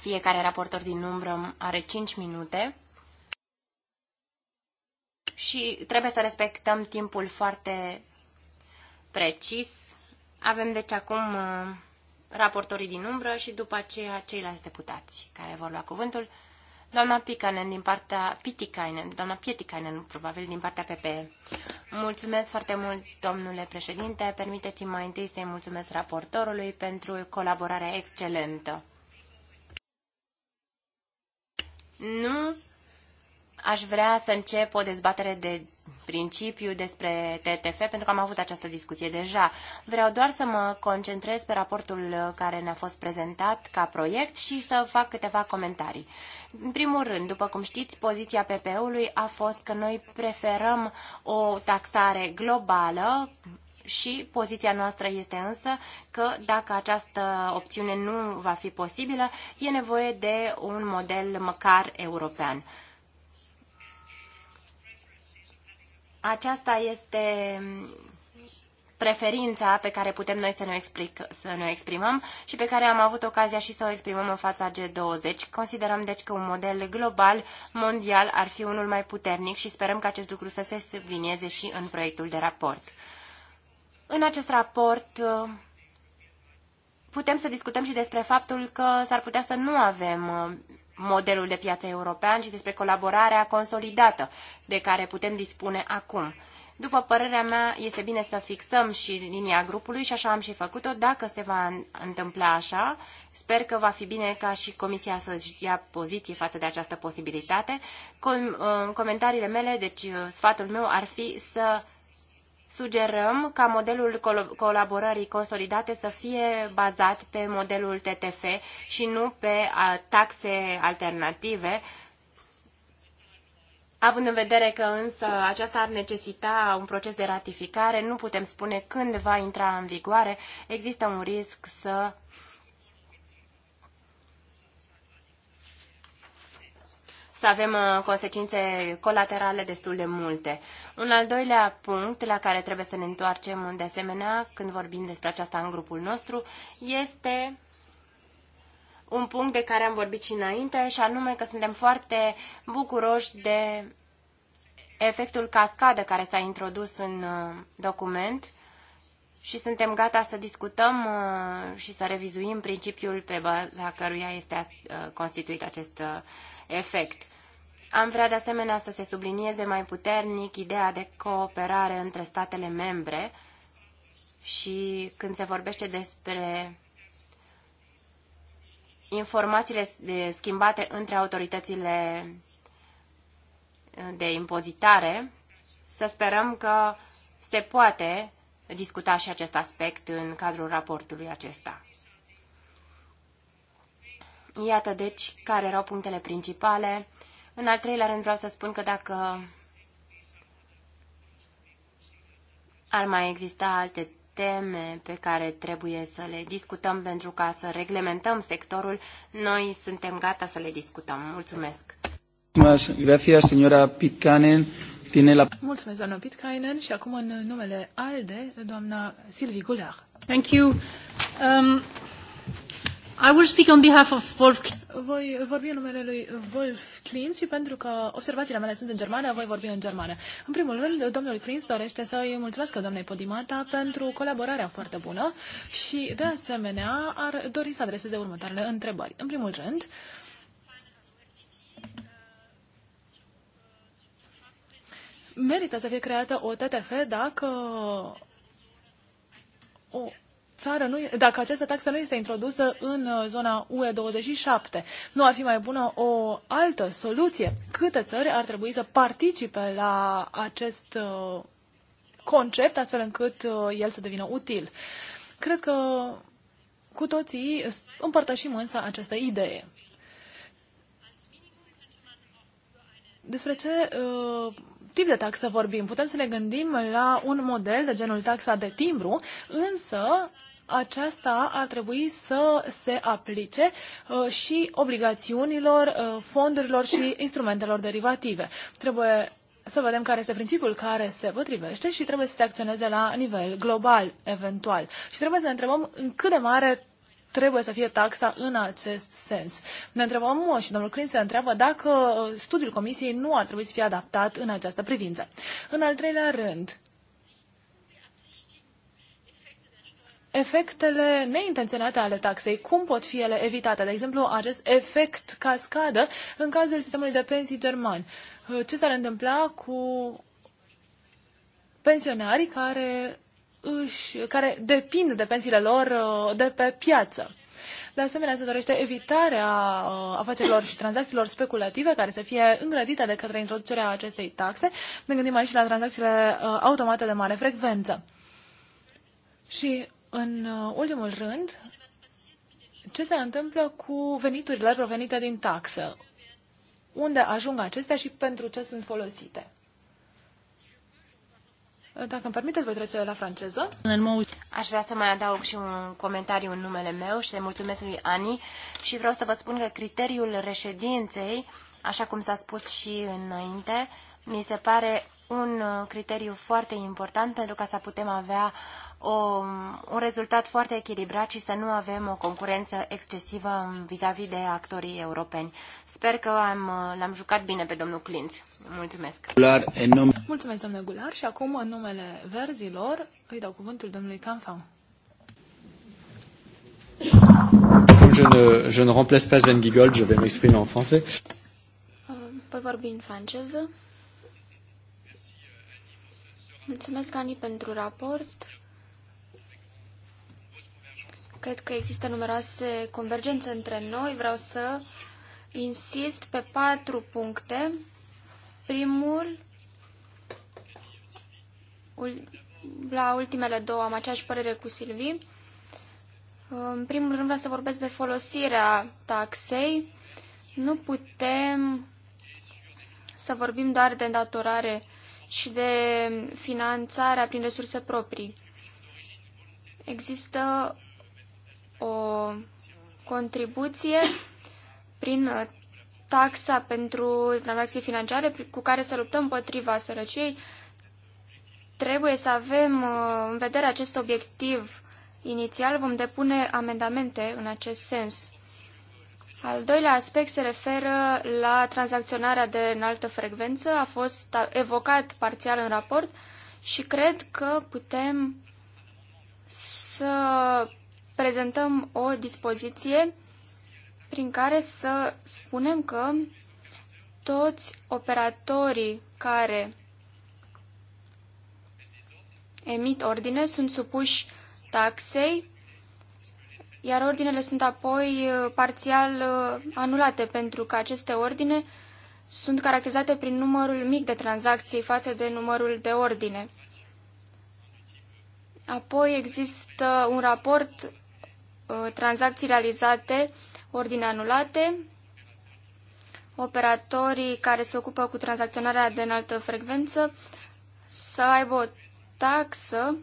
Fiecare raportor din umbră are 5 minute și trebuie să respectăm timpul foarte precis. Avem deci acum uh, raportorii din umbră și după aceea ceilalți deputați care vor lua cuvântul. Doamna Picanen din partea Pitikainen, doamna Pietikainen, probabil din partea PPE. Mulțumesc foarte mult, domnule președinte. Permiteți-mi mai întâi să-i mulțumesc raportorului pentru colaborarea excelentă. Nu aș vrea să încep o dezbatere de principiu despre TTF, pentru că am avut această discuție deja. Vreau doar să mă concentrez pe raportul care ne-a fost prezentat ca proiect și să fac câteva comentarii. În primul rând, după cum știți, poziția PPE-ului a fost că noi preferăm o taxare globală și poziția noastră este însă că dacă această opțiune nu va fi posibilă, e nevoie de un model măcar european. Aceasta este preferința pe care putem noi să ne, explic, să ne exprimăm și pe care am avut ocazia și să o exprimăm în fața G20. Considerăm deci că un model global, mondial, ar fi unul mai puternic și sperăm că acest lucru să se sublinieze și în proiectul de raport. În acest raport uh, putem să discutăm și despre faptul că s-ar putea să nu avem uh, modelul de piață european și despre colaborarea consolidată de care putem dispune acum. După părerea mea, este bine să fixăm și linia grupului și așa am și făcut-o. Dacă se va întâmpla așa, sper că va fi bine ca și Comisia să-și ia poziție față de această posibilitate. Com uh, comentariile mele, deci sfatul meu ar fi să Sugerăm ca modelul colaborării consolidate să fie bazat pe modelul TTF și nu pe taxe alternative, Având în vedere că însă aceasta ar necesita un proces de ratificare, nu putem spune când va intra în vigoare, există un risc să să avem uh, consecințe colaterale destul de multe. Un al doilea punct la care trebuie să ne întoarcem de asemenea când vorbim despre aceasta în grupul nostru este un punct de care am vorbit și înainte și anume că suntem foarte bucuroși de efectul cascadă care s-a introdus în uh, document și suntem gata să discutăm uh, și să revizuim principiul pe baza căruia este constituit acest efect. Am vrea de asemenea să se sublinieze mai puternic ideea de cooperare între statele membre și când se vorbește despre informațiile schimbate între autoritățile de impozitare, să sperăm că se poate discuta și acest aspect în cadrul raportului acesta. Iată deci care erau punctele principale. În al treilea rând vreau să spun că dacă ar mai exista alte teme pe care trebuie să le discutăm pentru ca să reglementăm sectorul, noi suntem gata să le discutăm. Mulțumesc! Mulțumesc, doamna Pitcanen. Și acum, în numele ALDE, doamna Silvi Gular. Thank you. Um... I will speak on behalf of Wolf. Voi vorbi în numele lui Wolf Klins și pentru că observațiile mele sunt în germană, voi vorbi în germană. În primul rând, domnul Klins dorește să îi mulțumesc doamnei Podimata pentru colaborarea foarte bună și, de asemenea, ar dori să adreseze următoarele întrebări. În primul rând, merită să fie creată o TTF dacă o țară nu, dacă această taxă nu este introdusă în uh, zona UE27. Nu ar fi mai bună o altă soluție? Câte țări ar trebui să participe la acest uh, concept, astfel încât uh, el să devină util? Cred că cu toții împărtășim însă această idee. Despre ce uh, tip de taxă vorbim? Putem să ne gândim la un model de genul taxa de timbru, însă aceasta ar trebui să se aplice uh, și obligațiunilor, uh, fondurilor și instrumentelor derivative. Trebuie să vedem care este principiul care se potrivește și trebuie să se acționeze la nivel global, eventual. Și trebuie să ne întrebăm în cât de mare trebuie să fie taxa în acest sens. Ne întrebăm uh, și domnul Clint se întreabă dacă studiul comisiei nu ar trebui să fie adaptat în această privință. În al treilea rând, efectele neintenționate ale taxei, cum pot fi ele evitate? De exemplu, acest efect cascadă în cazul sistemului de pensii german. Uh, ce s-ar întâmpla cu pensionarii care, își, care depind de pensiile lor uh, de pe piață? De asemenea, se dorește evitarea uh, afacerilor și tranzacțiilor speculative care să fie îngrădite de către introducerea acestei taxe. Ne gândim aici la tranzacțiile automate de mare frecvență. Și în uh, ultimul rând, ce se întâmplă cu veniturile provenite din taxă? Unde ajung acestea și pentru ce sunt folosite? Dacă îmi permiteți, voi trece la franceză. Aș vrea să mai adaug și un comentariu în numele meu și să mulțumesc lui Ani și vreau să vă spun că criteriul reședinței, așa cum s-a spus și înainte, mi se pare un uh, criteriu foarte important pentru ca să putem avea o, um, un rezultat foarte echilibrat și să nu avem o concurență excesivă vis-a-vis -vis de actorii europeni. Sper că am, uh, l-am jucat bine pe domnul Clint. Mulțumesc. Mulțumesc, domnule Gular. Și acum, în numele verzilor, îi dau cuvântul domnului Canfam. Comme je ne, je ne remplace pas Sven Giegold, je vais m'exprimer en français. Voi vorbi în franceză. Mulțumesc, Ani, pentru raport. Cred că există numeroase convergențe între noi. Vreau să insist pe patru puncte. Primul, la ultimele două am aceeași părere cu Silvi. În primul rând vreau să vorbesc de folosirea taxei. Nu putem să vorbim doar de îndatorare și de finanțarea prin resurse proprii. Există o contribuție prin uh, taxa pentru tranzacții financiare cu care să luptăm împotriva sărăciei. Trebuie să avem uh, în vedere acest obiectiv inițial. Vom depune amendamente în acest sens. Al doilea aspect se referă la tranzacționarea de înaltă frecvență. A fost evocat parțial în raport și cred că putem să prezentăm o dispoziție prin care să spunem că toți operatorii care emit ordine sunt supuși taxei iar ordinele sunt apoi uh, parțial uh, anulate pentru că aceste ordine sunt caracterizate prin numărul mic de tranzacții față de numărul de ordine. Apoi există un raport uh, tranzacții realizate, ordine anulate, operatorii care se ocupă cu tranzacționarea de înaltă frecvență să aibă o taxă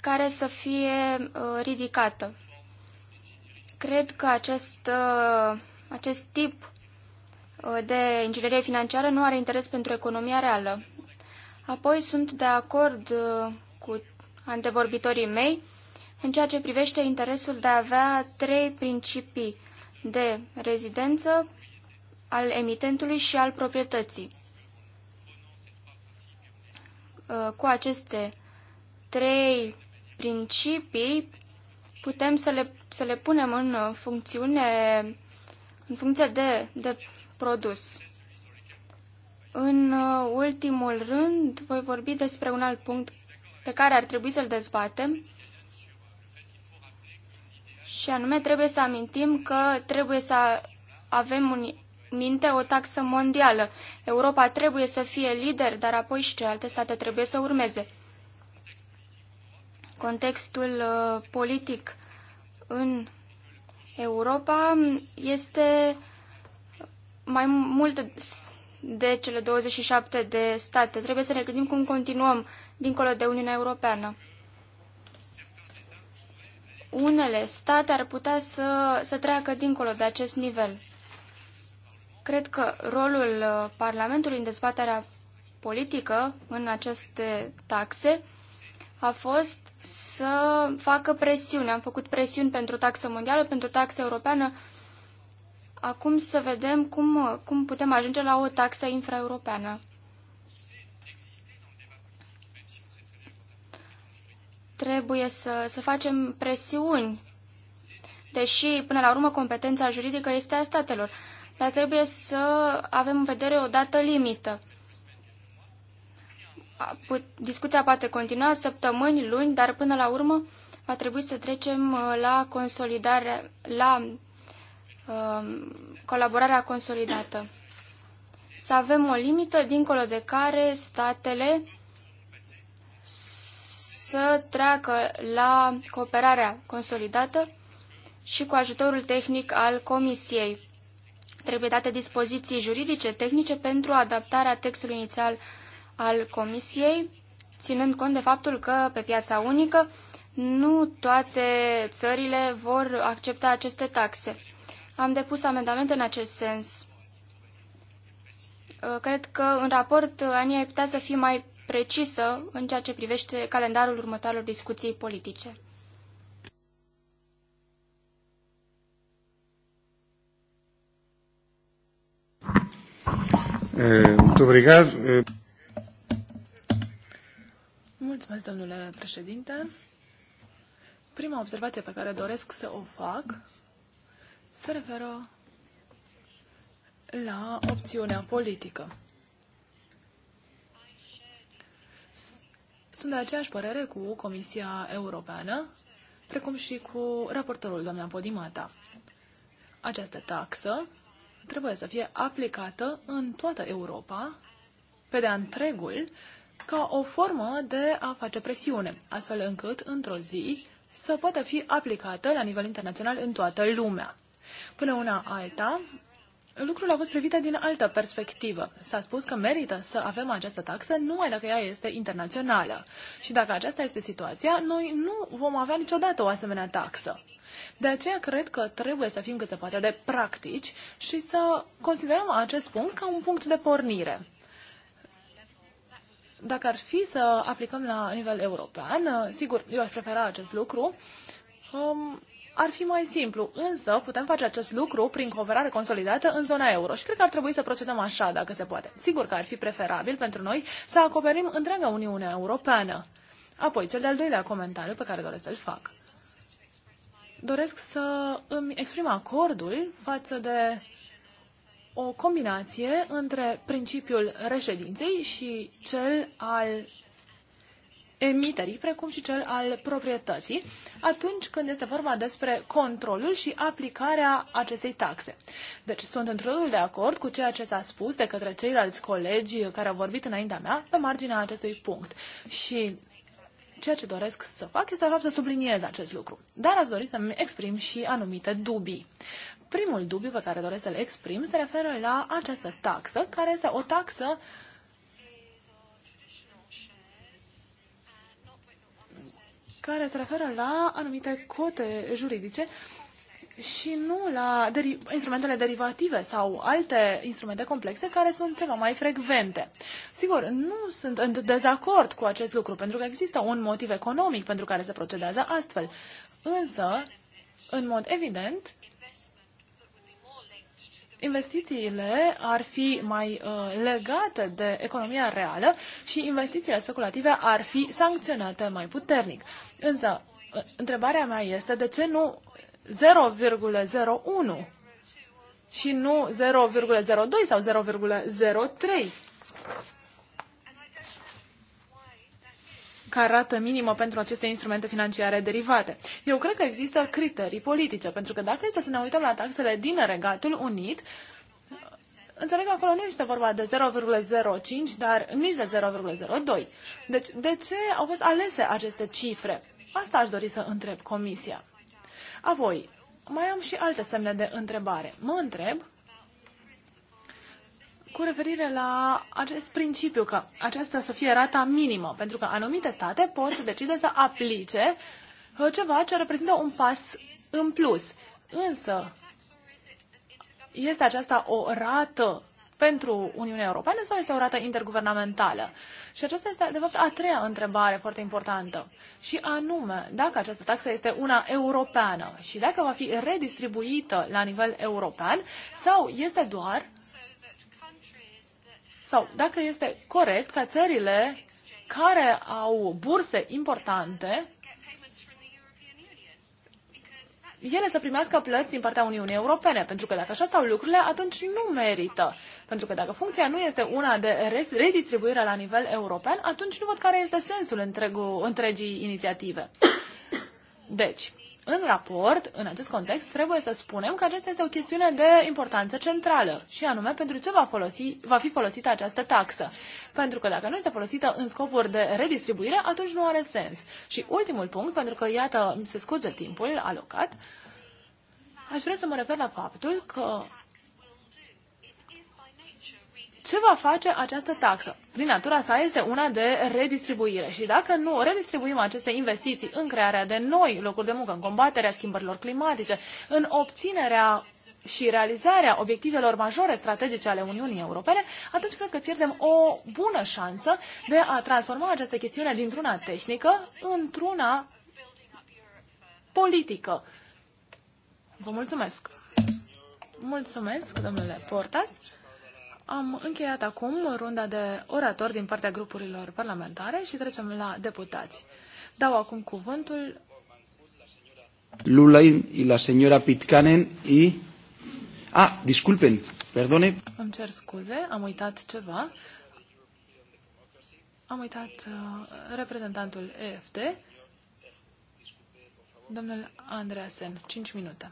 care să fie ridicată. Cred că acest, uh, acest tip uh, de inginerie financiară nu are interes pentru economia reală. Apoi sunt de acord uh, cu antevorbitorii mei în ceea ce privește interesul de a avea trei principii de rezidență, al emitentului și al proprietății. Cu aceste trei principii putem să le să le punem în uh, funcțiune, în funcție de, de produs. În uh, ultimul rând, voi vorbi despre un alt punct pe care ar trebui să-l dezbatem, și anume trebuie să amintim că trebuie să avem în minte o taxă mondială. Europa trebuie să fie lider, dar apoi și celelalte state trebuie să urmeze. Contextul uh, politic în Europa este mai mult de cele 27 de state. Trebuie să ne gândim cum continuăm dincolo de Uniunea Europeană. Unele state ar putea să, să treacă dincolo de acest nivel. Cred că rolul uh, Parlamentului în dezbaterea politică în aceste taxe a fost să facă presiune. Am făcut presiuni pentru taxa mondială, pentru taxa europeană. Acum să vedem cum, cum putem ajunge la o taxă infraeuropeană. Trebuie să, să facem presiuni, deși, până la urmă, competența juridică este a statelor. Dar trebuie să avem în vedere o dată limită discuția poate continua săptămâni, luni, dar până la urmă va trebui să trecem uh, la consolidare, la uh, colaborarea consolidată. Să avem o limită dincolo de care statele să treacă la cooperarea consolidată și cu ajutorul tehnic al Comisiei. Trebuie date dispoziții juridice, tehnice pentru adaptarea textului inițial al Comisiei, ținând cont de faptul că pe piața unică nu toate țările vor accepta aceste taxe. Am depus amendamente în acest sens. Uh, cred că în raport uh, Ania ar putea să fie mai precisă în ceea ce privește calendarul următoarelor discuții politice. Eh, Mulțumesc. Mulțumesc, domnule președinte. Prima observație pe care doresc să o fac se referă la opțiunea politică. Sunt de aceeași părere cu Comisia Europeană, precum și cu raportorul doamna Podimata. Această taxă trebuie să fie aplicată în toată Europa, pe de întregul, ca o formă de a face presiune, astfel încât, într-o zi, să poată fi aplicată la nivel internațional în toată lumea. Până una alta, lucrul a fost privit din altă perspectivă. S-a spus că merită să avem această taxă numai dacă ea este internațională. Și dacă aceasta este situația, noi nu vom avea niciodată o asemenea taxă. De aceea cred că trebuie să fim cât se poate de practici și să considerăm acest punct ca un punct de pornire dacă ar fi să aplicăm la nivel european, uh, sigur, eu aș prefera acest lucru, um, ar fi mai simplu, însă putem face acest lucru prin cooperare consolidată în zona euro și cred că ar trebui să procedăm așa, dacă se poate. Sigur că ar fi preferabil pentru noi să acoperim întreaga Uniune Europeană. Apoi, cel de-al doilea comentariu pe care doresc să-l fac. Doresc să îmi exprim acordul față de o combinație între principiul reședinței și cel al emiterii, precum și cel al proprietății, atunci când este vorba despre controlul și aplicarea acestei taxe. Deci sunt într totul de acord cu ceea ce s-a spus de către ceilalți colegi care au vorbit înaintea mea pe marginea acestui punct. Și ceea ce doresc să fac este, de fapt, să subliniez acest lucru. Dar aș dori să-mi exprim și anumite dubii. Primul dubiu pe care doresc să-l exprim se referă la această taxă, care este o taxă care se referă la anumite cote juridice și nu la deri instrumentele derivative sau alte instrumente complexe care sunt ceva mai frecvente. Sigur, nu sunt în dezacord cu acest lucru, pentru că există un motiv economic pentru care se procedează astfel. Însă, în mod evident, investițiile ar fi mai uh, legate de economia reală și investițiile speculative ar fi sancționate mai puternic. Însă, uh, întrebarea mea este de ce nu 0,01 și nu 0,02 sau 0,03? ca rată minimă pentru aceste instrumente financiare derivate. Eu cred că există criterii politice, pentru că dacă este să ne uităm la taxele din Regatul Unit, Înțeleg că acolo nu este vorba de 0,05, dar nici de 0,02. Deci, de ce au fost alese aceste cifre? Asta aș dori să întreb Comisia. Apoi, mai am și alte semne de întrebare. Mă întreb cu referire la acest principiu că aceasta să fie rata minimă, pentru că anumite state pot să decide să aplice uh, ceva ce reprezintă un pas în plus. Însă, este aceasta o rată pentru Uniunea Europeană sau este o rată interguvernamentală? Și aceasta este, de fapt, a treia întrebare foarte importantă. Și anume, dacă această taxă este una europeană și dacă va fi redistribuită la nivel european sau este doar sau dacă este corect ca țările care au burse importante ele să primească plăți din partea Uniunii Europene, pentru că dacă așa stau lucrurile, atunci nu merită. Pentru că dacă funcția nu este una de redistribuire la nivel european, atunci nu văd care este sensul întregul, întregii inițiative. Deci, în raport, în acest context, trebuie să spunem că aceasta este o chestiune de importanță centrală și anume pentru ce va, folosi, va fi folosită această taxă. Pentru că dacă nu este folosită în scopuri de redistribuire, atunci nu are sens. Și ultimul punct, pentru că, iată, se scurge timpul alocat, aș vrea să mă refer la faptul că ce va face această taxă? Prin natura sa este una de redistribuire și dacă nu redistribuim aceste investiții în crearea de noi locuri de muncă, în combaterea schimbărilor climatice, în obținerea și realizarea obiectivelor majore strategice ale Uniunii Europene, atunci cred că pierdem o bună șansă de a transforma această chestiune dintr-una tehnică într-una politică. Vă mulțumesc! Mulțumesc, domnule Portas! Am încheiat acum runda de orator din partea grupurilor parlamentare și trecem la deputați. Dau acum cuvântul Lula și la señora Pitcanen A, Ah, disculpen, perdone. Îmi cer scuze, am uitat ceva. Am uitat uh, reprezentantul EFT, domnul Andreasen, 5 minute.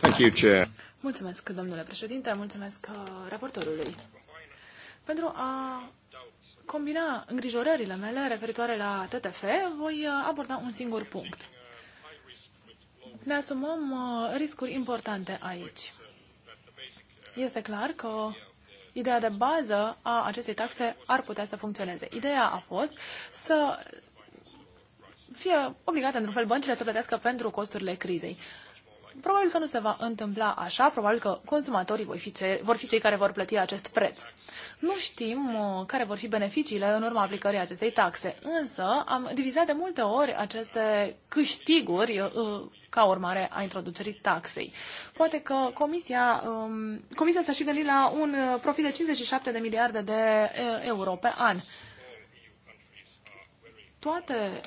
Thank you, Chair. Mulțumesc, domnule președinte, mulțumesc uh, raportorului. Pentru a combina îngrijorările mele referitoare la TTF, voi uh, aborda un singur punct. Ne asumăm uh, riscuri importante aici. Este clar că ideea de bază a acestei taxe ar putea să funcționeze. Ideea a fost să fie obligate, într-un fel, băncile să plătească pentru costurile crizei. Probabil că nu se va întâmpla așa, probabil că consumatorii vor fi, ce, vor fi cei care vor plăti acest preț. Nu știm uh, care vor fi beneficiile în urma aplicării acestei taxe, însă am divizat de multe ori aceste câștiguri uh, ca urmare a introducerii taxei. Poate că comisia, um, comisia s-a și gândit la un uh, profit de 57 de miliarde de euro pe an. Toate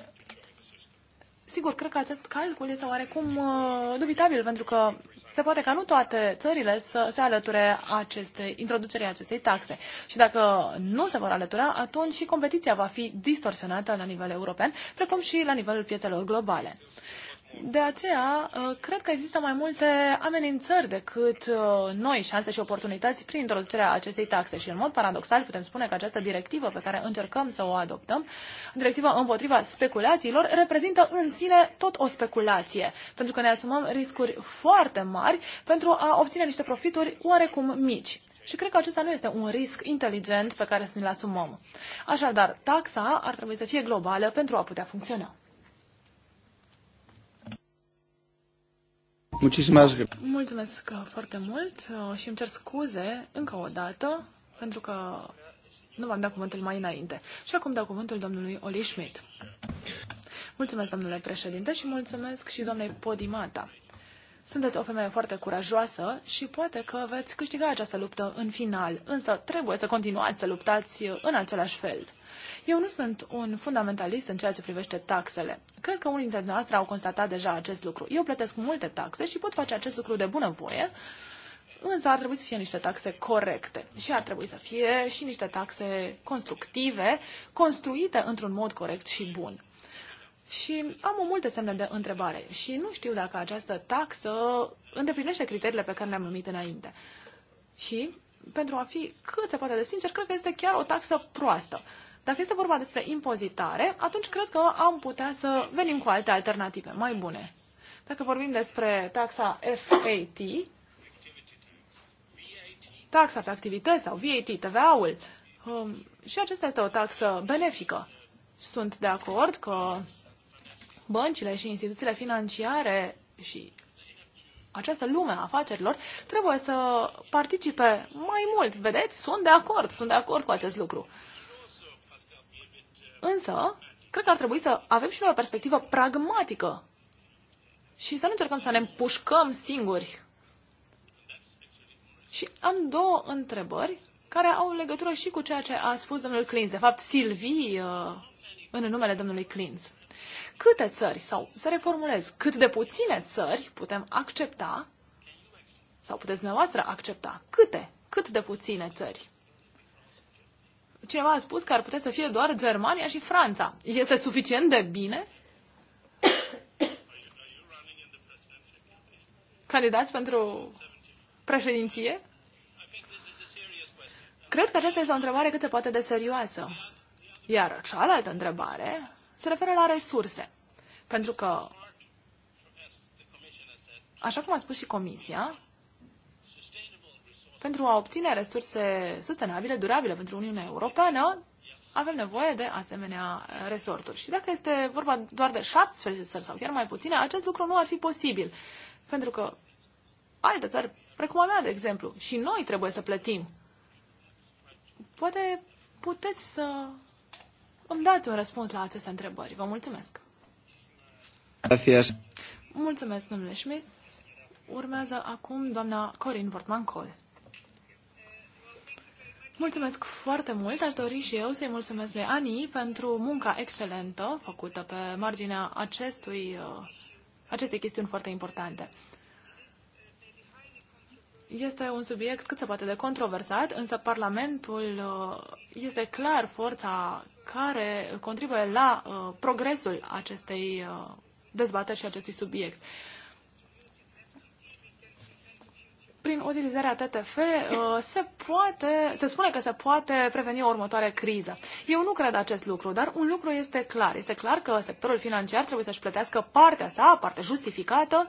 Sigur, cred că acest calcul este oarecum uh, dubitabil, pentru că se poate ca nu toate țările să se alăture aceste, introducerii acestei taxe. Și dacă nu se vor alătura, atunci și competiția va fi distorsionată la nivel european, precum și la nivelul piețelor globale. De aceea, uh, cred că există mai multe amenințări decât uh, noi șanse și oportunități prin introducerea acestei taxe și, în mod paradoxal, putem spune că această directivă pe care încercăm să o adoptăm, directiva împotriva speculațiilor, reprezintă în sine tot o speculație, pentru că ne asumăm riscuri foarte mari pentru a obține niște profituri oarecum mici. Și cred că acesta nu este un risc inteligent pe care să ne-l asumăm. Așadar, taxa ar trebui să fie globală pentru a putea funcționa. Muchísimas Mulțumesc uh, foarte mult uh, și îmi cer scuze încă o dată pentru că nu v-am dat cuvântul mai înainte. Și acum dau cuvântul domnului Oli Schmidt. Mulțumesc, domnule președinte, și mulțumesc și doamnei Podimata. Sunteți o femeie foarte curajoasă și poate că veți câștiga această luptă în final, însă trebuie să continuați să luptați în același fel. Eu nu sunt un fundamentalist în ceea ce privește taxele. Cred că unii dintre noastre au constatat deja acest lucru. Eu plătesc multe taxe și pot face acest lucru de bunăvoie, însă ar trebui să fie niște taxe corecte și ar trebui să fie și niște taxe constructive, construite într-un mod corect și bun. Și am o multe semne de întrebare și nu știu dacă această taxă îndeplinește criteriile pe care le-am numit înainte. Și, pentru a fi cât se poate de sincer, cred că este chiar o taxă proastă. Dacă este vorba despre impozitare, atunci cred că am putea să venim cu alte alternative mai bune. Dacă vorbim despre taxa FAT, taxa pe activități sau VAT, TVA-ul, um, și acesta este o taxă benefică. Sunt de acord că băncile și instituțiile financiare și această lume a afacerilor trebuie să participe mai mult. Vedeți? Sunt de acord, sunt de acord cu acest lucru. Însă, cred că ar trebui să avem și noi o perspectivă pragmatică și să nu încercăm să ne împușcăm singuri. Și am două întrebări care au legătură și cu ceea ce a spus domnul Clins, de fapt Silvii uh, în numele domnului Clins. Câte țări, sau să reformulez, cât de puține țări putem accepta, sau puteți dumneavoastră accepta, câte, cât de puține țări? cineva a spus că ar putea să fie doar Germania și Franța. Este suficient de bine? Candidați pentru președinție? Cred că aceasta este o întrebare cât se poate de serioasă. Iar cealaltă întrebare se referă la resurse. Pentru că, așa cum a spus și Comisia, pentru a obține resurse sustenabile, durabile pentru Uniunea Europeană, avem nevoie de asemenea resorturi. Și dacă este vorba doar de 17 țări sau chiar mai puține, acest lucru nu ar fi posibil. Pentru că alte țări, precum a mea, de exemplu, și noi trebuie să plătim. Poate puteți să îmi dați un răspuns la aceste întrebări. Vă mulțumesc. Mulțumesc, domnule Schmidt. Urmează acum doamna Corin wortmann cole Mulțumesc foarte mult. Aș dori și eu să-i mulțumesc lui Ani pentru munca excelentă făcută pe marginea acestui, uh, acestei chestiuni foarte importante. Este un subiect cât se poate de controversat, însă Parlamentul uh, este clar forța care contribuie la uh, progresul acestei dezbateri și acestui subiect prin utilizarea TTF uh, se poate, se spune că se poate preveni o următoare criză. Eu nu cred acest lucru, dar un lucru este clar. Este clar că sectorul financiar trebuie să-și plătească partea sa, partea justificată,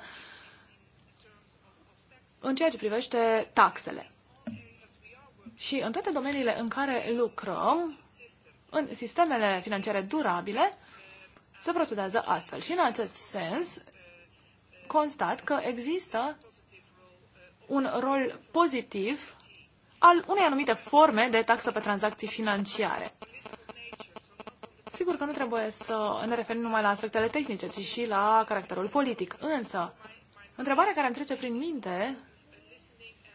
în ceea ce privește taxele. Și în toate domeniile în care lucrăm, în sistemele financiare durabile, se procedează astfel. Și în acest sens, constat că există un rol pozitiv al unei anumite forme de taxă pe tranzacții financiare. Sigur că nu trebuie să ne referim numai la aspectele tehnice, ci și la caracterul politic. Însă, întrebarea care îmi trece prin minte,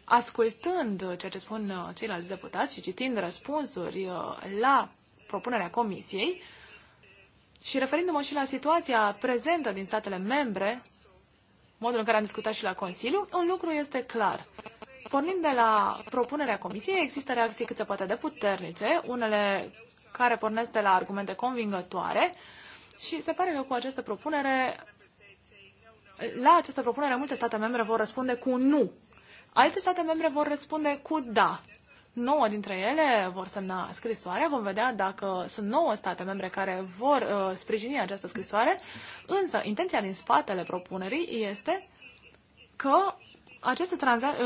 ascultând ceea ce spun uh, ceilalți deputați și citind răspunsuri uh, la propunerea Comisiei și referindu-mă și la situația prezentă din statele membre, modul în care am discutat și la Consiliu, un lucru este clar. Pornind de la propunerea Comisiei, există reacții cât se poate de puternice, unele care pornesc de la argumente convingătoare și se pare că cu această propunere, la această propunere multe state membre vor răspunde cu nu. Alte state membre vor răspunde cu da. 9 dintre ele vor semna scrisoarea. Vom vedea dacă sunt 9 state membre care vor uh, sprijini această scrisoare. Însă, intenția din spatele propunerii este că această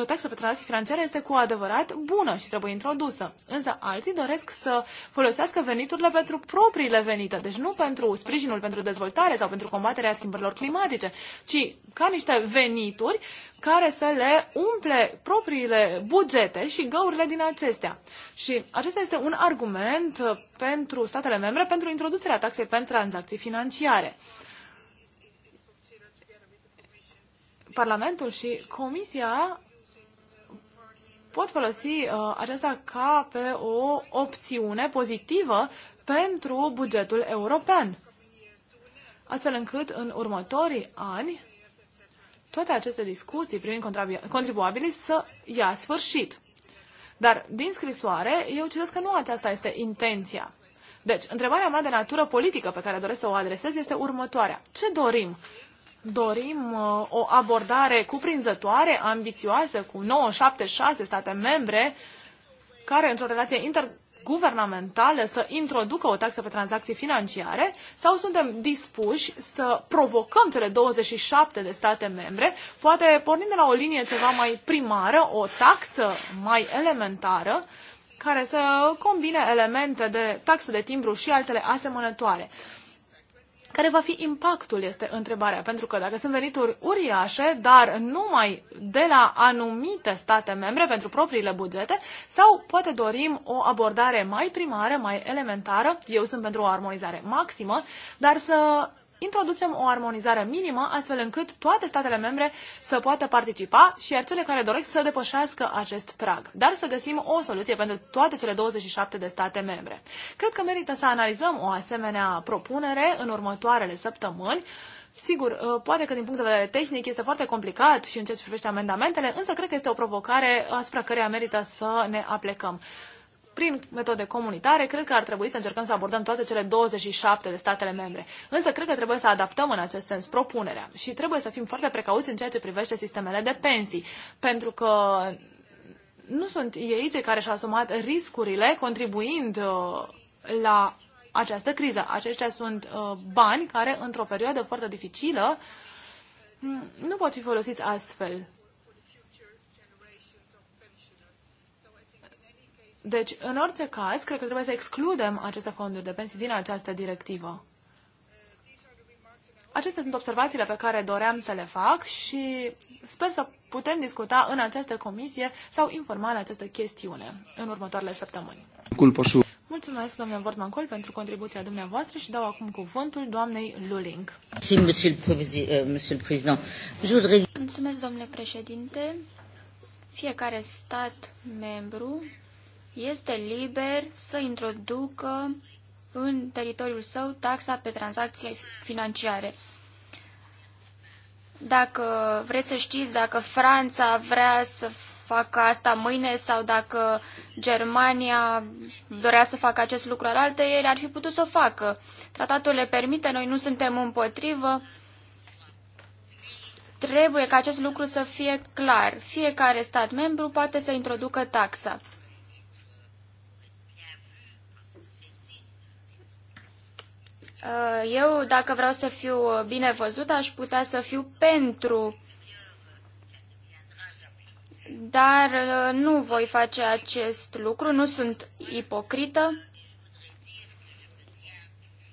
taxă pe tranzacții financiare este cu adevărat bună și trebuie introdusă. Însă alții doresc să folosească veniturile pentru propriile venite, deci nu pentru sprijinul pentru dezvoltare sau pentru combaterea schimbărilor climatice, ci ca niște venituri care să le umple propriile bugete și găurile din acestea. Și acesta este un argument ă, pentru statele membre pentru introducerea taxei pe tranzacții financiare. Parlamentul și Comisia pot folosi uh, aceasta ca pe o opțiune pozitivă pentru bugetul european. Astfel încât în următorii ani toate aceste discuții privind contribuabilii să ia sfârșit. Dar din scrisoare eu citesc că nu aceasta este intenția. Deci, întrebarea mea de natură politică pe care doresc să o adresez este următoarea. Ce dorim? dorim uh, o abordare cuprinzătoare, ambițioasă, cu 976 state membre, care într-o relație interguvernamentală să introducă o taxă pe tranzacții financiare sau suntem dispuși să provocăm cele 27 de state membre, poate pornind de la o linie ceva mai primară, o taxă mai elementară, care să combine elemente de taxă de timbru și altele asemănătoare. Care va fi impactul, este întrebarea. Pentru că dacă sunt venituri uriașe, dar numai de la anumite state membre pentru propriile bugete, sau poate dorim o abordare mai primară, mai elementară, eu sunt pentru o armonizare maximă, dar să introducem o armonizare minimă, astfel încât toate statele membre să poată participa și iar cele care doresc să depășească acest prag, dar să găsim o soluție pentru toate cele 27 de state membre. Cred că merită să analizăm o asemenea propunere în următoarele săptămâni, Sigur, uh, poate că din punct de vedere tehnic este foarte complicat și în ceea ce privește amendamentele, însă cred că este o provocare asupra căreia merită să ne aplecăm prin metode comunitare, cred că ar trebui să încercăm să abordăm toate cele 27 de statele membre. Însă cred că trebuie să adaptăm în acest sens propunerea și trebuie să fim foarte precauți în ceea ce privește sistemele de pensii, pentru că nu sunt ei cei care și-au asumat riscurile contribuind uh, la această criză. Aceștia sunt uh, bani care, într-o perioadă foarte dificilă, nu pot fi folosiți astfel. Deci, în orice caz, cred că trebuie să excludem aceste fonduri de pensii din această directivă. Acestea sunt observațiile pe care doream să le fac și sper să putem discuta în această comisie sau informal această chestiune în următoarele săptămâni. Mulțumesc, domnule Vortmancol, pentru contribuția dumneavoastră și dau acum cuvântul doamnei Luling. Euh, Mulțumesc, domnule președinte. Fiecare stat membru este liber să introducă în teritoriul său taxa pe tranzacții financiare. Dacă vreți să știți dacă Franța vrea să facă asta mâine sau dacă Germania dorea să facă acest lucru al ele ar fi putut să o facă. Tratatul le permite, noi nu suntem împotrivă. Trebuie ca acest lucru să fie clar. Fiecare stat membru poate să introducă taxa. Uh, eu, dacă vreau să fiu bine văzut, aș putea să fiu pentru. Dar uh, nu voi face acest lucru, nu sunt ipocrită.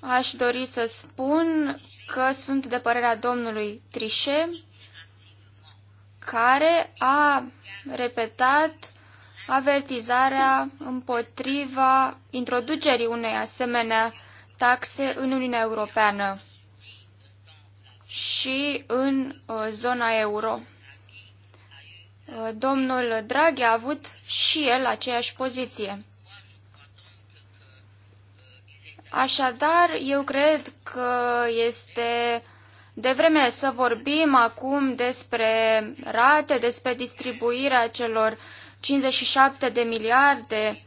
Aș dori să spun că sunt de părerea domnului Trișe, care a repetat avertizarea împotriva introducerii unei asemenea taxe în Uniunea Europeană și în uh, zona euro. Uh, domnul Draghi a avut și el aceeași poziție. Așadar, eu cred că este de vreme să vorbim acum despre rate, despre distribuirea celor 57 de miliarde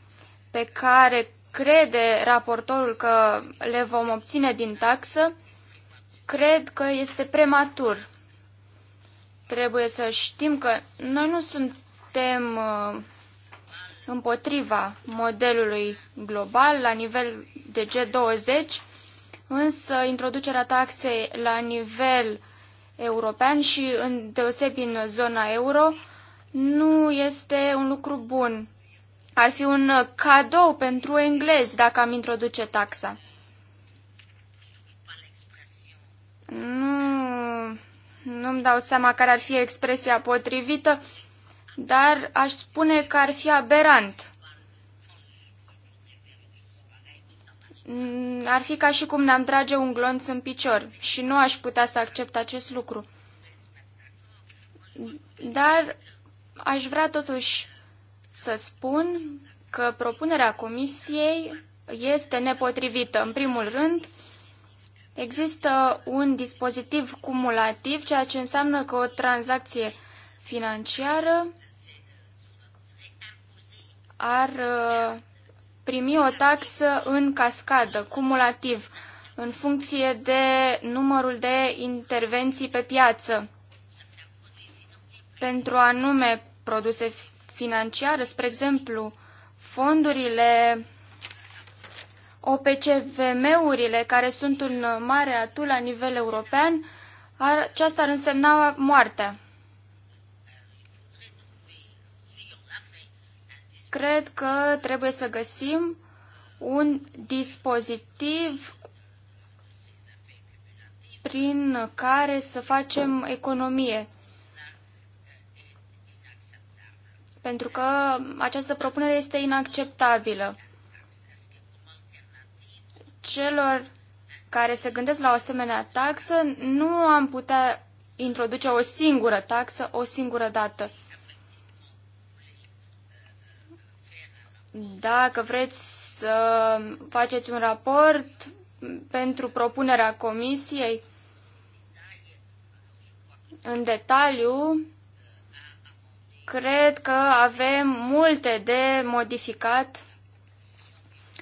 pe care crede raportorul că le vom obține din taxă, cred că este prematur. Trebuie să știm că noi nu suntem uh, împotriva modelului global la nivel de G20, însă introducerea taxei la nivel european și în deosebi în zona euro nu este un lucru bun ar fi un uh, cadou pentru englezi dacă am introduce taxa. Nu, nu-mi dau seama care ar fi expresia potrivită, dar aș spune că ar fi aberant. Mm, ar fi ca și cum ne-am trage un glonț în picior și nu aș putea să accept acest lucru. Dar aș vrea totuși să spun că propunerea Comisiei este nepotrivită. În primul rând, există un dispozitiv cumulativ, ceea ce înseamnă că o tranzacție financiară ar uh, primi o taxă în cascadă, cumulativ, în funcție de numărul de intervenții pe piață pentru anume produse financiară, spre exemplu, fondurile OPCVM-urile, care sunt un mare atu la nivel european, ar, aceasta ar însemna moartea. Cred că trebuie să găsim un dispozitiv prin care să facem economie. pentru că această propunere este inacceptabilă. Celor care se gândesc la o asemenea taxă, nu am putea introduce o singură taxă o singură dată. Dacă vreți să faceți un raport pentru propunerea comisiei în detaliu, cred că avem multe de modificat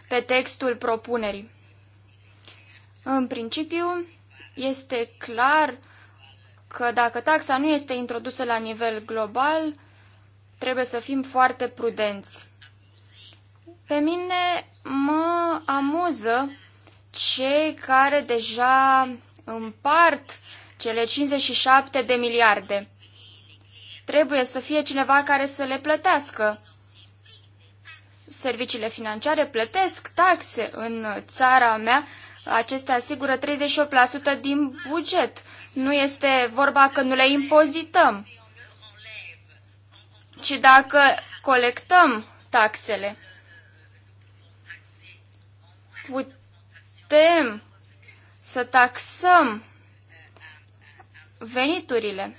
pe textul propunerii. În principiu, este clar că dacă taxa nu este introdusă la nivel global, trebuie să fim foarte prudenți. Pe mine mă amuză cei care deja împart cele 57 de miliarde. Trebuie să fie cineva care să le plătească. Serviciile financiare plătesc taxe în țara mea. Acestea asigură 38% din buget. Nu este vorba că nu le impozităm, ci dacă colectăm taxele. Putem să taxăm veniturile.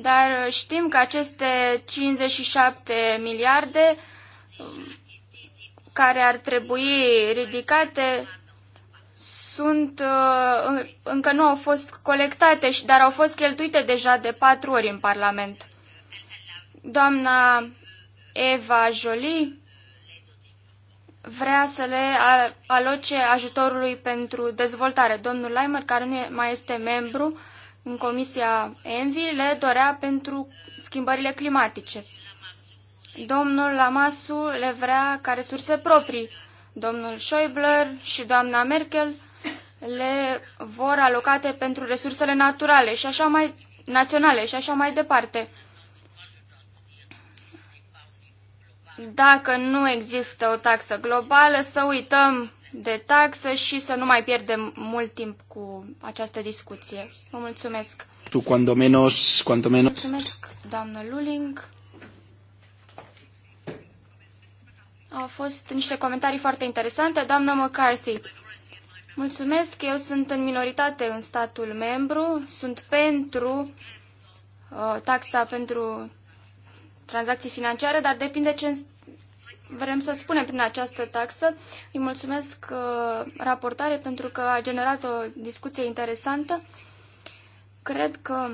Dar știm că aceste 57 miliarde um, care ar trebui ridicate sunt uh, încă nu au fost colectate, dar au fost cheltuite deja de patru ori în Parlament. Doamna Eva Jolie vrea să le aloce ajutorului pentru dezvoltare. Domnul Leimer, care nu mai este membru, în Comisia Envi le dorea pentru schimbările climatice. Domnul Lamasu le vrea ca resurse proprii. Domnul Schäuble și doamna Merkel le vor alocate pentru resursele naturale și așa mai naționale și așa mai departe. Dacă nu există o taxă globală, să uităm de taxă și să nu mai pierdem mult timp cu această discuție. Vă mulțumesc. Tu, cuando menos, cuando menos. Mulțumesc, doamnă Luling. Au fost niște comentarii foarte interesante. Doamnă McCarthy, mulțumesc. Eu sunt în minoritate în statul membru. Sunt pentru uh, taxa pentru tranzacții financiare, dar depinde ce vrem să spunem prin această taxă. Îi mulțumesc uh, raportare pentru că a generat o discuție interesantă. Cred că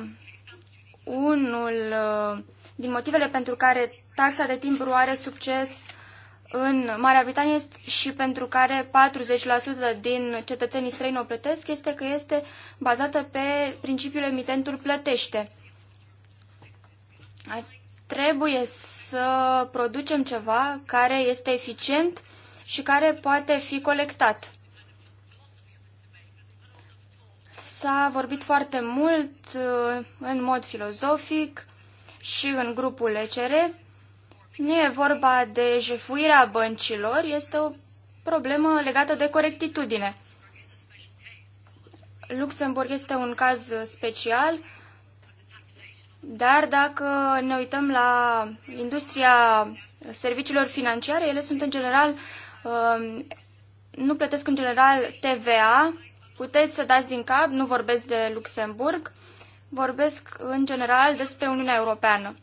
unul uh, din motivele pentru care taxa de timbru are succes în Marea Britanie și pentru care 40% din cetățenii străini o plătesc este că este bazată pe principiul emitentul plătește. Trebuie să producem ceva care este eficient și care poate fi colectat. S-a vorbit foarte mult uh, în mod filozofic și în grupul ECR. Nu e vorba de jefuirea băncilor, este o problemă legată de corectitudine. Luxemburg este un caz special dar dacă ne uităm la industria serviciilor financiare, ele sunt în general, um, nu plătesc în general TVA, puteți să dați din cap, nu vorbesc de Luxemburg, vorbesc în general despre Uniunea Europeană.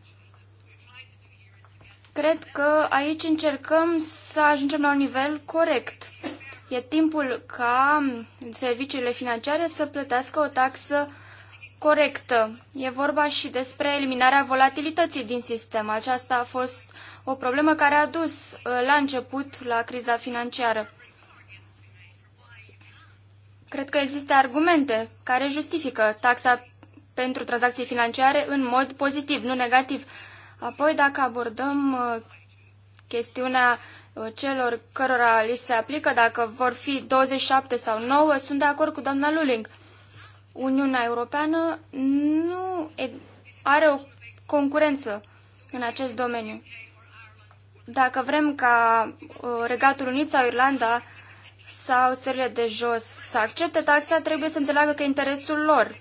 Cred că aici încercăm să ajungem la un nivel corect. E timpul ca serviciile financiare să plătească o taxă corectă. E vorba și despre eliminarea volatilității din sistem. Aceasta a fost o problemă care a dus uh, la început la criza financiară. Cred că există argumente care justifică taxa pentru tranzacții financiare în mod pozitiv, nu negativ. Apoi, dacă abordăm uh, chestiunea uh, celor cărora li se aplică, dacă vor fi 27 sau 9, sunt de acord cu doamna Luling. Uniunea Europeană nu are o concurență în acest domeniu. Dacă vrem ca uh, Regatul Unit sau Irlanda sau țările de jos să accepte taxa, trebuie să înțeleagă că interesul lor.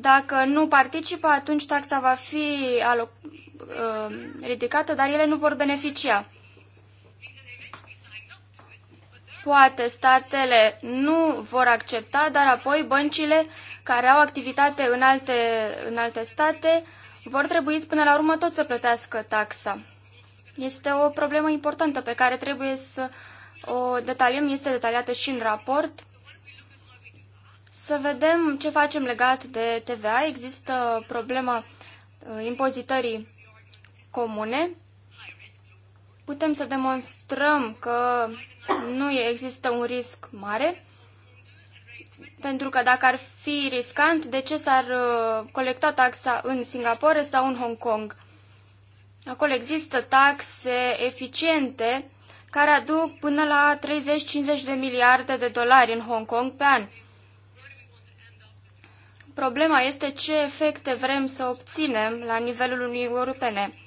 Dacă nu participă, atunci taxa va fi uh, ridicată, dar ele nu vor beneficia. Poate statele nu vor accepta, dar apoi băncile care au activitate în alte, în alte state vor trebui până la urmă tot să plătească taxa. Este o problemă importantă pe care trebuie să o detaliem, este detaliată și în raport. Să vedem ce facem legat de TVA. Există problema uh, impozitării comune putem să demonstrăm că nu există un risc mare, pentru că dacă ar fi riscant, de ce s-ar uh, colecta taxa în Singapore sau în Hong Kong? Acolo există taxe eficiente care aduc până la 30-50 de miliarde de dolari în Hong Kong pe an. Problema este ce efecte vrem să obținem la nivelul Uniunii Europene.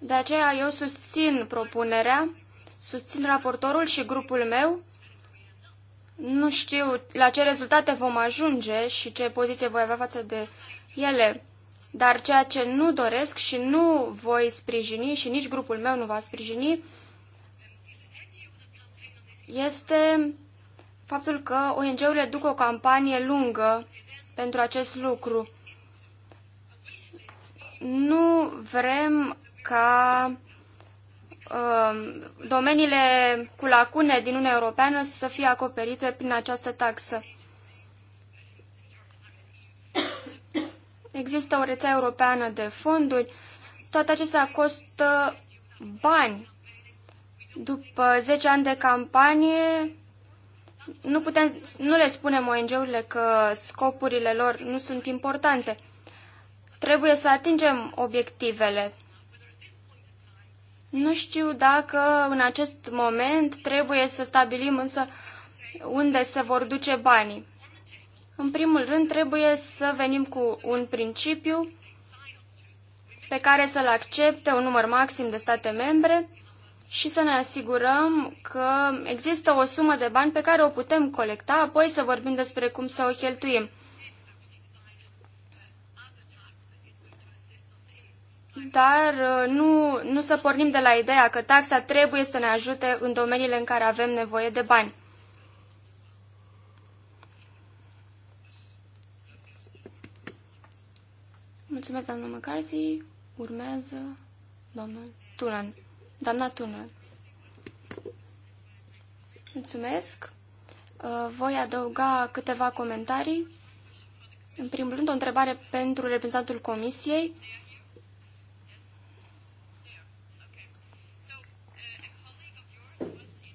De aceea eu susțin propunerea, susțin raportorul și grupul meu. Nu știu la ce rezultate vom ajunge și ce poziție voi avea față de ele, dar ceea ce nu doresc și nu voi sprijini și nici grupul meu nu va sprijini este faptul că ONG-urile duc o campanie lungă pentru acest lucru. Nu vrem ca um, domeniile cu lacune din Uniunea Europeană să fie acoperite prin această taxă. Există o rețea europeană de fonduri. Toate acestea costă bani. După 10 ani de campanie, nu, putem, nu le spunem ONG-urile că scopurile lor nu sunt importante. Trebuie să atingem obiectivele nu știu dacă în acest moment trebuie să stabilim însă unde se vor duce banii. În primul rând trebuie să venim cu un principiu pe care să-l accepte un număr maxim de state membre și să ne asigurăm că există o sumă de bani pe care o putem colecta, apoi să vorbim despre cum să o cheltuim. dar uh, nu, nu să pornim de la ideea că taxa trebuie să ne ajute în domeniile în care avem nevoie de bani. Mulțumesc, doamna McCarthy. Urmează domnul Tunan. Doamna Tunan. Mulțumesc. Uh, voi adăuga câteva comentarii. În primul rând, o întrebare pentru reprezentantul Comisiei.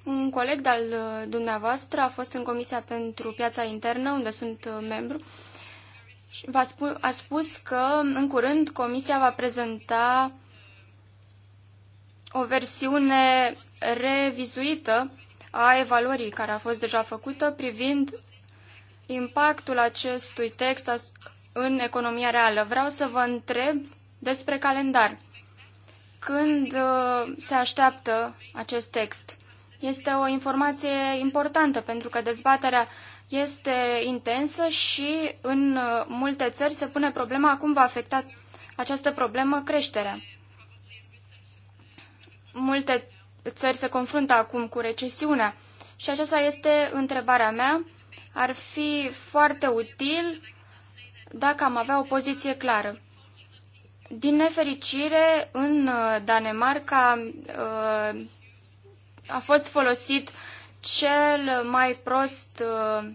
Un coleg de-al uh, dumneavoastră a fost în Comisia pentru Piața Internă, unde sunt uh, membru, v-a spu- a spus că în curând Comisia va prezenta o versiune revizuită a evaluării care a fost deja făcută privind impactul acestui text în economia reală. Vreau să vă întreb despre calendar. Când uh, se așteaptă acest text? Este o informație importantă pentru că dezbaterea este intensă și în uh, multe țări se pune problema cum va afecta această problemă creșterea. Multe țări se confruntă acum cu recesiunea și aceasta este întrebarea mea. Ar fi foarte util dacă am avea o poziție clară. Din nefericire, în uh, Danemarca uh, a fost folosit cel mai prost uh,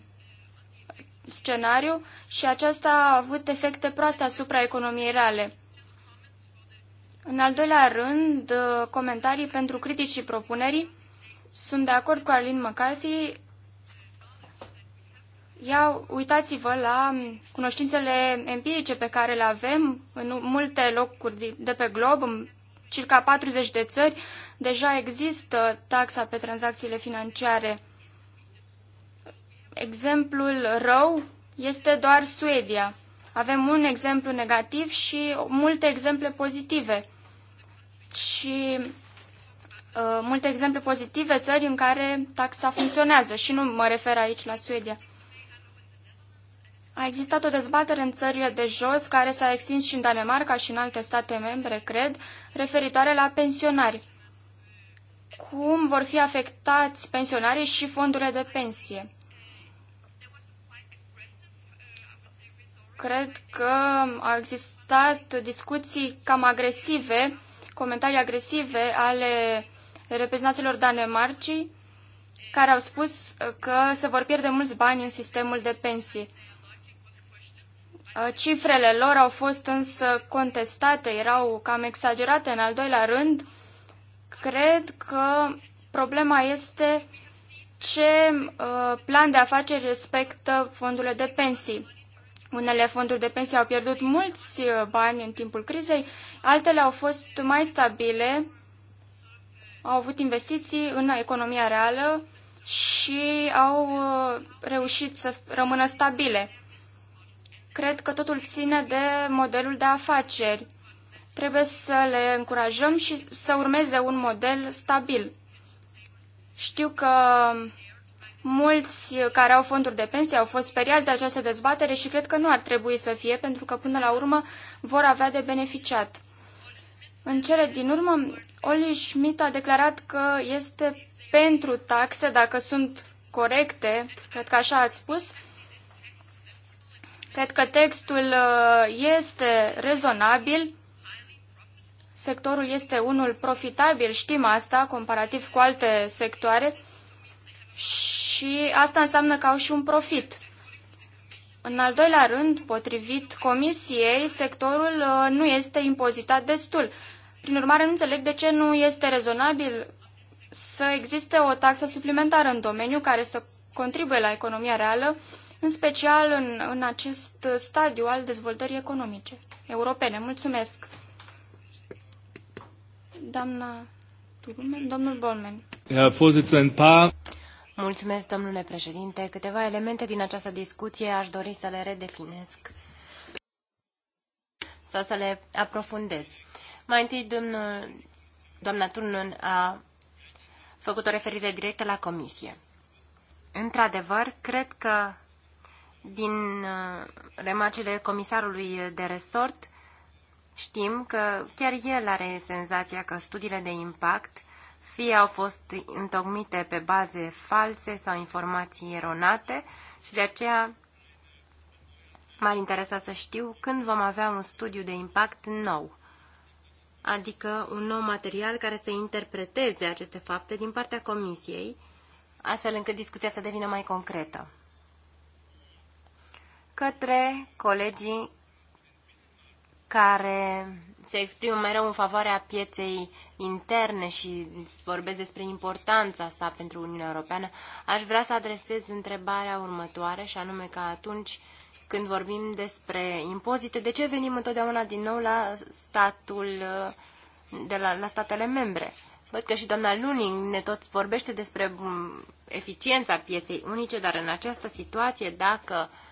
scenariu și aceasta a avut efecte proaste asupra economiei reale. În al doilea rând, uh, comentarii pentru critici și propunerii. Sunt de acord cu Arlene McCarthy. Ia uitați-vă la um, cunoștințele empirice pe care le avem în multe locuri de pe glob, în circa 40 de țări deja există taxa pe tranzacțiile financiare. Exemplul rău este doar Suedia. Avem un exemplu negativ și multe exemple pozitive. Și uh, multe exemple pozitive țări în care taxa funcționează și nu mă refer aici la Suedia. A existat o dezbatere în țările de jos, care s-a extins și în Danemarca și în alte state membre, cred, referitoare la pensionari. Cum vor fi afectați pensionarii și fondurile de pensie? Cred că au existat discuții cam agresive, comentarii agresive ale reprezentanților Danemarcii, care au spus că se vor pierde mulți bani în sistemul de pensii. Uh, cifrele lor au fost însă contestate, erau cam exagerate. În al doilea rând, cred că problema este ce uh, plan de afaceri respectă fondurile de pensii. Unele fonduri de pensii au pierdut mulți uh, bani în timpul crizei, altele au fost mai stabile, au avut investiții în economia reală și au reușit să rămână stabile. Cred că totul ține de modelul de afaceri. Trebuie să le încurajăm și să urmeze un model stabil. Știu că mulți care au fonduri de pensie au fost speriați de această dezbatere și cred că nu ar trebui să fie, pentru că până la urmă vor avea de beneficiat. În cele din urmă, Oli Schmidt a declarat că este pentru taxe, dacă sunt corecte, cred că așa ați spus, Cred că textul uh, este rezonabil, sectorul este unul profitabil, știm asta, comparativ cu alte sectoare, și asta înseamnă că au și un profit. În al doilea rând, potrivit Comisiei, sectorul uh, nu este impozitat destul. Prin urmare, nu înțeleg de ce nu este rezonabil să existe o taxă suplimentară în domeniu care să contribuie la economia reală în special în, în acest stadiu al dezvoltării economice europene. Mulțumesc! Doamna Turumen, domnul Bolmen. Mulțumesc, domnule președinte. Câteva elemente din această discuție aș dori să le redefinesc sau să le aprofundez. Mai întâi, domnul, doamna Turnun a făcut o referire directă la comisie. Într-adevăr, cred că din uh, remarcile comisarului de resort, știm că chiar el are senzația că studiile de impact fie au fost întocmite pe baze false sau informații eronate și de aceea m-ar interesa să știu când vom avea un studiu de impact nou, adică un nou material care să interpreteze aceste fapte din partea Comisiei, astfel încât discuția să devină mai concretă către colegii care se exprimă mereu în favoarea pieței interne și vorbesc despre importanța sa pentru Uniunea Europeană, aș vrea să adresez întrebarea următoare și anume că atunci când vorbim despre impozite, de ce venim întotdeauna din nou la statul de la, la statele membre? Văd că și doamna Luning ne tot vorbește despre um, eficiența pieței unice, dar în această situație, dacă uh,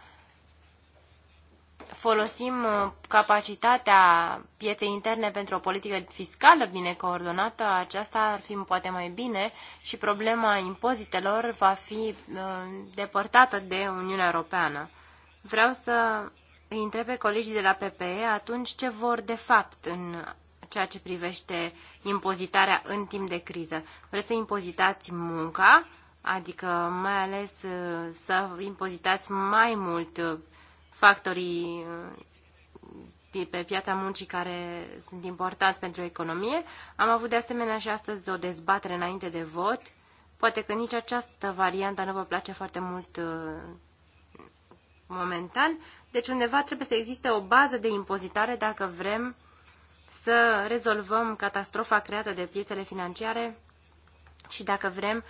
folosim uh, capacitatea pieței interne pentru o politică fiscală bine coordonată, aceasta ar fi poate mai bine și problema impozitelor va fi uh, depărtată de Uniunea Europeană. Vreau să îi întreb pe colegii de la PPE atunci ce vor de fapt în ceea ce privește impozitarea în timp de criză. Vreți să impozitați munca, adică mai ales uh, să impozitați mai mult factorii uh, pe piața muncii care sunt importanți pentru economie. Am avut de asemenea și astăzi o dezbatere înainte de vot. Poate că nici această variantă nu vă place foarte mult uh, momentan. Deci undeva trebuie să existe o bază de impozitare dacă vrem să rezolvăm catastrofa creată de piețele financiare și dacă vrem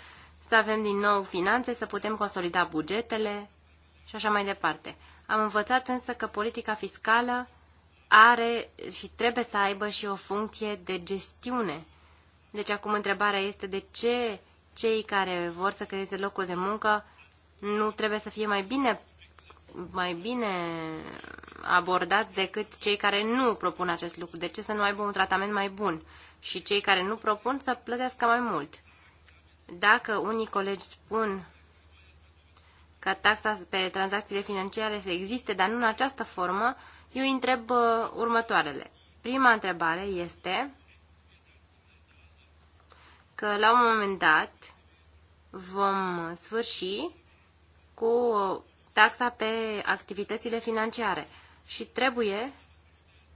să avem din nou finanțe, să putem consolida bugetele și așa mai departe. Am învățat însă că politica fiscală are și trebuie să aibă și o funcție de gestiune. Deci acum întrebarea este de ce cei care vor să creeze locul de muncă nu trebuie să fie mai bine mai bine abordați decât cei care nu propun acest lucru. De ce să nu aibă un tratament mai bun? Și cei care nu propun să plătească mai mult. Dacă unii colegi spun ca taxa pe tranzacțiile financiare să existe, dar nu în această formă, eu îi întreb uh, următoarele. Prima întrebare este că la un moment dat vom sfârși cu uh, taxa pe activitățile financiare și trebuie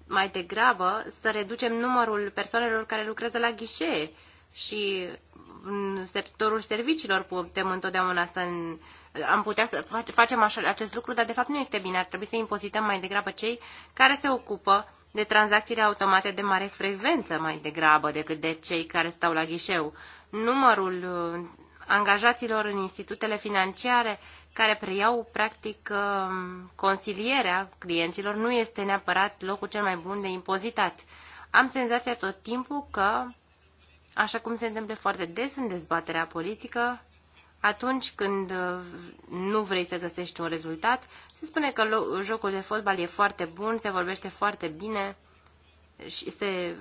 mai degrabă să reducem numărul persoanelor care lucrează la ghișee și în sectorul serviciilor putem întotdeauna să am putea să facem așa, acest lucru, dar de fapt nu este bine. Ar trebui să impozităm mai degrabă cei care se ocupă de tranzacțiile automate de mare frecvență mai degrabă decât de cei care stau la ghișeu. Numărul uh, angajaților în institutele financiare care preiau practic uh, consilierea clienților nu este neapărat locul cel mai bun de impozitat. Am senzația tot timpul că, așa cum se întâmplă foarte des în dezbaterea politică, atunci când uh, nu vrei să găsești un rezultat, se spune că jocul de fotbal e foarte bun, se vorbește foarte bine și se,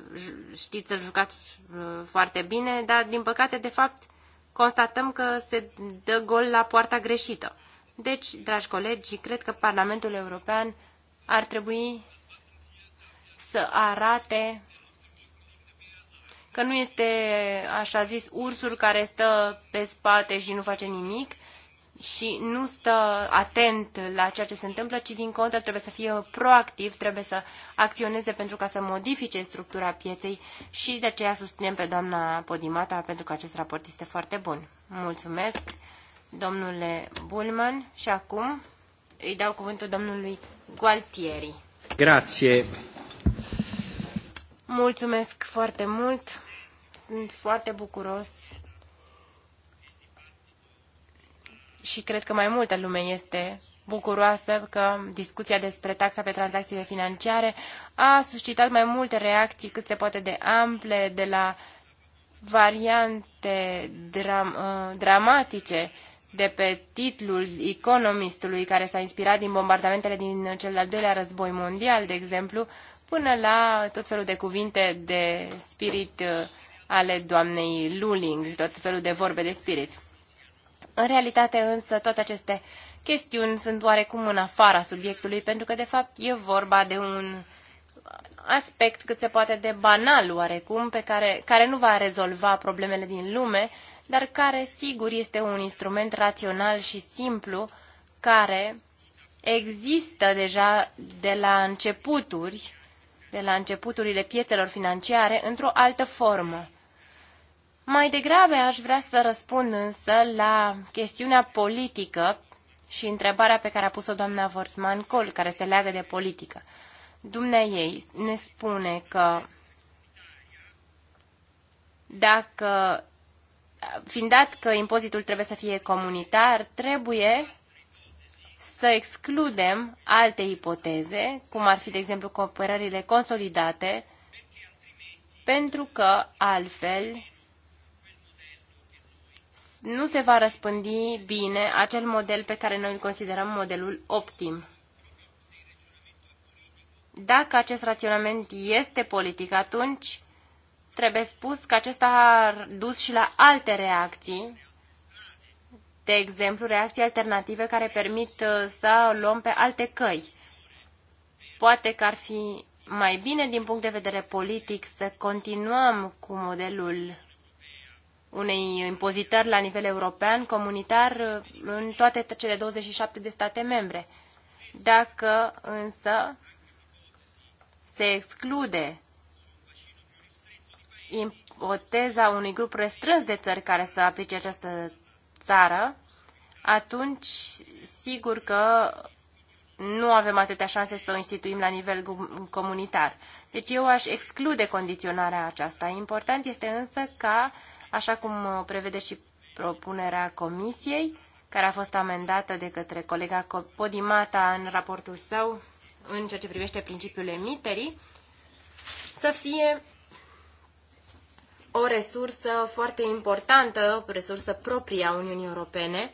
știți să-l jucați uh, foarte bine, dar din păcate, de fapt, constatăm că se dă gol la poarta greșită. Deci, dragi colegi, cred că Parlamentul European ar trebui să arate că nu este, așa zis, ursul care stă pe spate și nu face nimic și nu stă atent la ceea ce se întâmplă, ci din contră trebuie să fie proactiv, trebuie să acționeze pentru ca să modifice structura pieței și de aceea susținem pe doamna Podimata pentru că acest raport este foarte bun. Mulțumesc, domnule Bulman, și acum îi dau cuvântul domnului Gualtieri. Grazie. Mulțumesc foarte mult. Sunt foarte bucuros. Și cred că mai multă lume este bucuroasă că discuția despre taxa pe tranzacțiile financiare a suscitat mai multe reacții cât se poate de ample, de la variante dram, ă, dramatice de pe titlul economistului care s-a inspirat din bombardamentele din cel de-al doilea război mondial, de exemplu, până la tot felul de cuvinte de spirit uh, ale doamnei Luling, tot felul de vorbe de spirit. În realitate însă toate aceste chestiuni sunt oarecum în afara subiectului, pentru că de fapt e vorba de un aspect cât se poate de banal oarecum, pe care, care nu va rezolva problemele din lume, dar care sigur este un instrument rațional și simplu care există deja de la începuturi de la începuturile piețelor financiare într-o altă formă. Mai degrabă aș vrea să răspund însă la chestiunea politică și întrebarea pe care a pus-o doamna Vortman Col, care se leagă de politică. Dumnea ei ne spune că dacă, fiind dat că impozitul trebuie să fie comunitar, trebuie să excludem alte ipoteze, cum ar fi, de exemplu, cooperările consolidate, pentru că altfel nu se va răspândi bine acel model pe care noi îl considerăm modelul optim. Dacă acest raționament este politic, atunci trebuie spus că acesta a dus și la alte reacții de exemplu, reacții alternative care permit uh, să luăm pe alte căi. Poate că ar fi mai bine din punct de vedere politic să continuăm cu modelul unei impozitări la nivel european, comunitar, uh, în toate cele 27 de state membre. Dacă însă se exclude ipoteza unui grup restrâns de țări care să aplice această țară, atunci sigur că nu avem atâtea șanse să o instituim la nivel comunitar. Deci eu aș exclude condiționarea aceasta. Important este însă ca, așa cum prevede și propunerea comisiei, care a fost amendată de către colega Podimata în raportul său în ceea ce privește principiul emiterii, să fie o resursă foarte importantă, o resursă proprie a Uniunii Europene,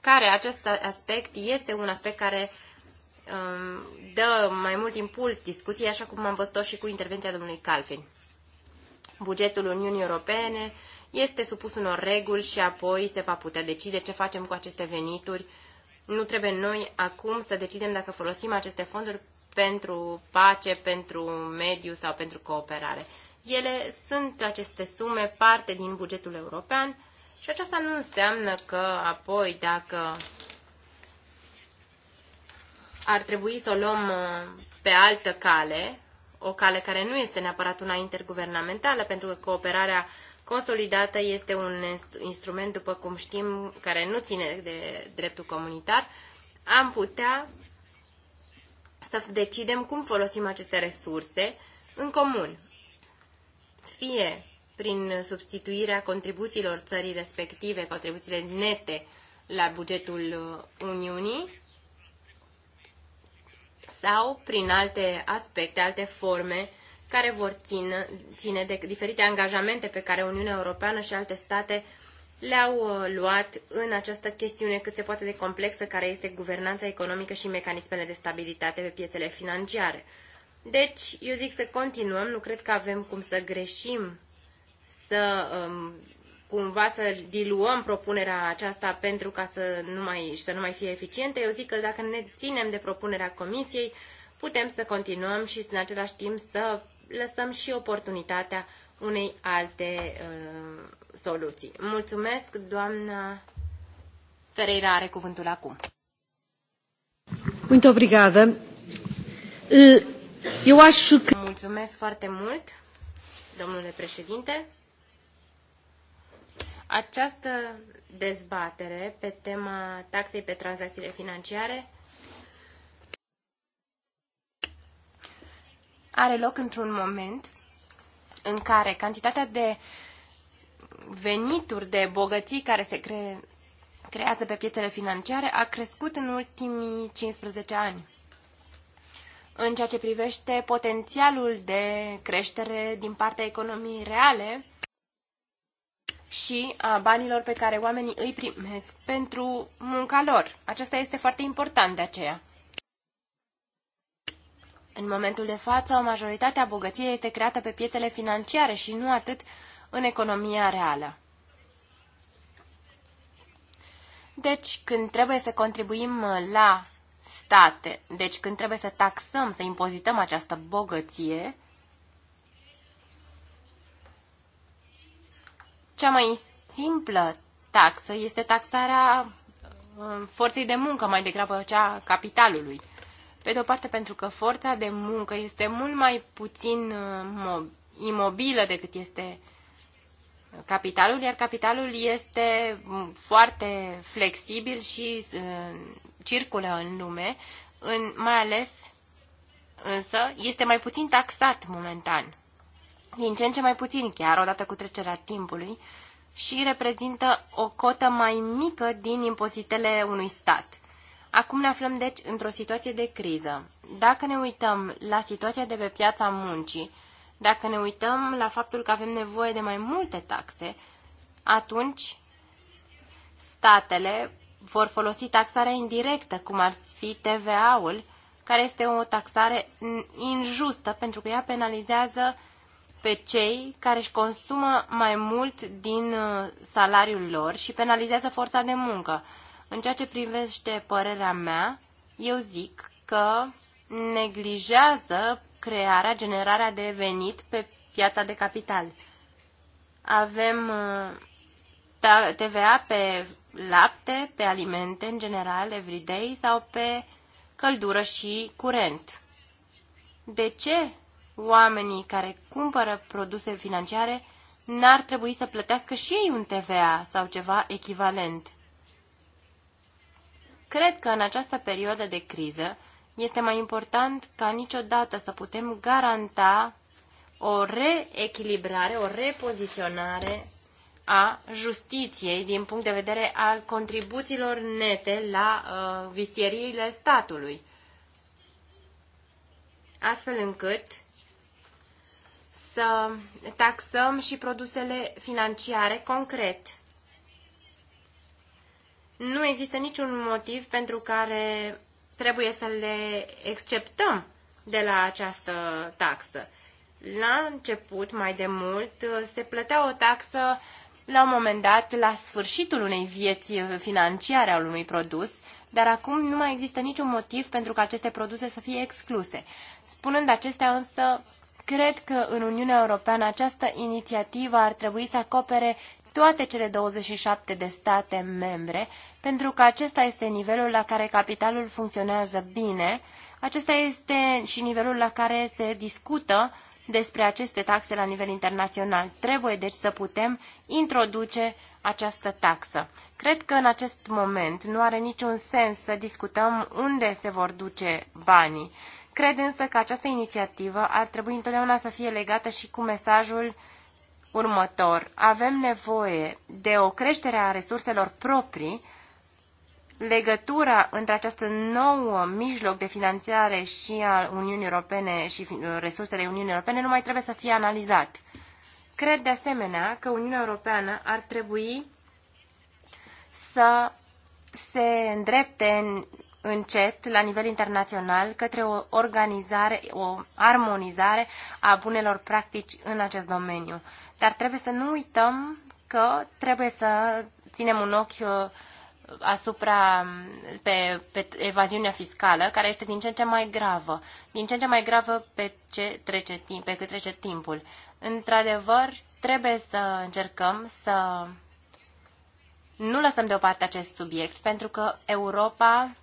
care acest aspect este un aspect care um, dă mai mult impuls discuției, așa cum am văzut și cu intervenția domnului Calfin. Bugetul Uniunii Europene este supus unor reguli și apoi se va putea decide ce facem cu aceste venituri. Nu trebuie noi acum să decidem dacă folosim aceste fonduri pentru pace, pentru mediu sau pentru cooperare ele sunt aceste sume parte din bugetul european și aceasta nu înseamnă că apoi dacă ar trebui să o luăm uh, pe altă cale, o cale care nu este neapărat una interguvernamentală, pentru că cooperarea consolidată este un instrument, după cum știm, care nu ține de dreptul comunitar, am putea să decidem cum folosim aceste resurse în comun fie prin substituirea contribuțiilor țării respective, contribuțiile nete la bugetul Uniunii, sau prin alte aspecte, alte forme care vor ține, ține de diferite angajamente pe care Uniunea Europeană și alte state le-au uh, luat în această chestiune cât se poate de complexă care este guvernanța economică și mecanismele de stabilitate pe piețele financiare. Deci, eu zic să continuăm, nu cred că avem cum să greșim, să um, cumva să diluăm propunerea aceasta pentru ca să nu mai, să nu mai fie eficientă. Eu zic că dacă ne ținem de propunerea comisiei, putem să continuăm și în același timp să lăsăm și oportunitatea unei alte uh, soluții. Mulțumesc, doamna Ferreira are cuvântul acum. Muito obrigada. Uh... Eu aș... Mulțumesc foarte mult, domnule președinte. Această dezbatere pe tema taxei pe tranzacțiile financiare are loc într-un moment în care cantitatea de venituri, de bogății care se cre- creează pe piețele financiare a crescut în ultimii 15 ani în ceea ce privește potențialul de creștere din partea economiei reale și a banilor pe care oamenii îi primesc pentru munca lor. Acesta este foarte important de aceea. În momentul de față, o majoritate a bogăției este creată pe piețele financiare și nu atât în economia reală. Deci, când trebuie să contribuim la dreptate. Deci când trebuie să taxăm, să impozităm această bogăție, cea mai simplă taxă este taxarea uh, forței de muncă, mai degrabă cea capitalului. Pe de o parte pentru că forța de muncă este mult mai puțin uh, imobilă decât este uh, capitalul, iar capitalul este foarte flexibil și uh, circulă în lume, în, mai ales însă este mai puțin taxat momentan. Din ce în ce mai puțin chiar, odată cu trecerea timpului, și reprezintă o cotă mai mică din impozitele unui stat. Acum ne aflăm deci într-o situație de criză. Dacă ne uităm la situația de pe piața muncii, dacă ne uităm la faptul că avem nevoie de mai multe taxe, atunci statele vor folosi taxarea indirectă, cum ar fi TVA-ul, care este o taxare injustă, pentru că ea penalizează pe cei care își consumă mai mult din uh, salariul lor și penalizează forța de muncă. În ceea ce privește părerea mea, eu zic că neglijează crearea, generarea de venit pe piața de capital. Avem uh, TVA pe lapte, pe alimente în general, everyday, sau pe căldură și curent. De ce oamenii care cumpără produse financiare n-ar trebui să plătească și ei un TVA sau ceva echivalent? Cred că în această perioadă de criză este mai important ca niciodată să putem garanta o reechilibrare, o repoziționare a justiției din punct de vedere al contribuțiilor nete la uh, vistieriile statului. Astfel încât să taxăm și produsele financiare concret. Nu există niciun motiv pentru care trebuie să le exceptăm de la această taxă. La început, mai de mult, se plătea o taxă la un moment dat, la sfârșitul unei vieți financiare al unui produs, dar acum nu mai există niciun motiv pentru ca aceste produse să fie excluse. Spunând acestea însă, cred că în Uniunea Europeană această inițiativă ar trebui să acopere toate cele 27 de state membre, pentru că acesta este nivelul la care capitalul funcționează bine, acesta este și nivelul la care se discută despre aceste taxe la nivel internațional. Trebuie deci să putem introduce această taxă. Cred că în acest moment nu are niciun sens să discutăm unde se vor duce banii. Cred însă că această inițiativă ar trebui întotdeauna să fie legată și cu mesajul uh, următor. Avem nevoie de o creștere a resurselor proprii, legătura între această nouă mijloc de finanțare și al Uniunii Europene și resursele Uniunii Europene nu mai trebuie să fie analizat. Cred de asemenea că Uniunea Europeană ar trebui să se îndrepte în, încet la nivel internațional către o organizare, o armonizare a bunelor practici în acest domeniu. Dar trebuie să nu uităm că trebuie să ținem un ochi uh, asupra um, pe, pe evaziunea fiscală, care este din ce în ce mai gravă, din ce în ce mai gravă pe, ce trece timp, pe cât trece timpul. Într-adevăr, trebuie să încercăm să nu lăsăm deoparte acest subiect, pentru că Europa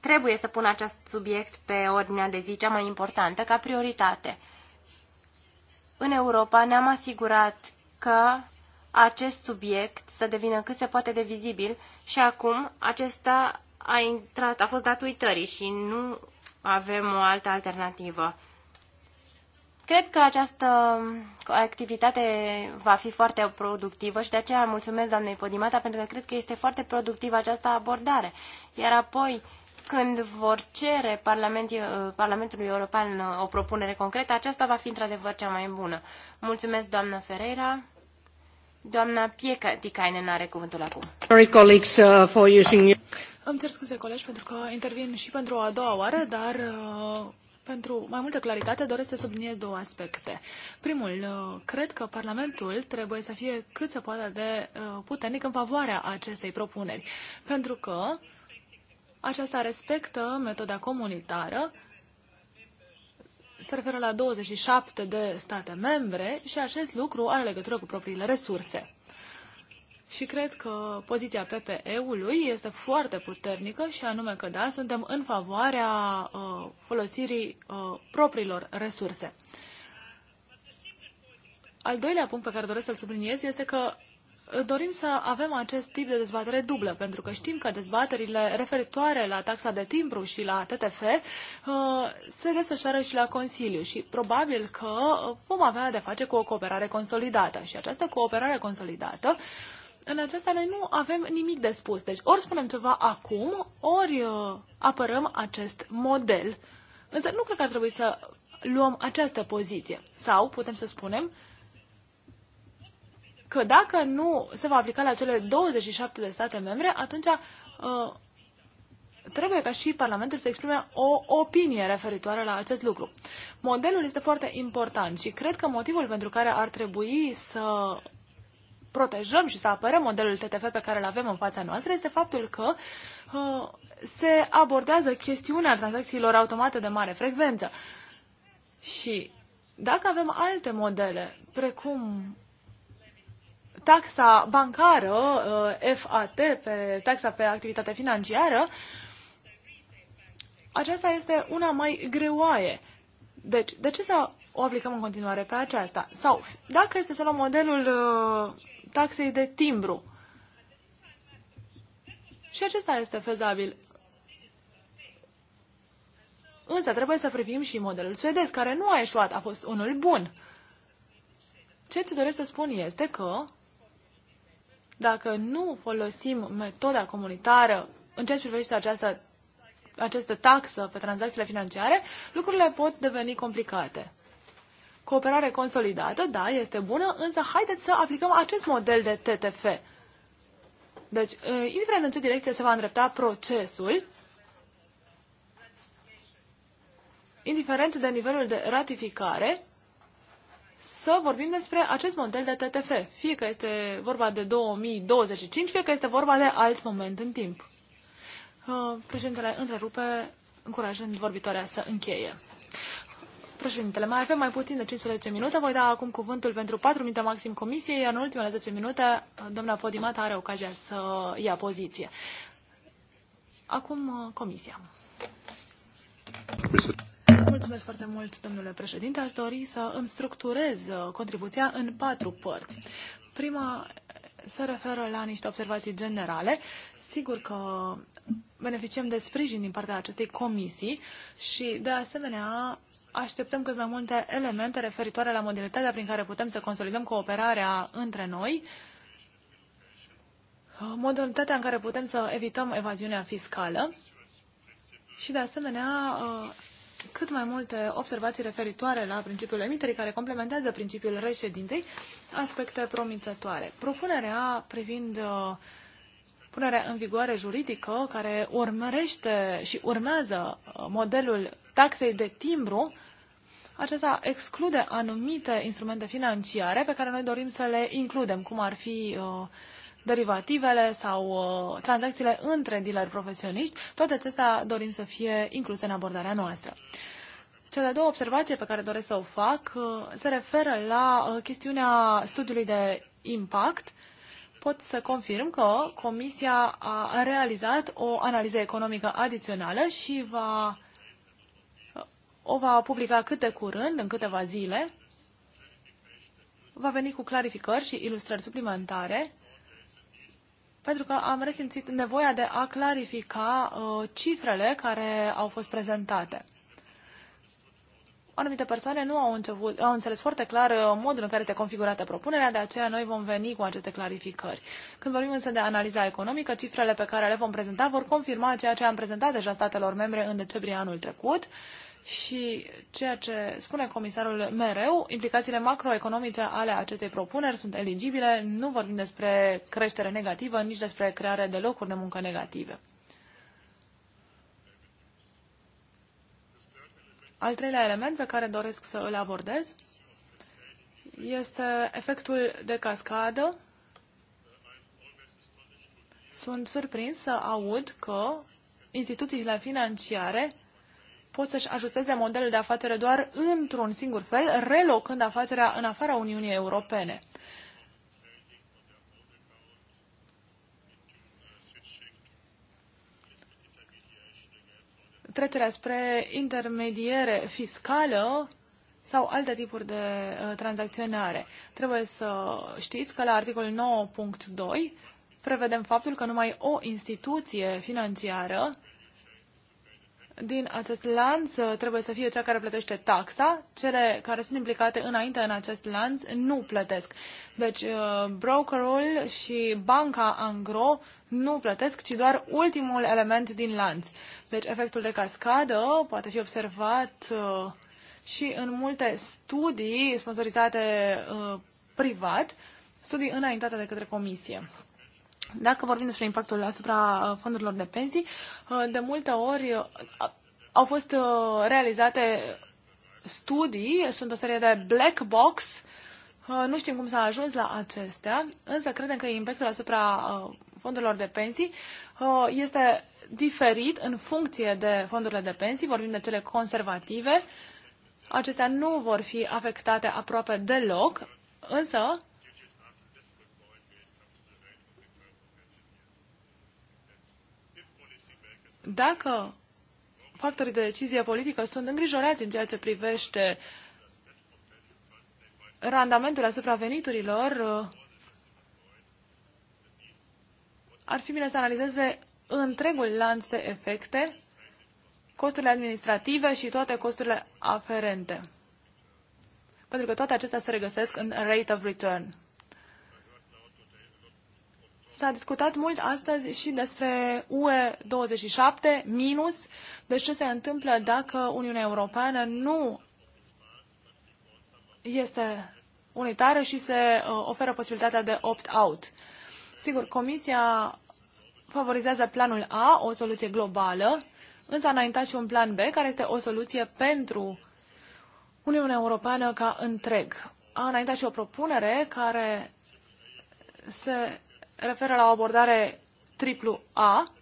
trebuie să pună acest subiect pe ordinea de zi cea mai importantă, ca prioritate în Europa ne-am asigurat că acest subiect să devină cât se poate de vizibil și acum acesta a, intrat, a fost dat uitării și nu avem o altă alternativă. Cred că această activitate va fi foarte productivă și de aceea mulțumesc doamnei Podimata pentru că cred că este foarte productivă această abordare. Iar apoi când vor cere eh, Parlamentului European eh, o propunere concretă, aceasta va fi într-adevăr cea mai bună. Mulțumesc, doamna Ferreira. Doamna Pieca Ticainen are cuvântul acum. colleagues, eh, for using... Îmi cer scuze, colegi, pentru că intervin și pentru a doua oară, dar pentru mai multă claritate doresc să subliniez două aspecte. Primul, cred că Parlamentul trebuie să fie cât se poate de puternic în favoarea acestei propuneri, pentru că aceasta respectă metoda comunitară, se referă la 27 de state membre și acest lucru are legătură cu propriile resurse. Și cred că poziția PPE-ului este foarte puternică și anume că da, suntem în favoarea uh, folosirii uh, propriilor resurse. Al doilea punct pe care doresc să-l subliniez este că dorim să avem acest tip de dezbatere dublă, pentru că știm că dezbaterile referitoare la taxa de timbru și la TTF uh, se desfășoară și la Consiliu și probabil că vom avea de face cu o cooperare consolidată și această cooperare consolidată în aceasta noi nu avem nimic de spus. Deci ori spunem ceva acum, ori uh, apărăm acest model. Însă nu cred că ar trebui să luăm această poziție. Sau putem să spunem că dacă nu se va aplica la cele 27 de state membre, atunci uh, trebuie ca și Parlamentul să exprime o opinie referitoare la acest lucru. Modelul este foarte important și cred că motivul pentru care ar trebui să protejăm și să apărăm modelul TTF pe care îl avem în fața noastră este faptul că uh, se abordează chestiunea tranzacțiilor automate de mare frecvență. Și dacă avem alte modele, precum taxa bancară, uh, FAT, pe taxa pe activitate financiară, aceasta este una mai greoaie. Deci, de ce să o aplicăm în continuare pe aceasta? Sau, dacă este să luăm modelul uh, taxei de timbru, și acesta este fezabil. Însă trebuie să privim și modelul suedez, care nu a eșuat, a fost unul bun. Ce ți doresc să spun este că dacă nu folosim metoda comunitară în ceea ce privește această, această taxă pe tranzacțiile financiare, lucrurile pot deveni complicate. Cooperare consolidată, da, este bună, însă haideți să aplicăm acest model de TTF. Deci, ă, indiferent în ce direcție se va îndrepta procesul, indiferent de nivelul de ratificare, să vorbim despre acest model de TTF, fie că este vorba de 2025, fie că este vorba de alt moment în timp. Uh, președintele întrerupe, încurajând vorbitoarea să încheie. Președintele, mai avem mai puțin de 15 minute. Voi da acum cuvântul pentru 4 minute maxim comisiei, iar în ultimele 10 minute doamna Podimata are ocazia să ia poziție. Acum uh, comisia. Mulțumesc foarte mult, domnule președinte. Aș dori să îmi structurez uh, contribuția în patru părți. Prima se referă la niște observații generale. Sigur că beneficiem de sprijin din partea acestei comisii și, de asemenea, așteptăm cât mai multe elemente referitoare la modalitatea prin care putem să consolidăm cooperarea între noi, modalitatea în care putem să evităm evaziunea fiscală și, de asemenea, uh, cât mai multe observații referitoare la principiul emiterii care complementează principiul reședinței, aspecte promițătoare. Propunerea privind uh, punerea în vigoare juridică care urmărește și urmează uh, modelul taxei de timbru, acesta exclude anumite instrumente financiare pe care noi dorim să le includem, cum ar fi uh, derivativele sau uh, tranzacțiile între dealeri profesioniști, toate acestea dorim să fie incluse în abordarea noastră. Cele două observații pe care doresc să o fac uh, se referă la uh, chestiunea studiului de impact. Pot să confirm că Comisia a realizat o analiză economică adițională și va, uh, o va publica cât de curând, în câteva zile. Va veni cu clarificări și ilustrări suplimentare pentru că am resimțit nevoia de a clarifica uh, cifrele care au fost prezentate. Anumite persoane nu au, început, au înțeles foarte clar uh, modul în care este configurată propunerea, de aceea noi vom veni cu aceste clarificări. Când vorbim însă de analiza economică, cifrele pe care le vom prezenta vor confirma ceea ce am prezentat deja statelor membre în decembrie anul trecut. Uh, și ceea ce spune comisarul mereu, implicațiile macroeconomice ale acestei propuneri sunt eligibile, nu vorbim despre creștere negativă, nici despre creare de locuri de muncă negative. Al treilea element pe care doresc să îl abordez este efectul de cascadă. Sunt surprins să aud că instituțiile financiare pot să-și ajusteze modelul de afacere doar într-un singur fel, relocând afacerea în afara Uniunii Europene. Trecerea spre intermediere fiscală sau alte tipuri de uh, tranzacționare. Trebuie să știți că la articolul 9.2 prevedem faptul că numai o instituție financiară din acest lanț uh, trebuie să fie cea care plătește taxa, cele care sunt implicate înainte în acest lanț nu plătesc. Deci uh, brokerul și banca angro nu plătesc, ci doar ultimul element din lanț. Deci efectul de cascadă poate fi observat uh, și în multe studii sponsorizate privat, studii înaintate de către comisie. Dacă vorbim despre impactul asupra uh, fondurilor de pensii, uh, de multe ori uh, au fost realizate studii, sunt o serie de black box, nu știm cum s-a ajuns la acestea, însă credem că impactul asupra fondurilor de pensii este diferit în funcție de fondurile de pensii, vorbim de cele conservative, acestea nu vor fi afectate aproape deloc, însă dacă factorii de decizie politică sunt îngrijorați în ceea ce privește randamentul asupra veniturilor, uh, ar fi bine să analizeze întregul lanț de efecte, costurile administrative și toate costurile aferente. Pentru că toate acestea se regăsesc în rate of return. S-a discutat mult astăzi și despre UE 27 minus, deci ce se întâmplă dacă Uniunea Europeană nu este unitară și se uh, oferă posibilitatea de opt-out. Sigur, Comisia favorizează planul A, o soluție globală, însă a înaintat și un plan B, care este o soluție pentru Uniunea Europeană ca întreg. A înaintat și o propunere care se referă la o abordare triplu A,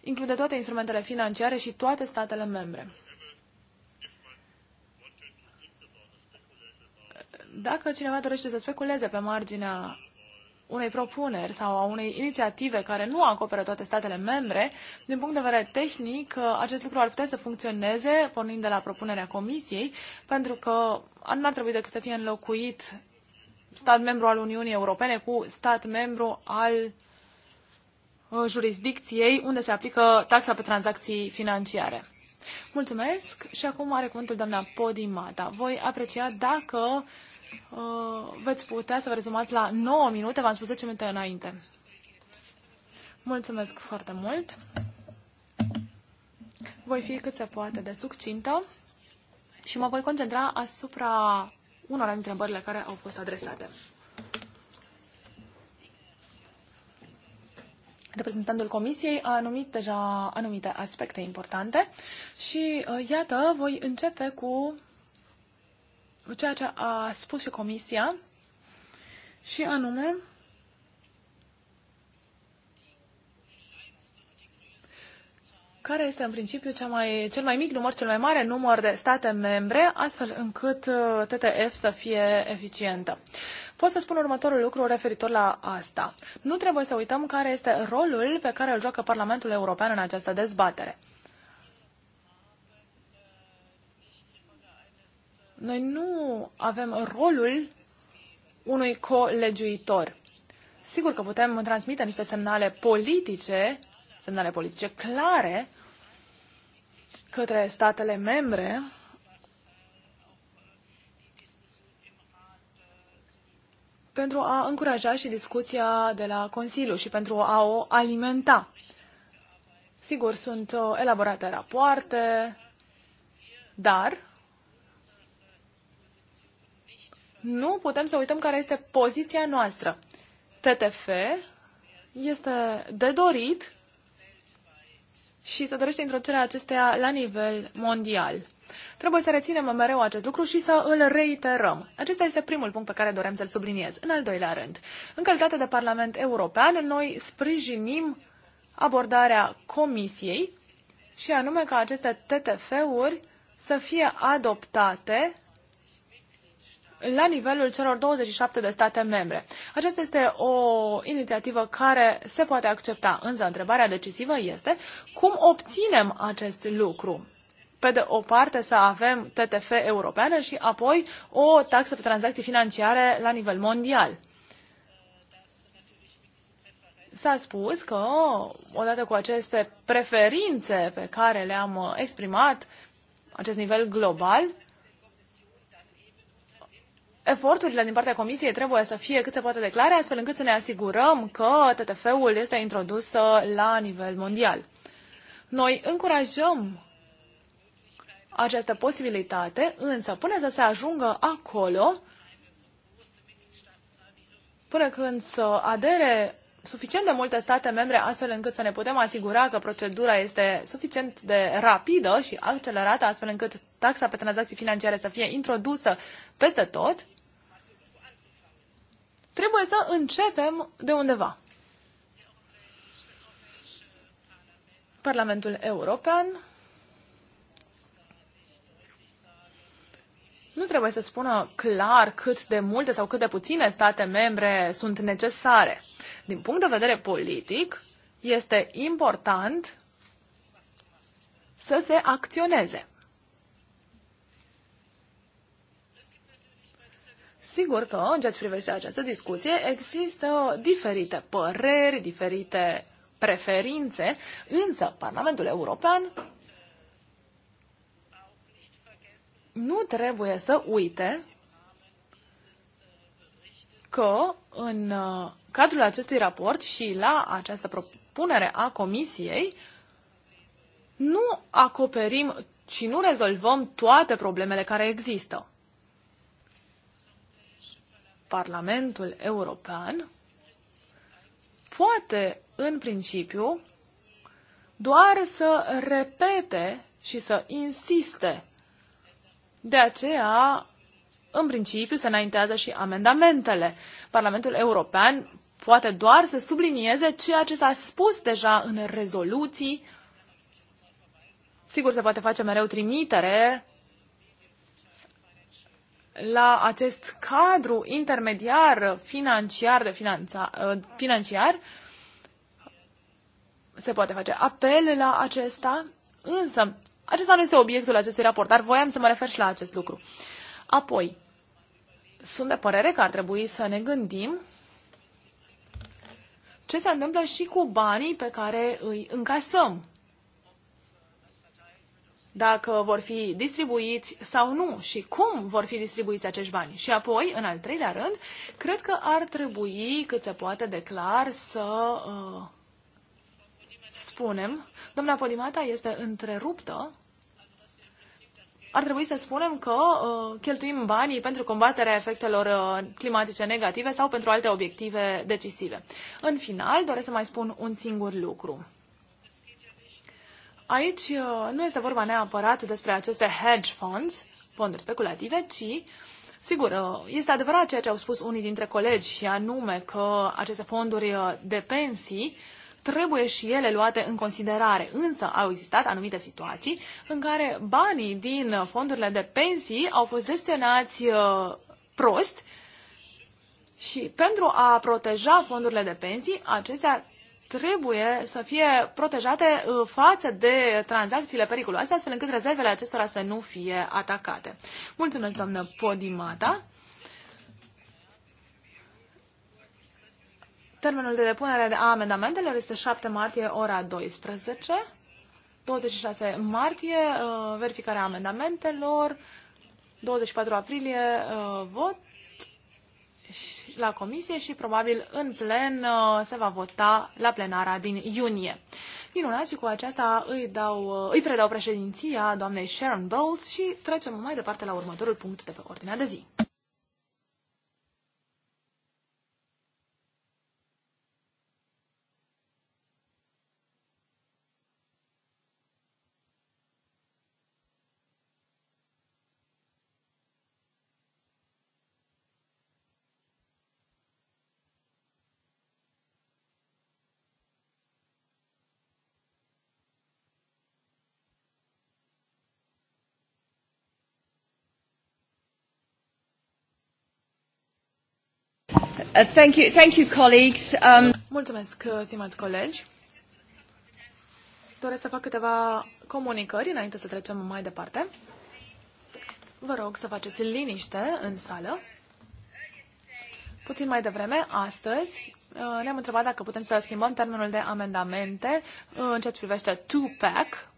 include toate instrumentele financiare și toate statele membre. Dacă cineva dorește să speculeze pe marginea unei propuneri sau a unei inițiative care nu acoperă toate statele membre, din punct de vedere tehnic, acest lucru ar putea să funcționeze, pornind de la propunerea Comisiei, pentru că nu ar trebui decât să fie înlocuit stat membru al Uniunii Europene cu stat membru al uh, jurisdicției unde se aplică taxa pe tranzacții financiare. Mulțumesc și acum are cuvântul doamna Podimata. Voi aprecia dacă uh, veți putea să vă rezumați la 9 minute, v-am spus 10 minute înainte. Mulțumesc foarte mult. Voi fi cât se poate de succintă și mă voi concentra asupra unora dintre întrebările care au fost adresate. Reprezentantul Comisiei a anumit deja anumite aspecte importante și uh, iată, voi începe cu ceea ce a spus și Comisia și anume care este în principiu cea mai, cel mai mic număr, cel mai mare număr de state membre, astfel încât uh, TTF să fie eficientă. Pot să spun următorul lucru referitor la asta. Nu trebuie să uităm care este rolul pe care îl joacă Parlamentul European în această dezbatere. Noi nu avem rolul unui colegiuitor. Sigur că putem transmite niște semnale politice semnale politice clare către statele membre pentru a încuraja și discuția de la Consiliu și pentru a o alimenta. Sigur, sunt uh, elaborate rapoarte, dar nu putem să uităm care este poziția noastră. TTF este de dorit și se dorește introducerea acesteia la nivel mondial. Trebuie să reținem mereu acest lucru și să îl reiterăm. Acesta este primul punct pe care dorem să-l subliniez. În al doilea rând, în calitate de Parlament European, noi sprijinim abordarea Comisiei și anume ca aceste TTF-uri să fie adoptate la nivelul celor 27 de state membre. Aceasta este o inițiativă care se poate accepta, însă întrebarea decisivă este cum obținem acest lucru pe de o parte să avem TTF europeană și apoi o taxă pe tranzacții financiare la nivel mondial. S-a spus că, odată cu aceste preferințe pe care le-am exprimat, acest nivel global, eforturile din partea Comisiei trebuie să fie cât se poate declare, astfel încât să ne asigurăm că TTF-ul este introdus uh, la nivel mondial. Noi încurajăm această posibilitate, însă până să se ajungă acolo, până când să adere suficient de multe state membre astfel încât să ne putem asigura că procedura este suficient de rapidă și accelerată astfel încât taxa pe tranzacții financiare să fie introdusă peste tot, Trebuie să începem de undeva. Parlamentul European nu trebuie să spună clar cât de multe sau cât de puține state membre sunt necesare. Din punct de vedere politic, este important să se acționeze. Sigur că, în ceea ce privește această discuție, există diferite păreri, diferite preferințe, însă Parlamentul European nu trebuie să uite că în uh, cadrul acestui raport și la această propunere a Comisiei nu acoperim și nu rezolvăm toate problemele care există. Parlamentul European poate, în principiu, doar să repete și să insiste. De aceea, în principiu, se înaintează și amendamentele. Parlamentul European poate doar să sublinieze ceea ce s-a spus deja în rezoluții. Sigur, se poate face mereu trimitere la acest cadru intermediar financiar, de finanța, uh, financiar, se poate face apel la acesta, însă acesta nu este obiectul acestui raport, dar voiam să mă refer și la acest lucru. Apoi, sunt de părere că ar trebui să ne gândim ce se întâmplă și cu banii pe care îi încasăm dacă vor fi distribuiți sau nu și cum vor fi distribuiți acești bani. Și apoi, în al treilea rând, cred că ar trebui cât se poate de clar să uh, spunem, doamna Podimata este întreruptă, ar trebui să spunem că uh, cheltuim banii pentru combaterea efectelor uh, climatice negative sau pentru alte obiective decisive. În final, doresc să mai spun un singur lucru. Aici uh, nu este vorba neapărat despre aceste hedge funds, fonduri speculative, ci, sigur, uh, este adevărat ceea ce au spus unii dintre colegi și anume că aceste fonduri uh, de pensii trebuie și ele luate în considerare. Însă au existat anumite situații în care banii din fondurile de pensii au fost gestionați prost și pentru a proteja fondurile de pensii, acestea trebuie să fie protejate uh, față de tranzacțiile periculoase, astfel încât rezervele acestora să nu fie atacate. Mulțumesc, doamnă Podimata. Termenul de depunere a amendamentelor este 7 martie, ora 12. 26 martie, uh, verificarea amendamentelor. 24 aprilie, uh, vot la comisie și probabil în plen uh, se va vota la plenara din iunie. Minunat și cu aceasta îi, dau, uh, îi predau președinția doamnei Sharon Bowles și trecem mai departe la următorul punct de pe ordinea de zi. Uh, um, Mulțumesc, uh, stimați colegi. Doresc să fac câteva comunicări înainte să trecem mai departe. Vă rog să faceți liniște în sală. Puțin mai devreme, astăzi, uh, ne-am întrebat dacă putem să schimbăm termenul de amendamente în ceea ce privește two-pack.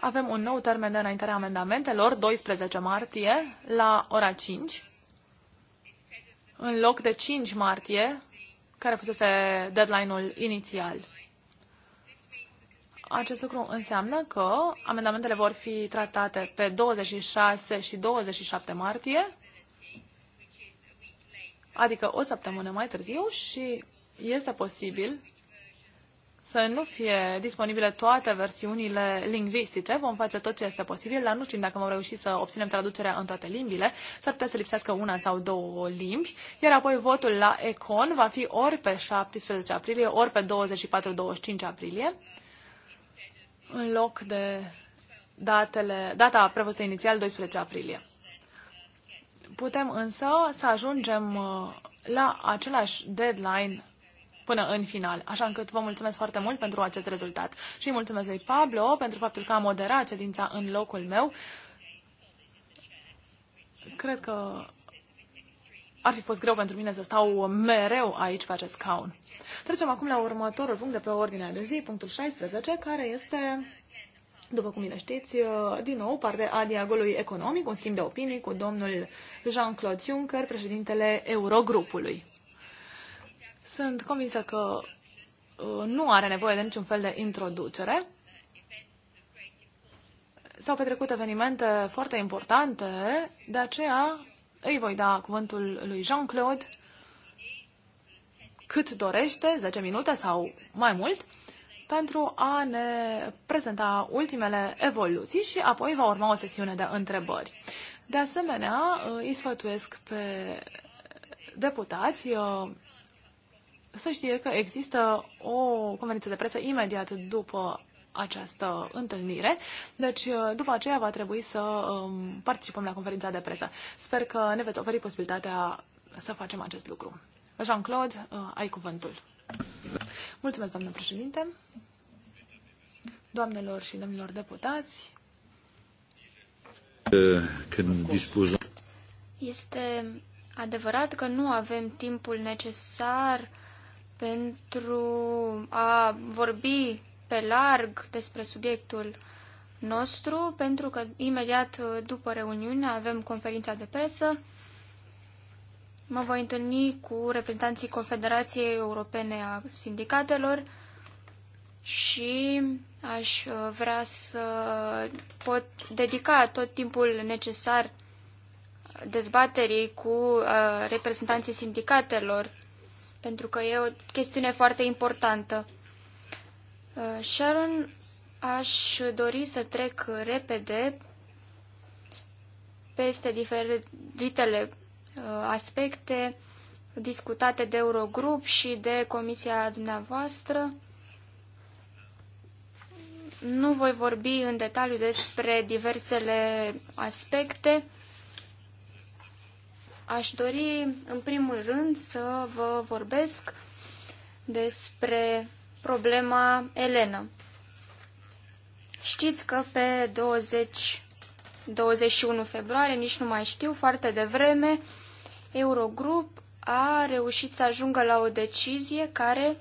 Avem un nou termen de înaintare a amendamentelor, 12 martie, la ora 5 în loc de 5 martie, care fusese deadline-ul inițial. Acest lucru înseamnă că amendamentele vor fi tratate pe 26 și 27 martie, adică o săptămână mai târziu și este posibil să nu fie disponibile toate versiunile lingvistice. Vom face tot ce este posibil. La știm dacă vom reuși să obținem traducerea în toate limbile, s-ar putea să lipsească una sau două limbi, iar apoi votul la Econ va fi ori pe 17 aprilie, ori pe 24-25 aprilie, în loc de datele, data prevăzută inițial 12 aprilie. Putem însă să ajungem uh, la același deadline până în final. Așa încât vă mulțumesc foarte mult pentru acest rezultat și mulțumesc lui Pablo pentru faptul că a moderat ședința în locul meu. Cred că ar fi fost greu pentru mine să stau mereu aici pe acest scaun. Trecem acum la următorul punct de pe ordinea de zi, punctul 16, care este, după cum bine știți, din nou parte a dialogului economic, un schimb de opinii cu domnul Jean-Claude Juncker, președintele Eurogrupului. Sunt convinsă că uh, nu are nevoie de niciun fel de introducere. S-au petrecut evenimente foarte importante, de aceea îi voi da cuvântul lui Jean-Claude cât dorește, 10 minute sau mai mult, pentru a ne prezenta ultimele evoluții și apoi va urma o sesiune de întrebări. De asemenea, îi sfătuiesc pe deputați uh, să știe că există o conferință de presă imediat după această întâlnire. Deci, uh, după aceea va trebui să um, participăm la conferința de presă. Sper că ne veți oferi posibilitatea să facem acest lucru. Jean-Claude, uh, ai cuvântul. Mulțumesc, doamnă președinte. Doamnelor și domnilor deputați. Uh, când dispuzăm. Este adevărat că nu avem timpul necesar uh, pentru a vorbi pe larg despre subiectul nostru, pentru că imediat după reuniune avem conferința de presă. Mă voi întâlni cu reprezentanții Confederației Europene a Sindicatelor și aș vrea să pot dedica tot timpul necesar dezbaterii cu uh, reprezentanții sindicatelor pentru că e o chestiune foarte importantă. Uh, Sharon, aș dori să trec repede peste diferitele uh, aspecte discutate de Eurogrup și de comisia dumneavoastră. Nu voi vorbi în detaliu despre diversele aspecte. Aș dori, în primul rând, să vă vorbesc despre problema Elena. Știți că pe 20 21 februarie, nici nu mai știu, foarte devreme, Eurogrup a reușit să ajungă la o decizie care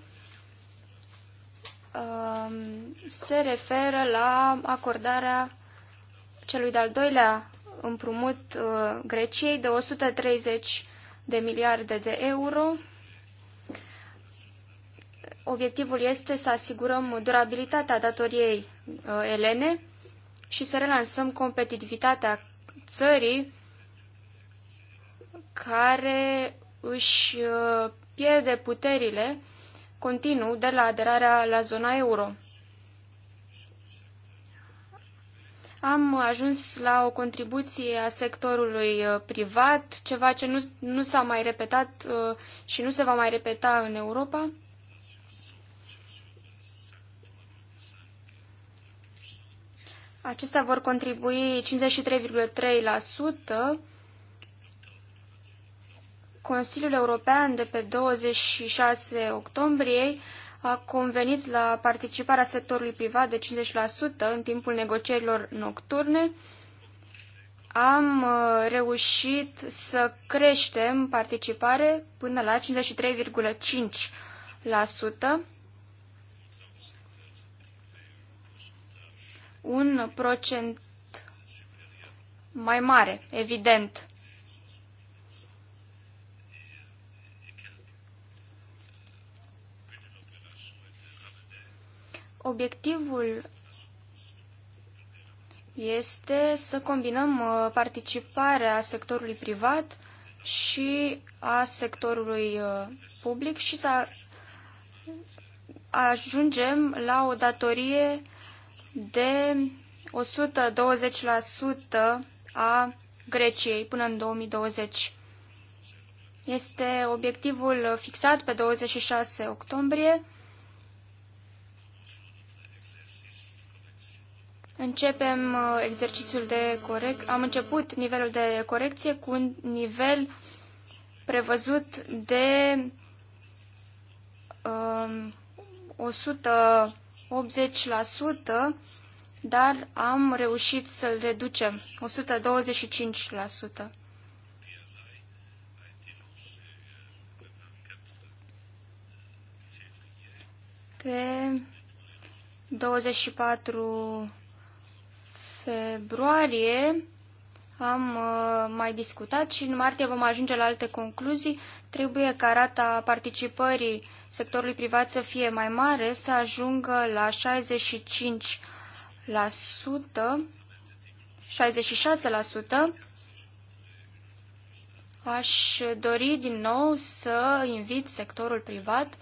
um, se referă la acordarea celui de-al doilea împrumut uh, Greciei de 130 de miliarde de euro. Obiectivul este să asigurăm durabilitatea datoriei uh, elene și să relansăm competitivitatea țării care își uh, pierde puterile continuu de la aderarea la zona euro. am ajuns la o contribuție a sectorului uh, privat, ceva ce nu, nu s-a mai repetat uh, și nu se va mai repeta în Europa. Acestea vor contribui 53,3%. Consiliul European de pe 26 octombrie a convenit la participarea sectorului privat de 50% în timpul negocierilor nocturne. Am uh, reușit să creștem participare până la 53,5%. un procent mai mare, evident, Obiectivul este să combinăm uh, participarea sectorului privat și a sectorului uh, public și să ajungem la o datorie de 120% a Greciei până în 2020. Este obiectivul fixat pe 26 octombrie Începem uh, exercițiul de corect. Am început nivelul de corecție cu un nivel prevăzut de um, 180%, dar am reușit să-l reducem 125%. Pe 24 februarie am uh, mai discutat și în martie vom ajunge la alte concluzii. Trebuie ca rata participării sectorului privat să fie mai mare, să ajungă la 65%, 66%. Aș dori din nou să invit sectorul privat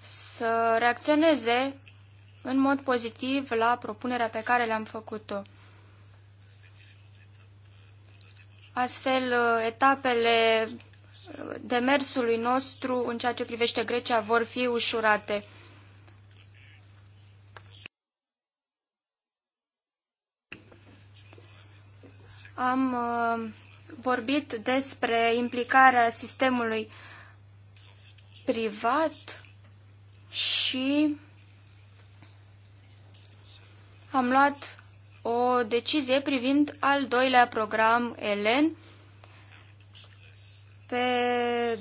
să reacționeze în mod pozitiv la propunerea pe care le-am făcut-o. Astfel, etapele demersului nostru în ceea ce privește Grecia vor fi ușurate. Am uh, vorbit despre implicarea sistemului privat și am luat o decizie privind al doilea program ELEN pe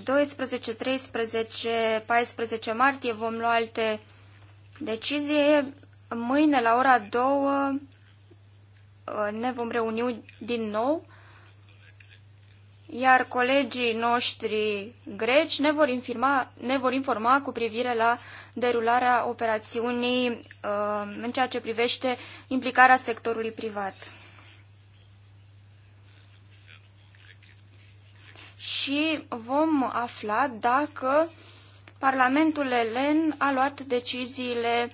12, 13, 14 martie vom lua alte decizie. Mâine la ora 2 ne vom reuni din nou iar colegii noștri greci ne vor, infirma, ne vor informa cu privire la derularea operațiunii uh, în ceea ce privește implicarea sectorului privat. Și vom afla dacă Parlamentul Elen a luat deciziile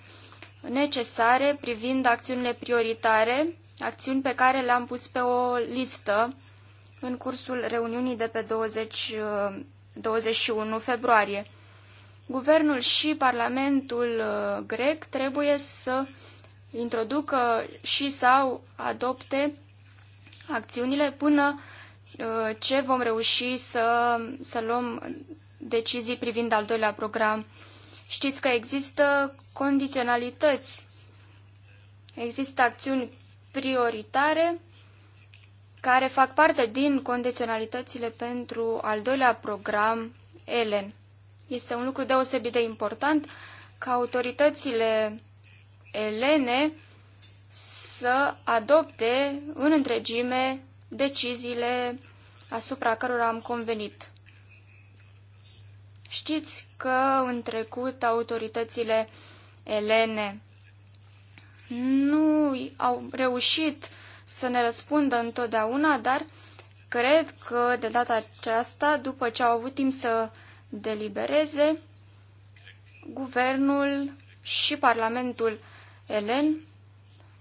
necesare privind acțiunile prioritare, acțiuni pe care le-am pus pe o listă în cursul reuniunii de pe 20, 21 uh, februarie. Guvernul și Parlamentul uh, grec trebuie să introducă și sau adopte acțiunile până uh, ce vom reuși să, să luăm decizii privind al doilea program. Știți că există condiționalități, există acțiuni prioritare care fac parte din condiționalitățile pentru al doilea program ELEN. Este un lucru deosebit de important ca autoritățile elene să adopte în întregime deciziile asupra cărora am convenit. Știți că în trecut autoritățile elene nu au reușit să ne răspundă întotdeauna, dar cred că de data aceasta, după ce au avut timp să delibereze, guvernul și Parlamentul elen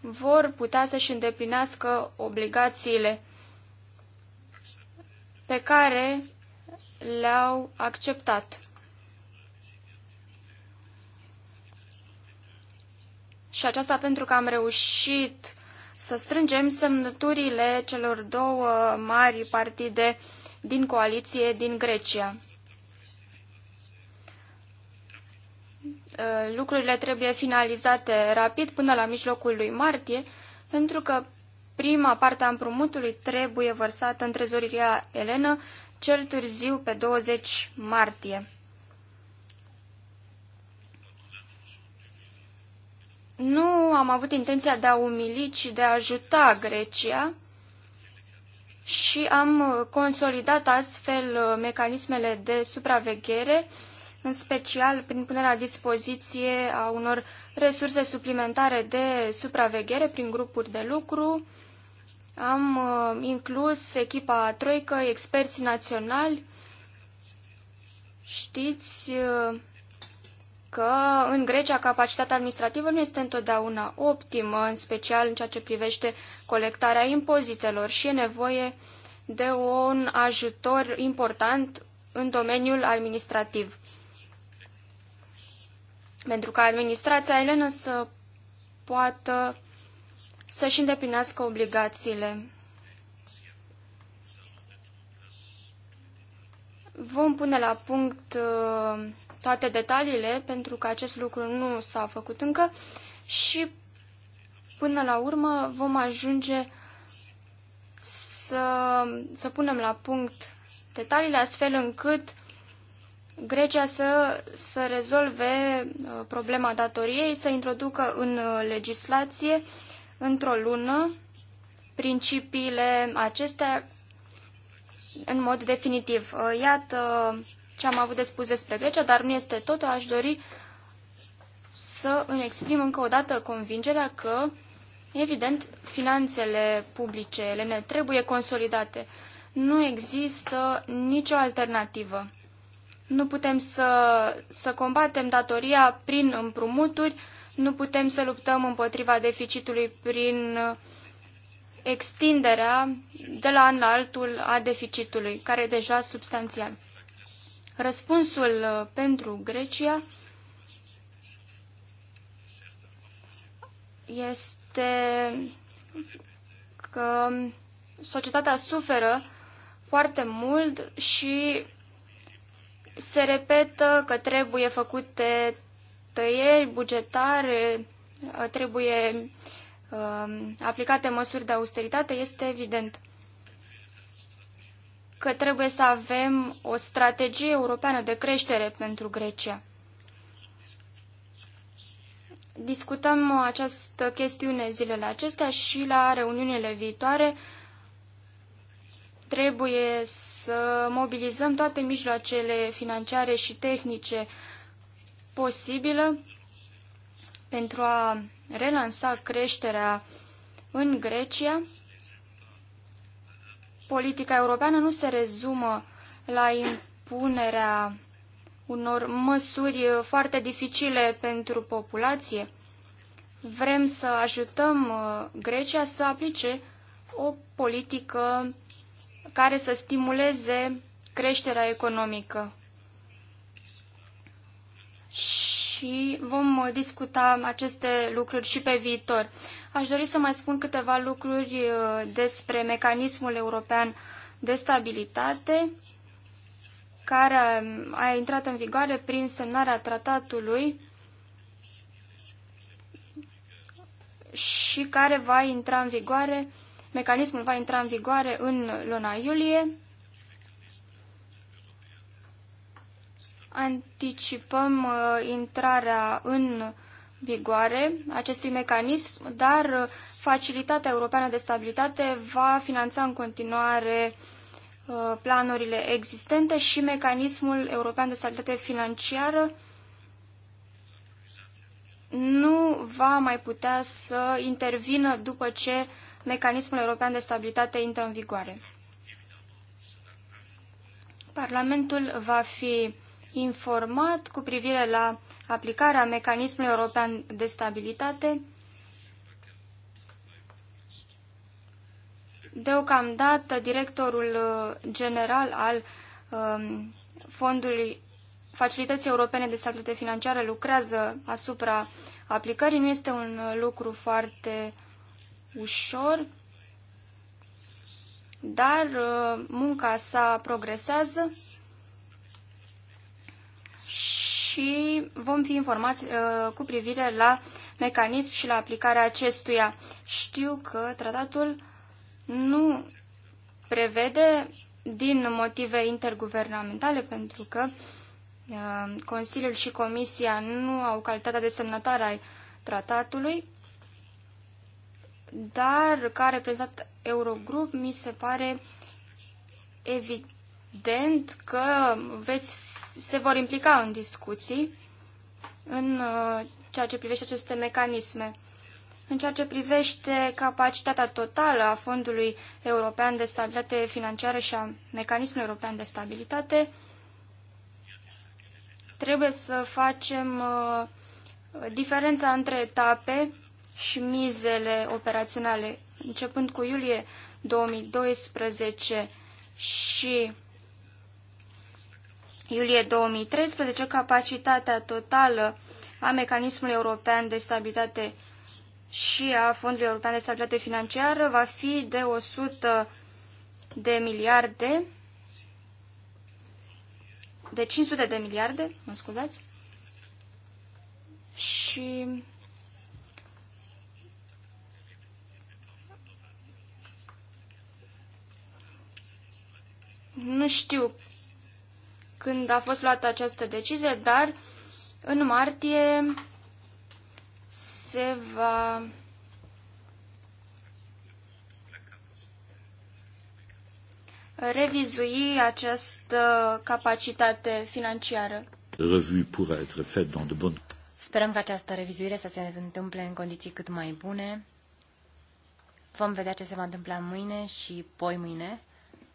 vor putea să-și îndeplinească obligațiile pe care le-au acceptat. Și aceasta pentru că am reușit să strângem semnăturile celor două mari partide din coaliție din Grecia. Uh, lucrurile trebuie finalizate rapid până la mijlocul lui martie, pentru că prima parte a împrumutului trebuie vărsată în trezoria Elenă cel târziu pe 20 martie. Nu am avut intenția de a umili, ci de a ajuta Grecia și am consolidat astfel uh, mecanismele de supraveghere, în special prin punerea la dispoziție a unor resurse suplimentare de supraveghere prin grupuri de lucru. Am uh, inclus echipa Troică, experți naționali. Știți, uh, că în Grecia capacitatea administrativă nu este întotdeauna optimă, în special în ceea ce privește colectarea impozitelor și e nevoie de un ajutor important în domeniul administrativ. Pentru ca administrația elenă să poată să-și îndeplinească obligațiile. Vom pune la punct uh, toate detaliile, pentru că acest lucru nu s-a făcut încă și până la urmă vom ajunge să, să punem la punct detaliile astfel încât Grecia să, să rezolve uh, problema datoriei, să introducă în uh, legislație într-o lună principiile acestea în mod definitiv. Uh, iată ce am avut de spus despre Grecia, dar nu este tot. Aș dori să îmi exprim încă o dată convingerea că, evident, finanțele publice ne trebuie consolidate. Nu există nicio alternativă. Nu putem să, să combatem datoria prin împrumuturi, nu putem să luptăm împotriva deficitului prin extinderea de la an la altul a deficitului, care e deja substanțial. Răspunsul uh, pentru Grecia este că societatea suferă foarte mult și se repetă că trebuie făcute tăieri bugetare, trebuie uh, aplicate măsuri de austeritate, este evident că trebuie să avem o strategie europeană de creștere pentru Grecia. Discutăm această chestiune zilele acestea și la reuniunile viitoare trebuie să mobilizăm toate mijloacele financiare și tehnice posibile pentru a relansa creșterea în Grecia politica europeană nu se rezumă la impunerea unor măsuri foarte dificile pentru populație. Vrem să ajutăm uh, Grecia să aplice o politică care să stimuleze creșterea economică. Și vom discuta aceste lucruri și pe viitor. Aș dori să mai spun câteva lucruri uh, despre mecanismul european de stabilitate care um, a intrat în vigoare prin semnarea tratatului și care va intra în vigoare, mecanismul va intra în vigoare în luna iulie. Anticipăm uh, intrarea în vigoare acestui mecanism, dar Facilitatea Europeană de Stabilitate va finanța în continuare uh, planurile existente și mecanismul european de stabilitate financiară nu va mai putea să intervină după ce mecanismul european de stabilitate intră în vigoare. Parlamentul va fi informat cu privire la aplicarea mecanismului european de stabilitate. Deocamdată, directorul uh, general al um, Fondului Facilității Europene de Stabilitate Financiară lucrează asupra aplicării. Nu este un uh, lucru foarte ușor, dar uh, munca sa progresează și vom fi informați uh, cu privire la mecanism și la aplicarea acestuia. Știu că tratatul nu prevede din motive interguvernamentale, pentru că uh, Consiliul și Comisia nu au calitatea de semnătare ai tratatului, dar ca reprezentat Eurogrup mi se pare evident că veți se vor implica în discuții în uh, ceea ce privește aceste mecanisme. În ceea ce privește capacitatea totală a Fondului European de Stabilitate Financiară și a Mecanismului European de Stabilitate, trebuie să facem uh, diferența între etape și mizele operaționale. Începând cu iulie 2012 și iulie 2013 capacitatea totală a mecanismului european de stabilitate și a Fondului European de Stabilitate Financiară va fi de 100 de miliarde, de 500 de miliarde, mă scuzați, și nu știu când a fost luată această decizie, dar în martie se va revizui această capacitate financiară. Sperăm că această revizuire să se întâmple în condiții cât mai bune. Vom vedea ce se va întâmpla mâine și poi mâine.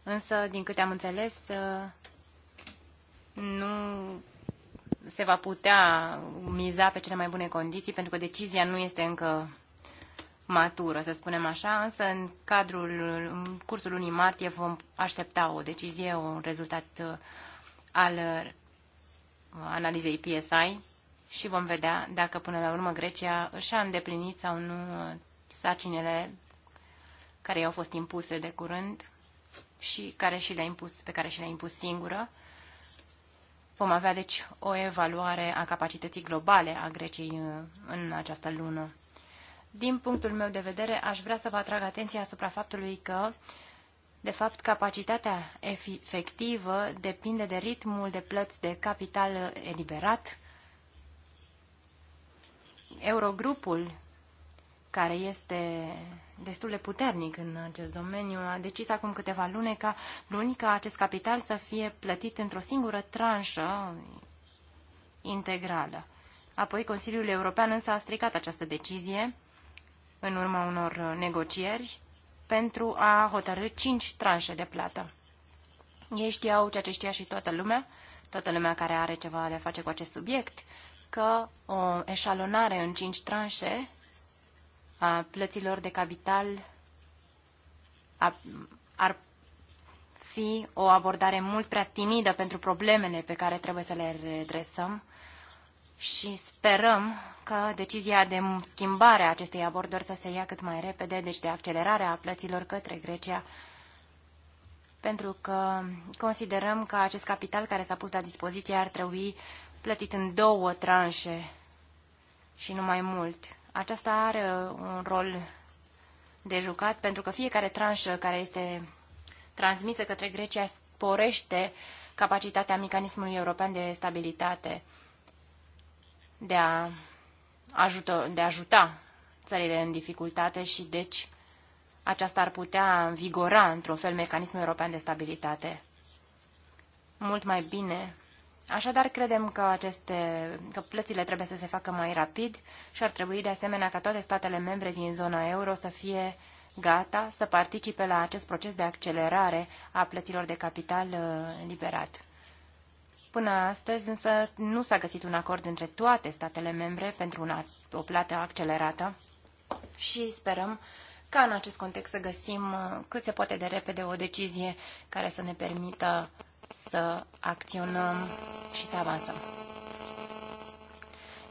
Însă, din câte am înțeles, nu se va putea miza pe cele mai bune condiții, pentru că decizia nu este încă matură, să spunem așa, însă în cadrul, în cursul lunii martie vom aștepta o decizie, un rezultat uh, al uh, analizei PSI și vom vedea dacă până la urmă Grecia și-a îndeplinit sau nu uh, sacinele care i-au fost impuse de curând și care și le-a impus, pe care și le-a impus singură Vom avea, deci, o evaluare a capacității globale a Greciei uh, în această lună. Din punctul meu de vedere, aș vrea să vă atrag atenția asupra faptului că, de fapt, capacitatea efectivă depinde de ritmul de plăți de capital eliberat. Eurogrupul, care este destul de puternic în acest domeniu, a decis acum câteva luni ca, luni ca acest capital să fie plătit într-o singură tranșă integrală. Apoi Consiliul European însă a stricat această decizie în urma unor negocieri pentru a hotărâ cinci tranșe de plată. Ei știau ceea ce știa și toată lumea, toată lumea care are ceva de a face cu acest subiect, că o eșalonare în cinci tranșe a plăților de capital ar fi o abordare mult prea timidă pentru problemele pe care trebuie să le redresăm și sperăm că decizia de schimbare a acestei abordări să se ia cât mai repede, deci de accelerare a plăților către Grecia, pentru că considerăm că acest capital care s-a pus la dispoziție ar trebui plătit în două tranșe și nu mai mult aceasta are uh, un rol de jucat, pentru că fiecare tranșă care este transmisă către Grecia sporește capacitatea mecanismului european de stabilitate de a, ajută, de a ajuta țările în dificultate și deci aceasta ar putea vigora într-un fel mecanismul european de stabilitate mult mai bine Așadar, credem că, aceste, că plățile trebuie să se facă mai rapid și ar trebui de asemenea ca toate statele membre din zona euro să fie gata să participe la acest proces de accelerare a plăților de capital uh, liberat. Până astăzi, însă, nu s-a găsit un acord între toate statele membre pentru una, o plată accelerată și sperăm ca în acest context să găsim uh, cât se poate de repede o decizie care să ne permită să acționăm și să avansăm.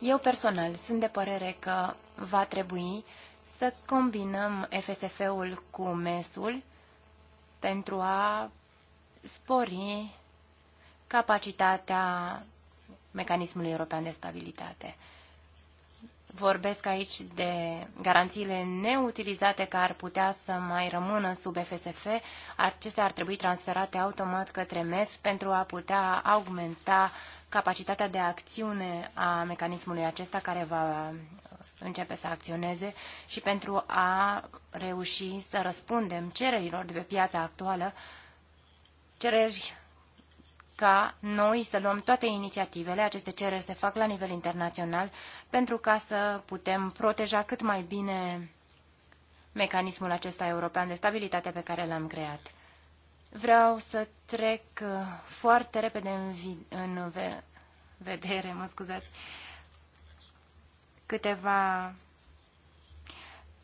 Eu personal sunt de părere că va trebui să combinăm FSF-ul cu MES-ul pentru a spori capacitatea mecanismului european de stabilitate. Vorbesc aici de garanțiile neutilizate care ar putea să mai rămână sub FSF. Acestea ar trebui transferate automat către MES pentru a putea augmenta capacitatea de acțiune a mecanismului acesta care va începe să acționeze și pentru a reuși să răspundem cererilor de pe piața actuală, cereri ca noi să luăm toate inițiativele, aceste cereri se fac la nivel internațional, pentru ca să putem proteja cât mai bine mecanismul acesta european de stabilitate pe care l-am creat. Vreau să trec uh, foarte repede în, vi- în ve- vedere, mă scuzați, câteva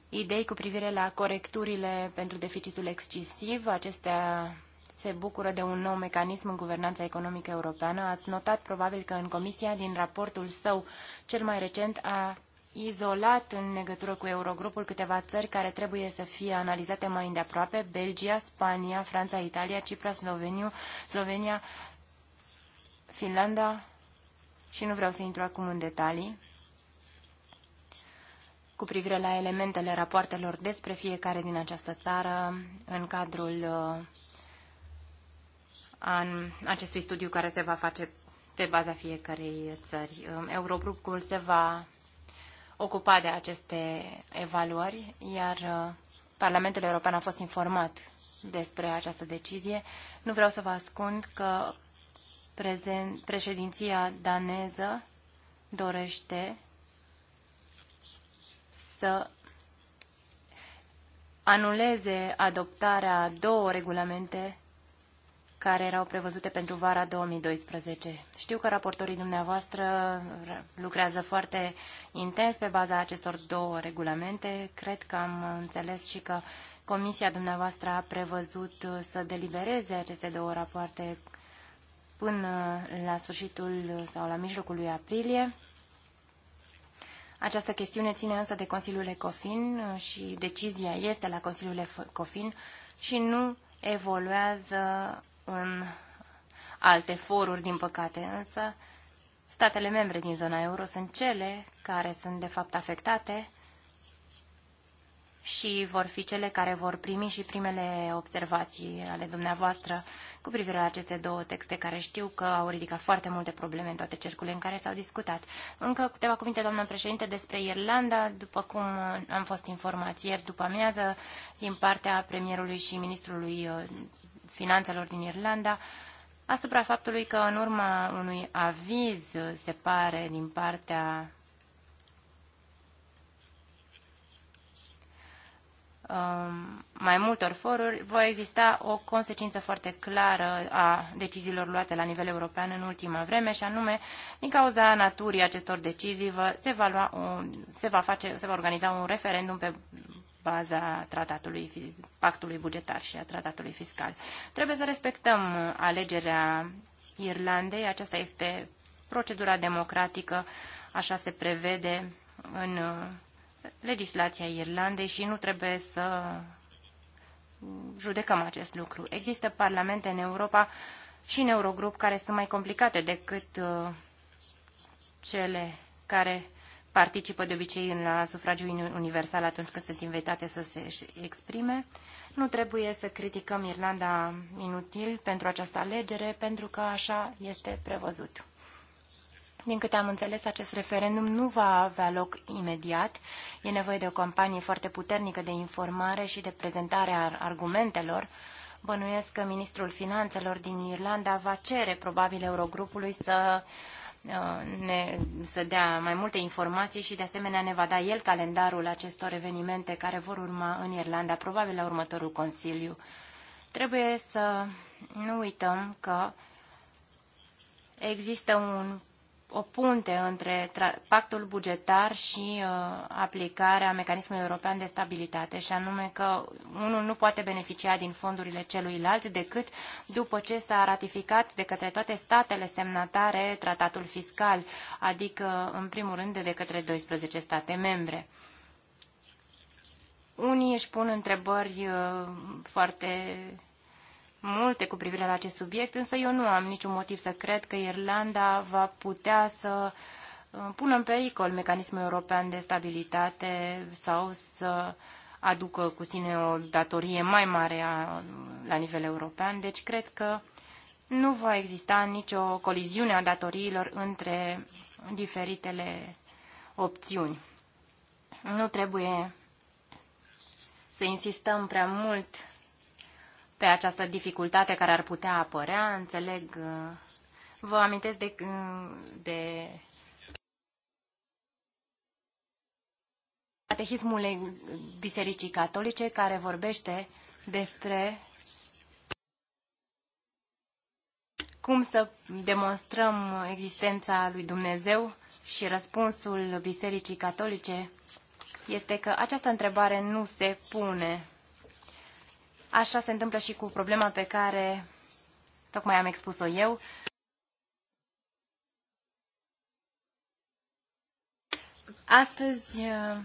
idei cu privire la corecturile pentru deficitul excesiv. Acestea se bucură de un nou mecanism în guvernanța economică europeană. Ați notat probabil că în comisia din raportul său cel mai recent a izolat în legătură cu Eurogrupul câteva țări care trebuie să fie analizate mai îndeaproape, Belgia, Spania, Franța, Italia, Cipra, Sloveniu, Slovenia, Finlanda și nu vreau să intru acum în detalii cu privire la elementele rapoartelor despre fiecare din această țară în cadrul uh, în acestui studiu care se va face pe baza fiecarei țări. Eurogrupul se va ocupa de aceste evaluări, iar uh, Parlamentul European a fost informat despre această decizie. Nu vreau să vă ascund că președinția daneză dorește să anuleze adoptarea două regulamente care erau prevăzute pentru vara 2012. Știu că raportorii dumneavoastră lucrează foarte intens pe baza acestor două regulamente. Cred că am înțeles și că comisia dumneavoastră a prevăzut să delibereze aceste două rapoarte până la sfârșitul sau la mijlocul lui aprilie. Această chestiune ține însă de Consiliul ECOFIN și decizia este la Consiliul ECOFIN și nu evoluează în alte foruri, din păcate, însă statele membre din zona euro sunt cele care sunt de fapt afectate și vor fi cele care vor primi și primele observații ale dumneavoastră cu privire la aceste două texte care știu că au ridicat foarte multe probleme în toate cercurile în care s-au discutat. Încă câteva cuvinte, doamna președinte, despre Irlanda. După cum uh, am fost informați ieri după amiază din partea premierului și ministrului uh, finanțelor din Irlanda asupra faptului că în urma unui aviz, se pare, din partea um, mai multor foruri, va exista o consecință foarte clară a deciziilor luate la nivel european în ultima vreme și anume, din cauza naturii acestor decizii, se va, lua un, se va, face, se va organiza un referendum pe baza tratatului, pactului bugetar și a tratatului fiscal. Trebuie să respectăm alegerea Irlandei, aceasta este procedura democratică, așa se prevede în uh, legislația Irlandei și nu trebuie să judecăm acest lucru. Există parlamente în Europa și în Eurogrup care sunt mai complicate decât uh, cele care participă de obicei în la sufragiu universal atunci când sunt invitate să se exprime. Nu trebuie să criticăm Irlanda inutil pentru această alegere, pentru că așa este prevăzut. Din câte am înțeles, acest referendum nu va avea loc imediat. E nevoie de o campanie foarte puternică de informare și de prezentare a argumentelor. Bănuiesc că ministrul finanțelor din Irlanda va cere probabil Eurogrupului să uh, Uh, ne, să dea mai multe informații și de asemenea ne va da el calendarul acestor evenimente care vor urma în Irlanda, probabil la următorul Consiliu. Trebuie să nu uităm că există un o punte între pactul bugetar și uh, aplicarea mecanismului european de stabilitate, și anume că unul nu poate beneficia din fondurile celuilalt decât după ce s-a ratificat de către toate statele semnatare tratatul fiscal, adică, în primul rând, de către 12 state membre. Unii își pun întrebări uh, foarte multe cu privire la acest subiect, însă eu nu am niciun motiv să cred că Irlanda va putea să uh, pună în pericol mecanismul european de stabilitate sau să aducă cu sine o datorie mai mare a, la nivel european. Deci cred că nu va exista nicio coliziune a datoriilor între diferitele opțiuni. Nu trebuie să insistăm prea mult pe această dificultate care ar putea apărea. Înțeleg, uh, vă amintesc de, uh, de Catehismul Bisericii Catolice care vorbește despre cum să demonstrăm existența lui Dumnezeu și răspunsul Bisericii Catolice este că această întrebare nu se pune. Așa se întâmplă și cu problema pe care tocmai am expus-o eu. Astăzi uh,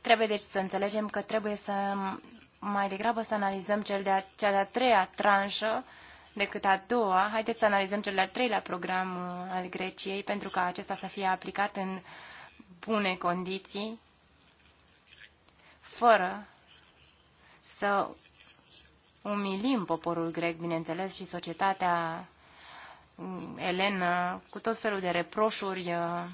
trebuie deci să înțelegem că trebuie să mai degrabă să analizăm cel de-a, cea de-a treia tranșă decât a doua. Haideți să analizăm cel de-al treilea program uh, al Greciei pentru ca acesta să fie aplicat în bune condiții, fără să umilim poporul grec, bineînțeles, și societatea mm, elenă cu tot felul de reproșuri uh,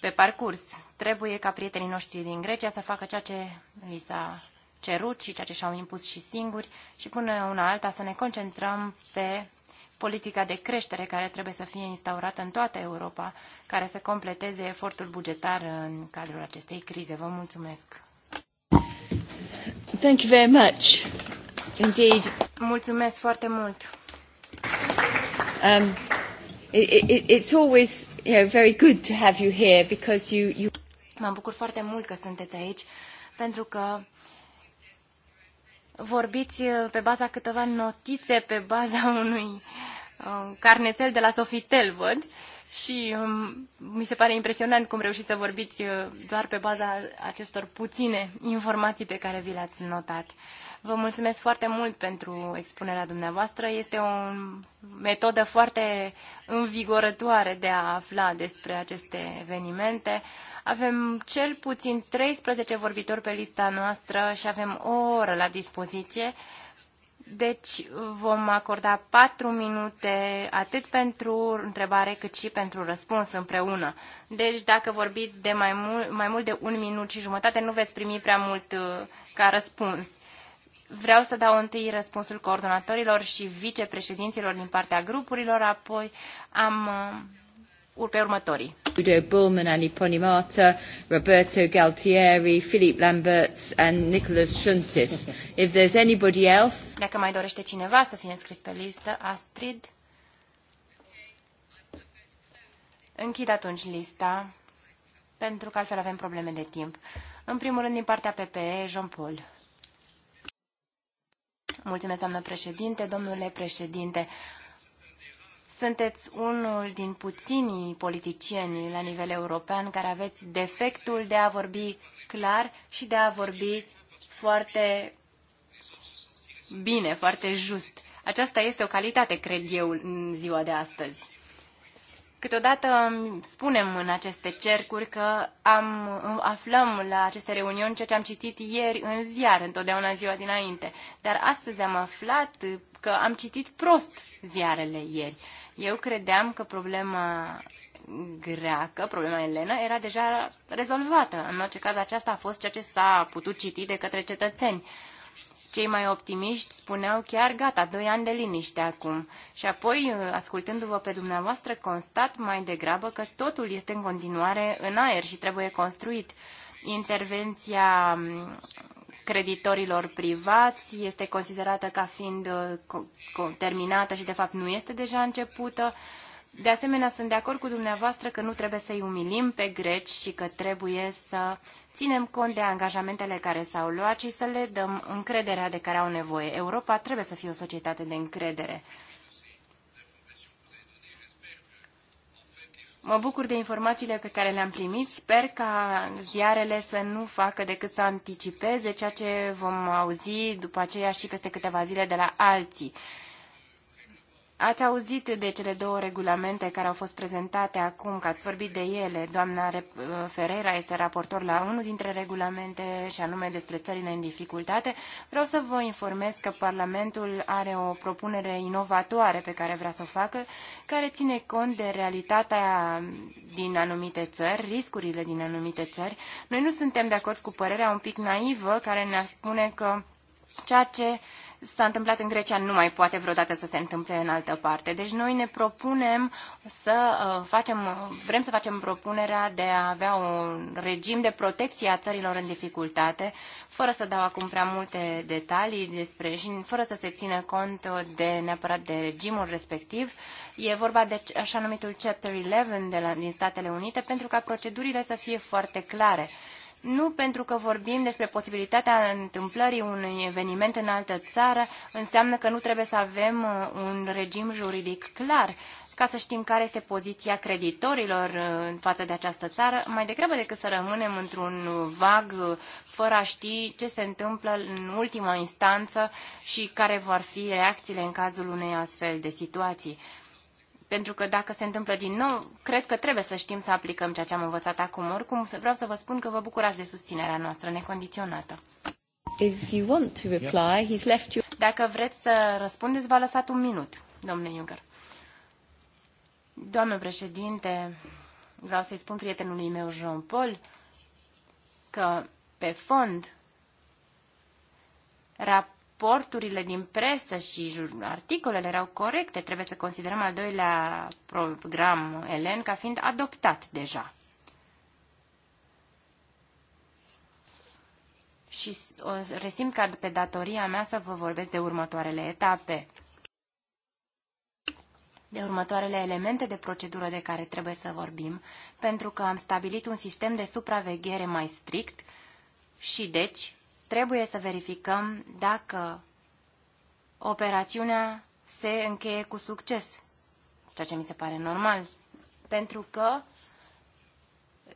pe parcurs. Trebuie ca prietenii noștri din Grecia să facă ceea ce li s-a cerut și ceea ce și-au impus și singuri și până una alta să ne concentrăm pe politica de creștere care trebuie să fie instaurată în toată Europa, care să completeze efortul bugetar în cadrul acestei crize. Vă mulțumesc! Thank you very much. Indeed. Mulțumesc foarte mult. Um, it, it, it's always you know, very good to have you here because you, you... Mă bucur foarte mult că sunteți aici pentru că vorbiți uh, pe baza câteva notițe, pe baza unui uh, carnețel de la Sofitel, văd. Uh, și um, mi se pare impresionant cum reușiți să vorbiți uh, doar pe baza acestor puține informații pe care vi le-ați notat. Vă mulțumesc foarte mult pentru expunerea dumneavoastră. Este o metodă foarte învigorătoare de a afla despre aceste evenimente. Avem cel puțin 13 vorbitori pe lista noastră și avem o oră la dispoziție. Deci vom acorda patru minute atât pentru întrebare cât și pentru răspuns împreună. Deci dacă vorbiți de mai mult, mai mult de un minut și jumătate, nu veți primi prea mult uh, ca răspuns. Vreau să dau întâi răspunsul coordonatorilor și vicepreședinților din partea grupurilor, apoi am uh, pe următorii. Udo Bullman, Annie Ponimata, Roberto Galtieri, Philip Lamberts and Nicholas Shuntis. If there's anybody else... Dacă mai dorește cineva să fie înscris pe listă, Astrid. Închid atunci lista, pentru că altfel avem probleme de timp. În primul rând, din partea PPE, Jean-Paul. Mulțumesc, doamnă președinte, domnule președinte. Sunteți unul din puținii politicieni la nivel european care aveți defectul de a vorbi clar și de a vorbi foarte bine, foarte just. Aceasta este o calitate, cred eu, în ziua de astăzi. Câteodată spunem în aceste cercuri că am, aflăm la aceste reuniuni ceea ce am citit ieri în ziar, întotdeauna ziua dinainte. Dar astăzi am aflat că am citit prost ziarele ieri. Eu credeam că problema greacă, problema elenă, era deja rezolvată. În orice caz, aceasta a fost ceea ce s-a putut citi de către cetățeni. Cei mai optimiști spuneau chiar gata, doi ani de liniște acum. Și apoi, ascultându-vă pe dumneavoastră, constat mai degrabă că totul este în continuare în aer și trebuie construit. Intervenția creditorilor privați este considerată ca fiind uh, terminată și de fapt nu este deja începută. De asemenea, sunt de acord cu dumneavoastră că nu trebuie să-i umilim pe greci și că trebuie să ținem cont de angajamentele care s-au luat și să le dăm încrederea de care au nevoie. Europa trebuie să fie o societate de încredere. Mă bucur de informațiile pe care le-am primit. Sper ca ziarele să nu facă decât să anticipeze ceea ce vom auzi după aceea și peste câteva zile de la alții. Ați auzit de cele două regulamente care au fost prezentate acum, că ați vorbit de ele. Doamna Ferreira este raportor la unul dintre regulamente și anume despre țările în dificultate. Vreau să vă informez că Parlamentul are o propunere inovatoare pe care vrea să o facă, care ține cont de realitatea din anumite țări, riscurile din anumite țări. Noi nu suntem de acord cu părerea un pic naivă care ne spune că ceea ce uh, s-a întâmplat în Grecia, nu mai poate vreodată să se întâmple în altă parte. Deci noi ne propunem să uh, facem, vrem să facem propunerea de a avea un regim de protecție a țărilor în dificultate, fără să dau acum prea multe detalii despre și fără să se țină cont de neapărat de regimul respectiv. E vorba de așa numitul Chapter 11 de la, din Statele Unite pentru ca procedurile să fie foarte clare nu pentru că vorbim despre posibilitatea întâmplării unui eveniment în altă țară, înseamnă că nu trebuie să avem uh, un regim juridic clar ca să știm care este poziția creditorilor uh, în față de această țară, mai degrabă decât să rămânem într-un vag uh, fără a ști ce se întâmplă în ultima instanță și care vor fi reacțiile în cazul unei astfel de situații pentru că dacă se întâmplă din nou, cred că trebuie să știm să aplicăm ceea ce am învățat acum. Oricum, vreau să vă spun că vă bucurați de susținerea noastră necondiționată. If you want to reply, he's left you... Dacă vreți să răspundeți, v-a lăsat un minut, domnule Juncker. Doamne președinte, vreau să-i spun prietenului meu, Jean-Paul, că pe fond, rap raporturile din presă și articolele erau corecte, trebuie să considerăm al doilea program Elen ca fiind adoptat deja. Și o resimt ca pe datoria mea să vă vorbesc de următoarele etape, de următoarele elemente de procedură de care trebuie să vorbim, pentru că am stabilit un sistem de supraveghere mai strict și, deci, Trebuie să verificăm dacă operațiunea se încheie cu succes, ceea ce mi se pare normal, pentru că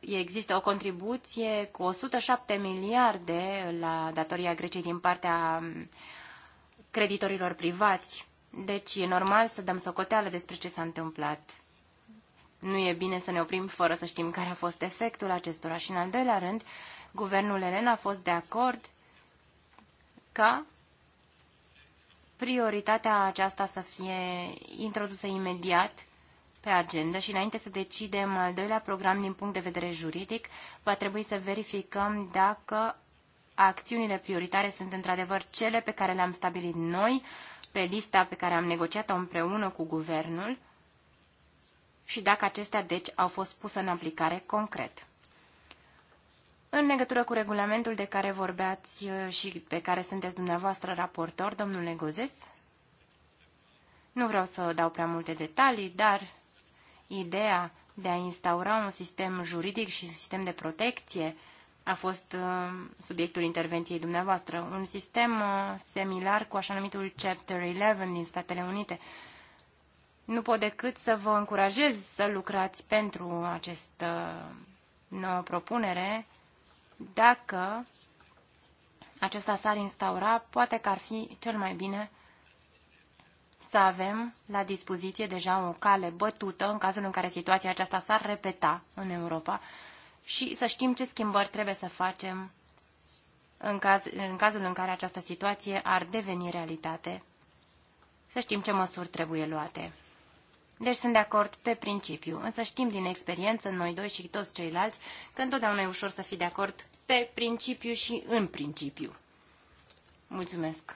există o contribuție cu 107 miliarde la datoria Greciei din partea creditorilor privați. Deci e normal să dăm socoteală despre ce s-a întâmplat. Nu e bine să ne oprim fără să știm care a fost efectul acestora. Și în al doilea rând, guvernul Elen a fost de acord ca prioritatea aceasta să fie introdusă imediat pe agenda și înainte să decidem al doilea program din punct de vedere juridic, va trebui să verificăm dacă acțiunile prioritare sunt într-adevăr cele pe care le-am stabilit noi pe lista pe care am negociat-o împreună cu guvernul și dacă acestea, deci, au fost puse în aplicare concret. În legătură cu regulamentul de care vorbeați uh, și pe care sunteți dumneavoastră raportor, domnule Gozes, nu vreau să dau prea multe detalii, dar ideea de a instaura un sistem juridic și un sistem de protecție a fost uh, subiectul intervenției dumneavoastră. Un sistem uh, similar cu așa numitul Chapter 11 din Statele Unite. Nu pot decât să vă încurajez să lucrați pentru această nouă propunere dacă acesta s-ar instaura, poate că ar fi cel mai bine să avem la dispoziție deja o cale bătută în cazul în care situația aceasta s-ar repeta în Europa și să știm ce schimbări trebuie să facem în, caz, în cazul în care această situație ar deveni realitate, să știm ce măsuri trebuie luate. Deci sunt de acord pe principiu, însă știm din experiență, noi doi și toți ceilalți, că întotdeauna e ușor să fii de acord pe principiu și în principiu. Mulțumesc!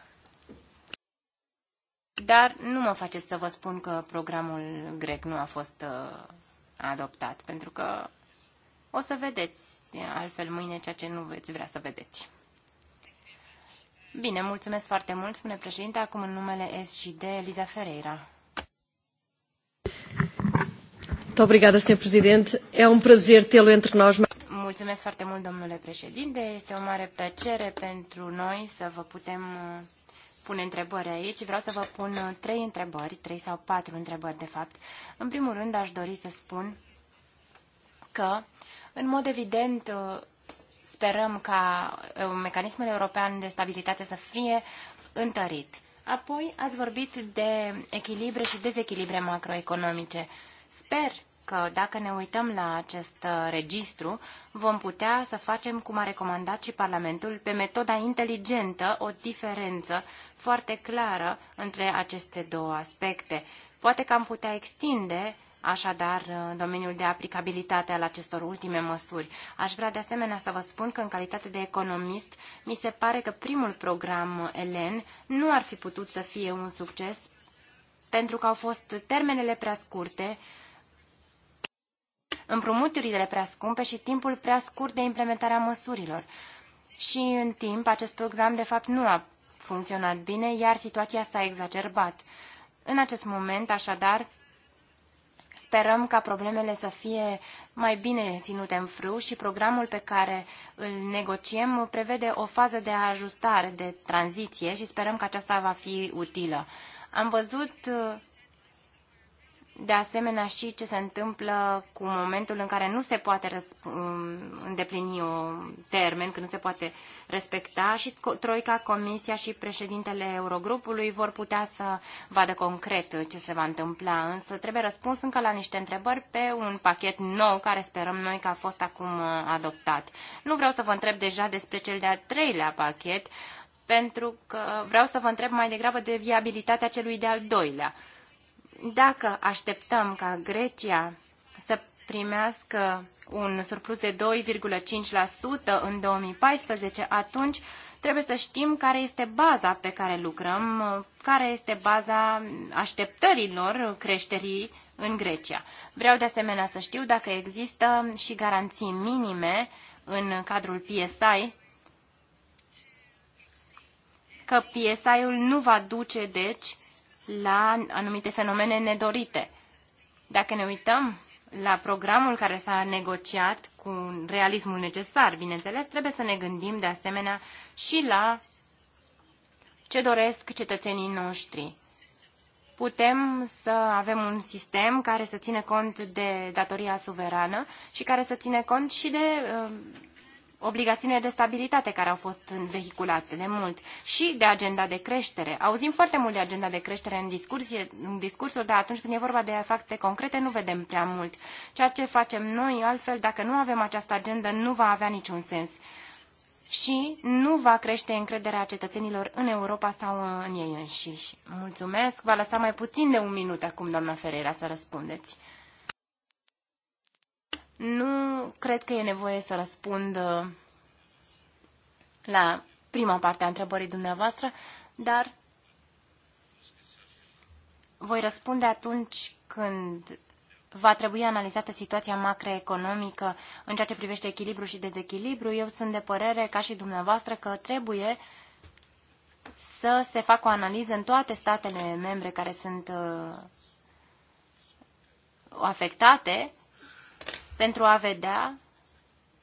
Dar nu mă faceți să vă spun că programul grec nu a fost uh, adoptat, pentru că o să vedeți altfel mâine ceea ce nu veți vrea să vedeți. Bine, mulțumesc foarte mult, spune președinte, acum în numele S și D, Eliza Ferreira. Um Mulțumesc foarte mult, domnule președinte. Este o mare plăcere pentru noi să vă putem uh, pune întrebări aici. Vreau să vă pun uh, trei întrebări, trei sau patru întrebări, de fapt. În primul rând, aș dori să spun că, în mod evident, uh, sperăm ca mecanismul european de stabilitate să fie întărit. Apoi ați vorbit de echilibre și dezechilibre macroeconomice. Sper că dacă ne uităm la acest uh, registru, vom putea să facem, cum a recomandat și Parlamentul, pe metoda inteligentă, o diferență foarte clară între aceste două aspecte. Poate că am putea extinde așadar uh, domeniul de aplicabilitate al acestor ultime măsuri. Aș vrea de asemenea să vă spun că în calitate de economist mi se pare că primul program uh, ELEN nu ar fi putut să fie un succes pentru că au fost termenele prea scurte, împrumuturile prea scumpe și timpul prea scurt de implementarea măsurilor. Și în timp, acest program de fapt nu a funcționat bine, iar situația s-a exacerbat. În acest moment, așadar, Sperăm ca problemele să fie mai bine ținute în frâu și programul pe care îl negociem prevede o fază de ajustare, de tranziție și sperăm că aceasta va fi utilă. Am văzut de asemenea și ce se întâmplă cu momentul în care nu se poate um, îndeplini un termen, când nu se poate respecta și Troica, Comisia și președintele Eurogrupului vor putea să vadă concret ce se va întâmpla. Însă trebuie răspuns încă la niște întrebări pe un pachet nou care sperăm noi că a fost acum uh, adoptat. Nu vreau să vă întreb deja despre cel de-al treilea pachet, pentru că vreau să vă întreb mai degrabă de viabilitatea celui de-al doilea dacă așteptăm ca Grecia să primească un surplus de 2,5% în 2014, atunci trebuie să știm care este baza pe care lucrăm, care este baza așteptărilor creșterii în Grecia. Vreau de asemenea să știu dacă există și garanții minime în cadrul PSI, că PSI-ul nu va duce, deci, la anumite fenomene nedorite. Dacă ne uităm la programul care s-a negociat cu realismul necesar, bineînțeles, trebuie să ne gândim de asemenea și la ce doresc cetățenii noștri. Putem să avem un sistem care să ține cont de datoria suverană și care să ține cont și de uh, obligațiunile de stabilitate care au fost vehiculate de mult și de agenda de creștere. Auzim foarte mult de agenda de creștere în, discursie, în discursuri, dar atunci când e vorba de fapte concrete nu vedem prea mult. Ceea ce facem noi, altfel, dacă nu avem această agendă, nu va avea niciun sens și nu va crește încrederea cetățenilor în Europa sau în ei înșiși. Mulțumesc. Va lăsa mai puțin de un minut acum, doamna Ferreira, să răspundeți. Nu cred că e nevoie să răspund uh, la prima parte a întrebării dumneavoastră, dar voi răspunde atunci când va trebui analizată situația macroeconomică în ceea ce privește echilibru și dezechilibru. Eu sunt de părere, ca și dumneavoastră, că trebuie să se facă o analiză în toate statele membre care sunt uh, afectate pentru a vedea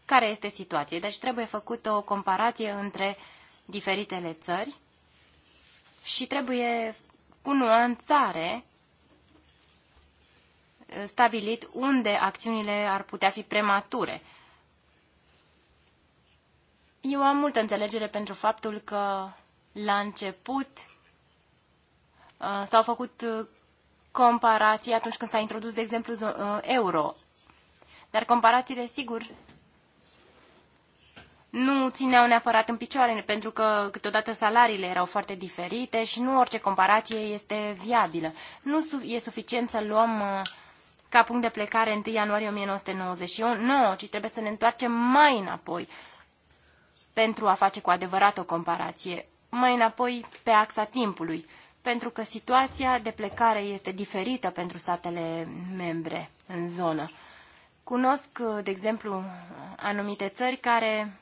care este situația. Deci trebuie făcută o comparație între diferitele țări și trebuie cu nuanțare uh, stabilit unde acțiunile ar putea fi premature. Eu am multă înțelegere pentru faptul că la început uh, s-au făcut uh, comparații atunci când s-a introdus, de exemplu, euro dar comparațiile, sigur, nu țineau neapărat în picioare, pentru că câteodată salariile erau foarte diferite și nu orice comparație este viabilă. Nu e suficient să luăm uh, ca punct de plecare 1 ianuarie 1999, ci trebuie să ne întoarcem mai înapoi pentru a face cu adevărat o comparație, mai înapoi pe axa timpului, pentru că situația de plecare este diferită pentru statele membre în zonă. Cunosc, uh, de exemplu, anumite țări care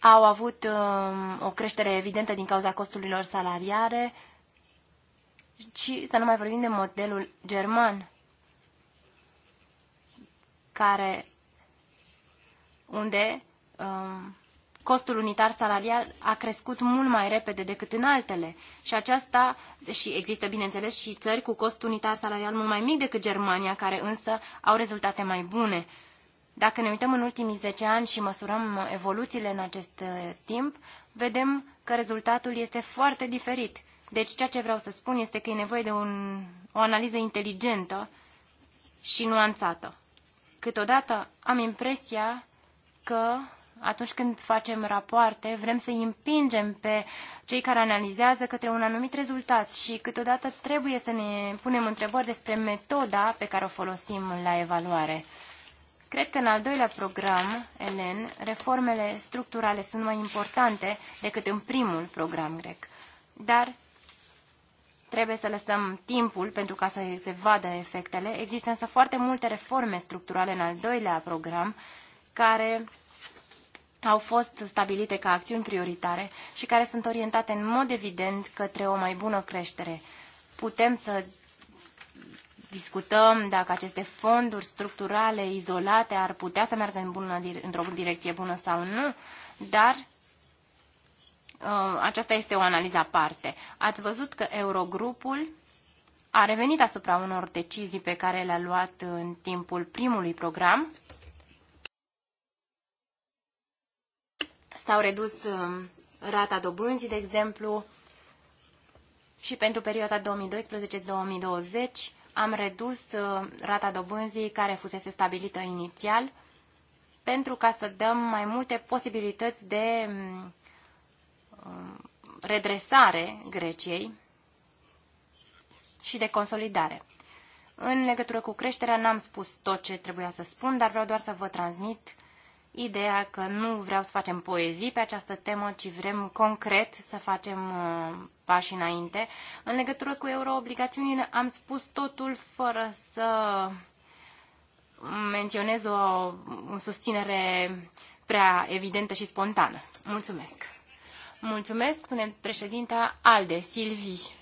au avut um, o creștere evidentă din cauza costurilor salariare și să nu mai vorbim de modelul german, care unde um, costul unitar salarial a crescut mult mai repede decât în altele. Și aceasta, și există bineînțeles și țări cu cost unitar salarial mult mai mic decât Germania, care însă au rezultate mai bune. Dacă ne uităm în ultimii 10 ani și măsurăm uh, evoluțiile în acest uh, timp, vedem că rezultatul este foarte diferit. Deci ceea ce vreau să spun este că e nevoie de un, o analiză inteligentă și nuanțată. Câteodată am impresia că atunci când facem rapoarte, vrem să îi împingem pe cei care analizează către un anumit rezultat și câteodată trebuie să ne punem întrebări despre metoda pe care o folosim la evaluare. Cred că în al doilea program, Elen, reformele structurale sunt mai importante decât în primul program grec. Dar trebuie să lăsăm timpul pentru ca să se vadă efectele. Există însă foarte multe reforme structurale în al doilea program care au fost stabilite ca acțiuni prioritare și care sunt orientate în mod evident către o mai bună creștere. Putem să discutăm dacă aceste fonduri structurale izolate ar putea să meargă în bună, într-o direcție bună sau nu, dar uh, aceasta este o analiză aparte. Ați văzut că Eurogrupul a revenit asupra unor decizii pe care le-a luat în timpul primului program S-au redus um, rata dobânzii, de exemplu, și pentru perioada 2012-2020 am redus uh, rata dobânzii care fusese stabilită inițial pentru ca să dăm mai multe posibilități de um, um, redresare Greciei și de consolidare. În legătură cu creșterea n-am spus tot ce trebuia să spun, dar vreau doar să vă transmit ideea că nu vreau să facem poezii pe această temă, ci vrem concret să facem uh, pași înainte. În legătură cu euroobligațiunile am spus totul fără să menționez o susținere prea evidentă și spontană. Mulțumesc! Mulțumesc, spune președinta Alde, Silvii.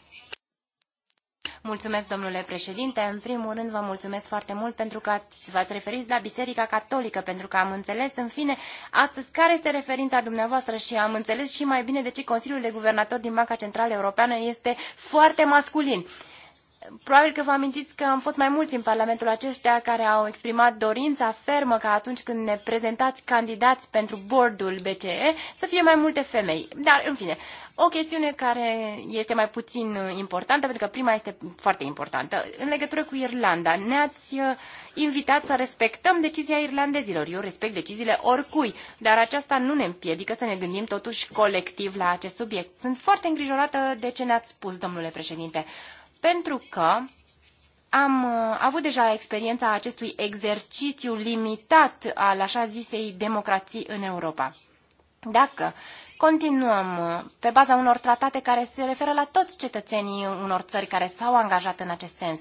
Mulțumesc, domnule președinte. În primul rând, vă mulțumesc foarte mult pentru că v-ați referit la Biserica Catolică, pentru că am înțeles, în fine, astăzi care este referința dumneavoastră și am înțeles și mai bine de ce Consiliul de Guvernatori din Banca Centrală Europeană este foarte masculin. Probabil că vă amintiți că am fost mai mulți în Parlamentul acestea care au exprimat dorința fermă ca atunci când ne prezentați candidați pentru bordul BCE să fie mai multe femei. Dar, în fine, o chestiune care este mai puțin importantă, pentru că prima este foarte importantă, în legătură cu Irlanda. Ne-ați uh, invitat să respectăm decizia irlandezilor. Eu respect deciziile oricui, dar aceasta nu ne împiedică să ne gândim totuși colectiv la acest subiect. Sunt foarte îngrijorată de ce ne-ați spus, domnule președinte pentru că am uh, avut deja experiența acestui exercițiu limitat al așa zisei democrații în Europa. Dacă continuăm uh, pe baza unor tratate care se referă la toți cetățenii unor țări care s-au angajat în acest sens,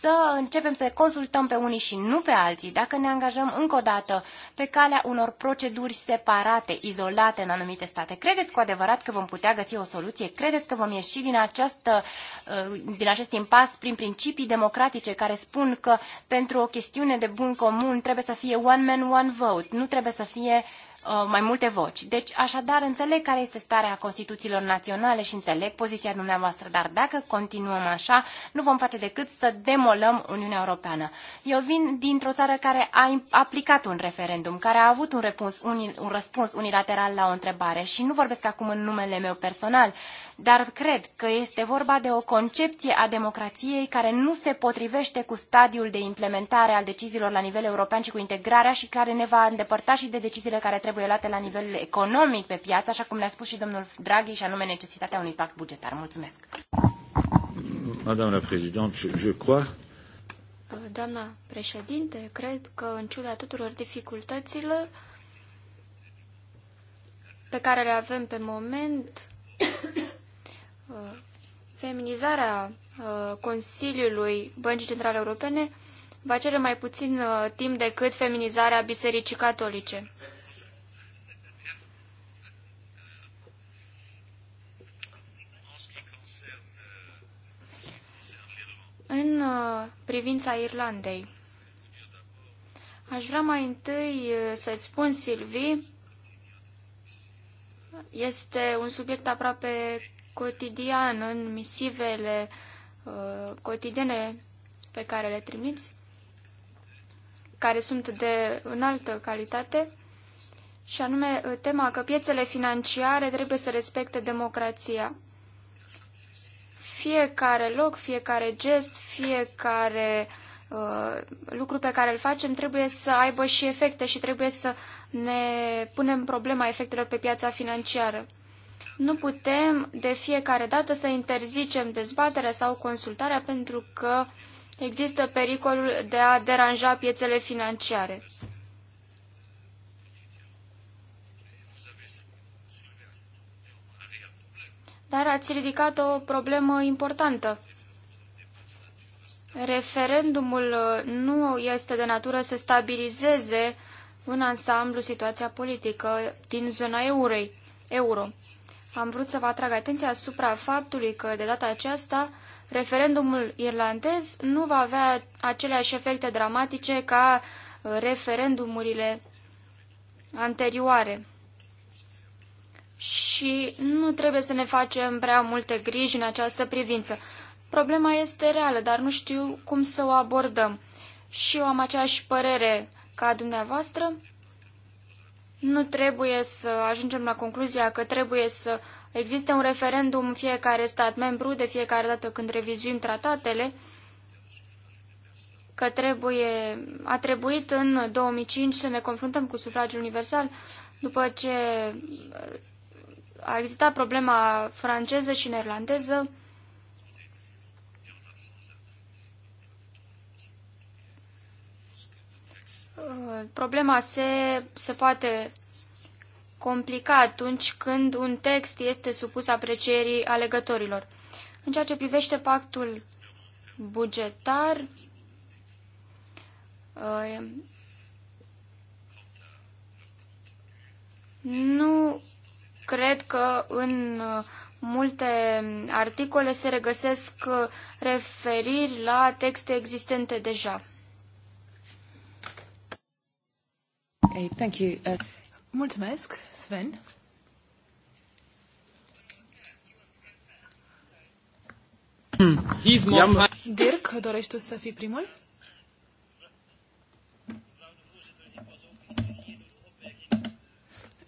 să începem să consultăm pe unii și nu pe alții, dacă ne angajăm încă o dată pe calea unor proceduri separate, izolate în anumite state. Credeți cu adevărat că vom putea găsi o soluție? Credeți că vom ieși din, această, uh, din acest impas prin principii democratice care spun că pentru o chestiune de bun comun trebuie să fie one man, one vote, nu trebuie să fie Uh, mai multe voci. Deci, așadar, înțeleg care este starea Constituțiilor naționale și înțeleg poziția dumneavoastră, dar dacă continuăm așa, nu vom face decât să demolăm Uniunea Europeană. Eu vin dintr-o țară care a aplicat un referendum, care a avut un, repuns, un, un răspuns unilateral la o întrebare și nu vorbesc acum în numele meu personal, dar cred că este vorba de o concepție a democrației care nu se potrivește cu stadiul de implementare al deciziilor la nivel european și cu integrarea și care ne va îndepărta și de deciziile care trebuie luate la nivel economic pe piață, așa cum ne-a spus și domnul Draghi, și anume necesitatea unui pact bugetar. Mulțumesc! Madame la Présidente, je, je crois... Doamna președinte, cred că în ciuda tuturor dificultăților pe care le avem pe moment, feminizarea uh, Consiliului Băncii Centrale Europene va cere mai puțin uh, timp decât feminizarea Bisericii Catolice. În uh, privința Irlandei, aș vrea mai întâi să-ți spun, Silvi, este un subiect aproape cotidian, în misivele uh, cotidiene pe care le trimiți, care sunt de înaltă calitate, și anume uh, tema că piețele financiare trebuie să respecte democrația. Fiecare loc, fiecare gest, fiecare uh, lucru pe care îl facem trebuie să aibă și efecte și trebuie să ne punem problema efectelor pe piața financiară. Nu putem de fiecare dată să interzicem dezbaterea sau consultarea pentru că există pericolul de a deranja piețele financiare. Dar ați ridicat o problemă importantă. Referendumul uh, nu este de natură să stabilizeze în ansamblu situația politică din zona eurei, euro am vrut să vă atrag atenția asupra faptului că, de data aceasta, referendumul irlandez nu va avea aceleași efecte dramatice ca uh, referendumurile anterioare. Și nu trebuie să ne facem prea multe griji în această privință. Problema este reală, dar nu știu cum să o abordăm. Și eu am aceeași părere ca dumneavoastră nu trebuie să ajungem la concluzia că trebuie să existe un referendum în fiecare stat membru de fiecare dată când revizuim tratatele, că trebuie, a trebuit în 2005 să ne confruntăm cu sufragiul universal, după ce a existat problema franceză și neerlandeză, Uh, problema se, se poate complica atunci când un text este supus aprecierii alegătorilor. În ceea ce privește pactul bugetar, uh, nu cred că în uh, multe articole se regăsesc referiri la texte existente deja. Hey, thank you. Uh, Mulțumesc, Sven. Dirk, dorești tu să fii primul? Uh,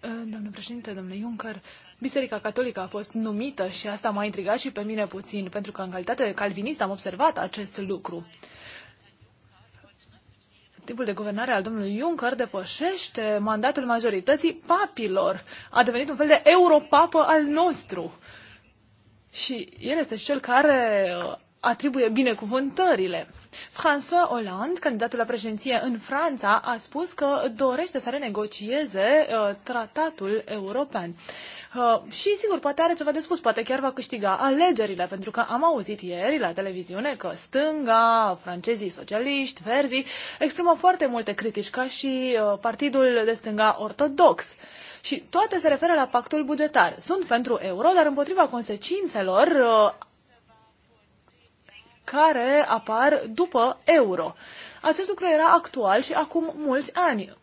domnule președinte, domnule Juncker, Biserica Catolică a fost numită și asta m-a intrigat și pe mine puțin, pentru că în calitate de calvinist am observat acest lucru tipul de guvernare al domnului Juncker depășește mandatul majorității papilor. A devenit un fel de europapă al nostru. Și el este cel care uh, atribuie binecuvântările. François Hollande, candidatul la președinție în Franța, a spus că dorește să renegocieze uh, tratatul european. Uh, și, sigur, poate are ceva de spus, poate chiar va câștiga alegerile, pentru că am auzit ieri la televiziune că stânga, francezii socialiști, verzii, exprimă foarte multe critici, ca și uh, partidul de stânga ortodox și toate se referă la pactul bugetar. Sunt pentru euro, dar împotriva consecințelor uh, care apar după euro. Acest lucru era actual și acum mulți ani.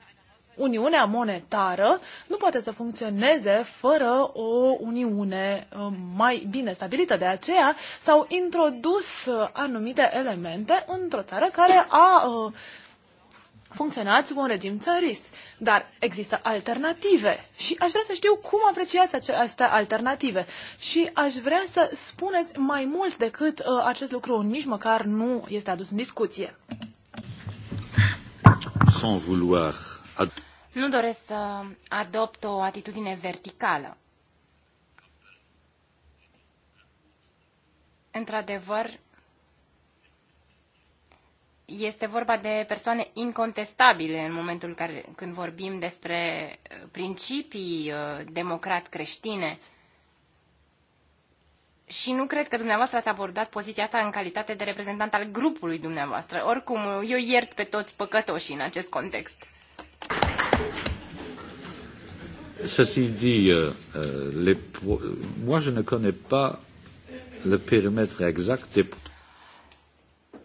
Uniunea monetară nu poate să funcționeze fără o uniune uh, mai bine stabilită. De aceea s-au introdus uh, anumite elemente într-o țară care a uh, funcționat sub un regim țărist. Dar există alternative și aș vrea să știu cum apreciați aceste alternative și aș vrea să spuneți mai mult decât uh, acest lucru, nici măcar nu este adus în discuție. Sans vouloir nu doresc să adopt o atitudine verticală. Într-adevăr, este vorba de persoane incontestabile în momentul care, când vorbim despre uh, principii uh, democrat-creștine. Și nu cred că dumneavoastră ați abordat poziția asta în calitate de reprezentant al grupului dumneavoastră. Oricum, uh, eu iert pe toți păcătoșii în acest context. Ceci dit, euh, les, moi je ne connais pas le périmètre exact des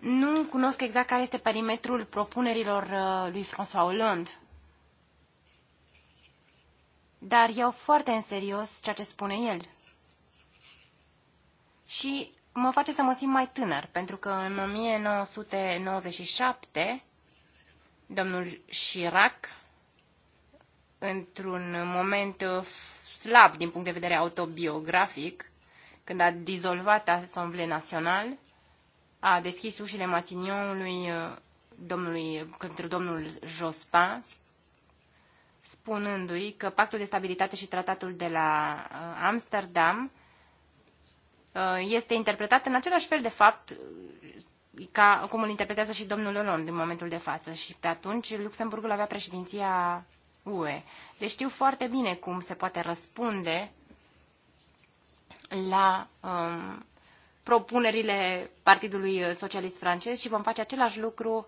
nu cunosc exact care este perimetrul propunerilor uh, lui François Hollande, dar iau foarte în serios ceea ce spune el. Și mă face să mă simt mai tânăr, pentru că în 1997, domnul Chirac, într-un moment uh, slab din punct de vedere autobiografic, când a dizolvat Asamblea Național, a deschis ușile Matignonului uh, domnului, către domnul Jospin, spunându-i că pactul de stabilitate și tratatul de la uh, Amsterdam uh, este interpretat în același fel, de fapt, ca cum îl interpretează și domnul Hollande în momentul de față. Și pe atunci Luxemburgul avea președinția UE. Deci știu foarte bine cum se poate răspunde la um, propunerile Partidului Socialist francez și vom face același lucru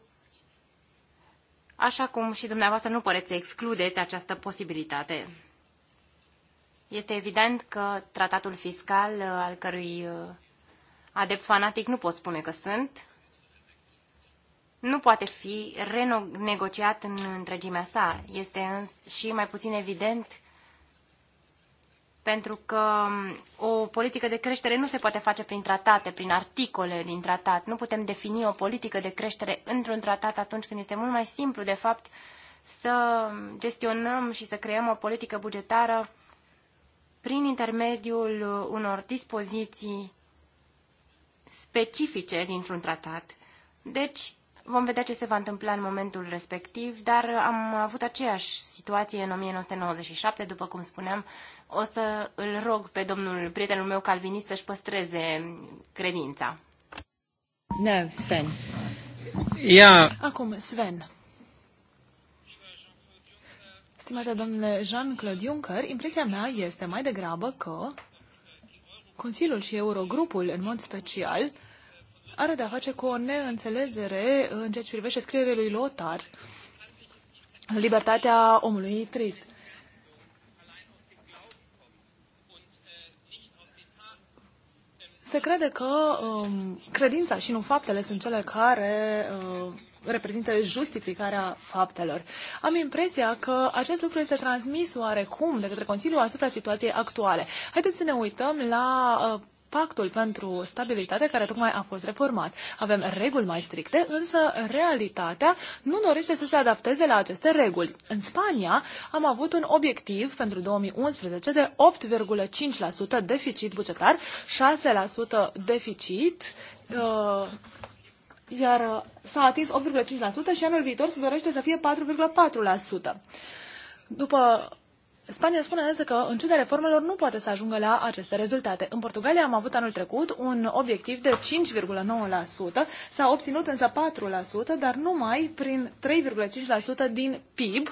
așa cum și dumneavoastră nu păreți să excludeți această posibilitate. Este evident că tratatul fiscal uh, al cărui uh, adept fanatic nu pot spune că sunt, nu poate fi renegociat în întregimea sa. Este și mai puțin evident pentru că um, o politică de creștere nu se poate face prin tratate, prin articole din tratat. Nu putem defini o politică de creștere într-un tratat atunci când este mult mai simplu, de fapt, să gestionăm și să creăm o politică bugetară prin intermediul unor dispoziții specifice dintr-un tratat. Deci, Vom vedea ce se va întâmpla în momentul respectiv, dar am avut aceeași situație în 1997, după cum spuneam. O să îl rog pe domnul prietenul meu calvinist să-și păstreze credința. No, Sven. Ia. Acum, Sven. Stimate domnule Jean-Claude Juncker, impresia mea este mai degrabă că Consiliul și Eurogrupul, în mod special, are de-a face cu o neînțelegere în ceea ce privește scrierea lui Lothar, Libertatea omului trist. Se crede că um, credința și nu faptele sunt cele care uh, reprezintă justificarea faptelor. Am impresia că acest lucru este transmis oarecum de către Consiliul asupra situației actuale. Haideți să ne uităm la uh, pactul pentru stabilitate care tocmai a fost reformat. Avem reguli mai stricte, însă realitatea nu dorește să se adapteze la aceste reguli. În Spania am avut un obiectiv pentru 2011 de 8,5% deficit bugetar, 6% deficit, uh, iar s-a atins 8,5% și anul viitor se dorește să fie 4,4%. După Spania spune însă că, în ciuda reformelor, nu poate să ajungă la aceste rezultate. În Portugalia am avut anul trecut un obiectiv de 5,9%, s-a obținut însă 4%, dar numai prin 3,5% din PIB,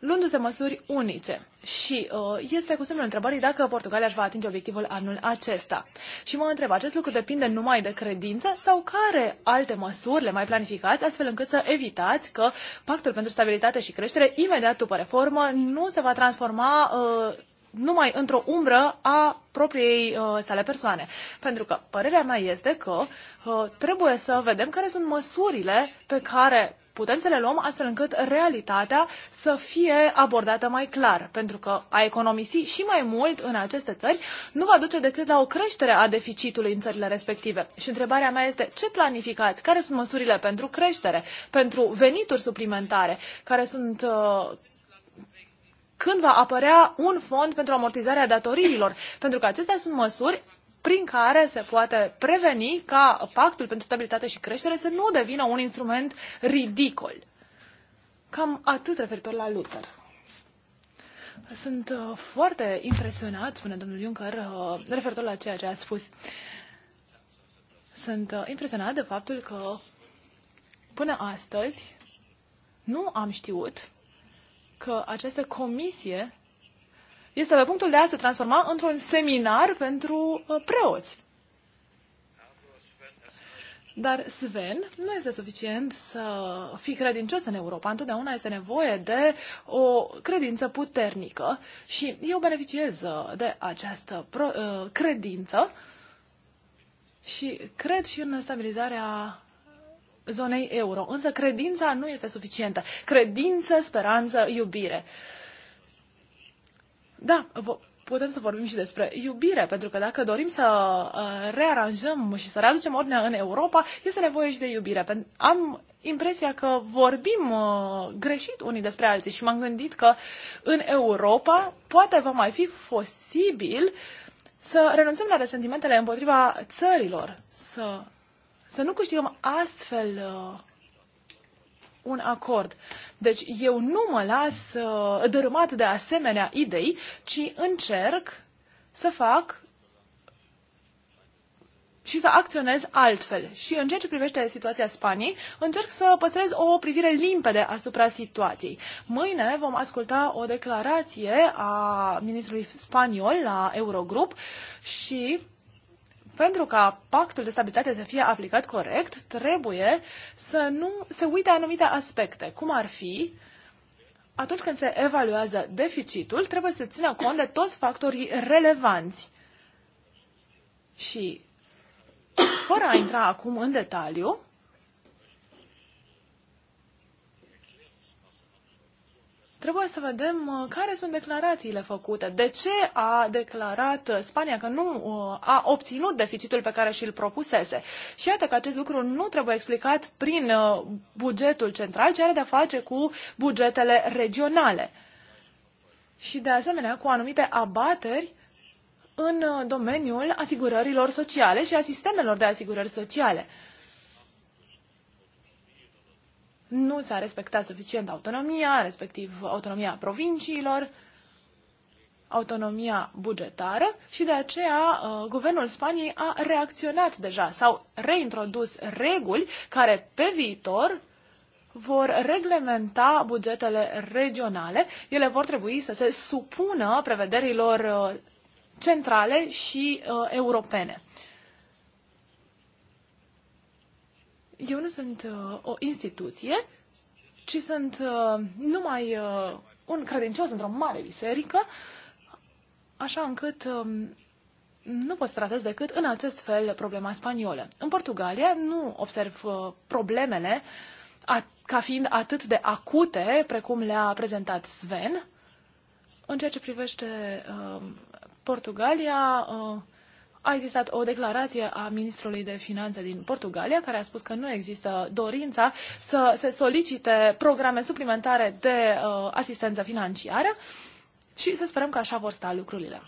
luându-se măsuri unice. Și uh, este cu semnul întrebării dacă Portugalia își va atinge obiectivul anul acesta. Și mă întreb, acest lucru depinde numai de credință sau care alte măsuri le mai planificați astfel încât să evitați că Pactul pentru Stabilitate și Creștere, imediat după reformă, nu se va transforma uh, numai într-o umbră a propriei uh, sale persoane. Pentru că părerea mea este că uh, trebuie să vedem care sunt măsurile pe care putem să le luăm astfel încât realitatea să fie abordată mai clar. Pentru că a economisi și mai mult în aceste țări nu va duce decât la o creștere a deficitului în țările respective. Și întrebarea mea este ce planificați? Care sunt măsurile pentru creștere, pentru venituri suplimentare? Care sunt uh, când va apărea un fond pentru amortizarea datoriilor, pentru că acestea sunt măsuri prin care se poate preveni ca pactul pentru stabilitate și creștere să nu devină un instrument ridicol. Cam atât referitor la Luther. Sunt uh, foarte impresionat, spune domnul Juncker, uh, referitor la ceea ce a spus. Sunt uh, impresionat de faptul că până astăzi nu am știut că această comisie este pe punctul de a se transforma într-un seminar pentru uh, preoți. Dar Sven nu este suficient să fii credincios în Europa. Întotdeauna este nevoie de o credință puternică și eu beneficiez uh, de această uh, credință și cred și în stabilizarea zonei euro. Însă credința nu este suficientă. Credință, speranță, iubire. Uh, da, putem să vorbim și despre iubire, pentru că dacă dorim să uh, rearanjăm și să readucem ordinea în Europa, este nevoie și de iubire. Am impresia că vorbim uh, greșit unii despre alții și m-am gândit că în Europa poate va mai fi posibil să renunțăm la resentimentele împotriva țărilor, să, să nu câștigăm astfel uh, un acord. Deci eu nu mă las uh, dărâmat de asemenea idei, ci încerc să fac și să acționez altfel. Și în ceea ce privește situația Spaniei, încerc să păstrez o privire limpede asupra situației. Mâine vom asculta o declarație a ministrului spaniol la Eurogrup și pentru ca pactul de stabilitate să fie aplicat corect, trebuie să nu se uite anumite aspecte, cum ar fi atunci când se evaluează deficitul, trebuie să țină cont de toți factorii relevanți. Și fără a intra acum în detaliu, Trebuie să vedem uh, care sunt declarațiile făcute. De ce a declarat uh, Spania că nu uh, a obținut deficitul pe care și-l propusese? Și iată că acest lucru nu trebuie explicat prin bugetul central, ci are de-a face cu bugetele regionale. Și de asemenea cu anumite abateri în domeniul asigurărilor sociale și a sistemelor de asigurări sociale nu s-a respectat suficient autonomia, respectiv autonomia provinciilor, autonomia bugetară și de aceea uh, guvernul Spaniei a reacționat deja, s-au reintrodus reguli care pe viitor vor reglementa bugetele regionale. Ele vor trebui să se supună prevederilor uh, centrale și uh, europene. eu nu sunt uh, o instituție, ci sunt uh, numai uh, un credincios într-o mare biserică, așa încât uh, nu pot să tratez decât în acest fel problema spaniolă. În Portugalia nu observ uh, problemele a, ca fiind atât de acute precum le-a prezentat Sven. În ceea ce privește uh, Portugalia, uh, a existat o declarație a ministrului de finanțe din Portugalia care a spus că nu există dorința să se solicite programe suplimentare de uh, asistență financiară și să sperăm că așa vor sta lucrurile.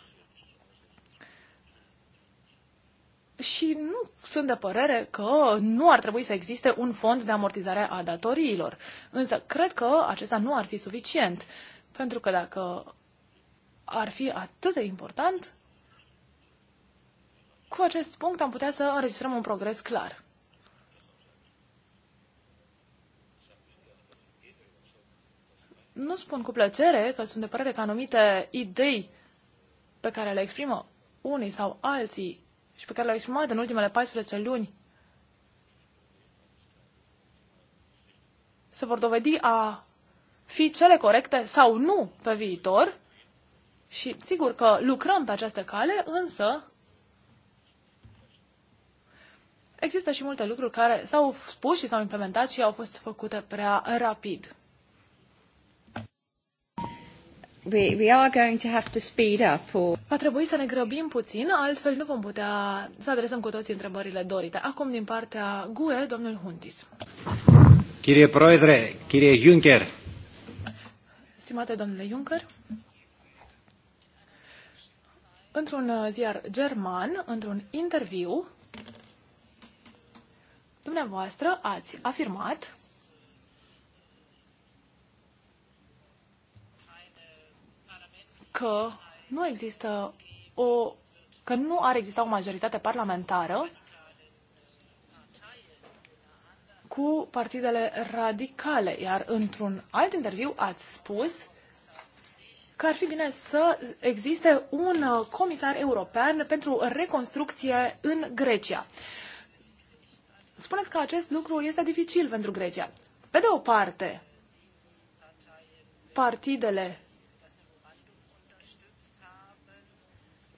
și nu sunt de părere că nu ar trebui să existe un fond de amortizare a datoriilor. Însă cred că acesta nu ar fi suficient, pentru că dacă ar fi atât de important, cu acest punct am putea să înregistrăm un progres clar. Nu spun cu plăcere că sunt de părere că anumite idei pe care le exprimă unii sau alții și pe care le-au exprimat în ultimele 14 luni se vor dovedi a fi cele corecte sau nu pe viitor și sigur că lucrăm pe această cale, însă Există și multe lucruri care s-au spus și s-au implementat și au fost făcute prea rapid. We, we are going to have to speed up or... Va trebui să ne grăbim puțin, altfel nu vom putea să adresăm cu toții întrebările dorite. Acum, din partea GUE, domnul Huntis. Chirie Proedre, Chirie Juncker. Stimate domnule Juncker, într-un ziar german, într-un interviu, Dumneavoastră ați afirmat că nu există o că nu ar exista o majoritate parlamentară cu partidele radicale, iar într-un alt interviu ați spus că ar fi bine să existe un comisar european pentru reconstrucție în Grecia spuneți că acest lucru este dificil pentru Grecia. Pe de o parte, partidele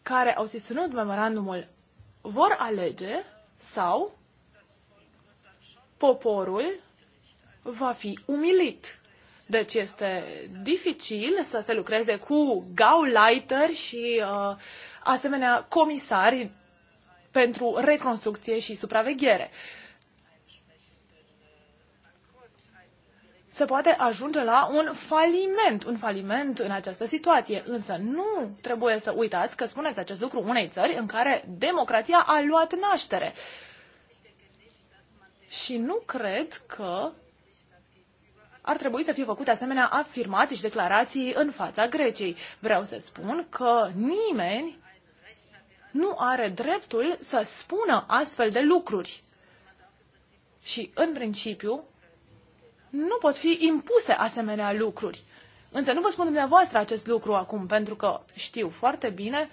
care au susținut memorandumul vor alege sau poporul va fi umilit. Deci este dificil să se lucreze cu gauleiter și uh, asemenea comisari pentru reconstrucție și supraveghere. Uh, se poate ajunge la un faliment, un faliment în această situație. Însă nu trebuie să uitați că spuneți acest lucru unei țări în care democrația a luat naștere. Și nu cred că ar trebui să fie făcute asemenea afirmații și declarații în fața Greciei. Vreau să spun că nimeni nu are dreptul să spună astfel de lucruri. Și, în principiu, nu pot fi impuse asemenea lucruri. Însă nu vă spun dumneavoastră acest lucru acum, pentru că știu foarte bine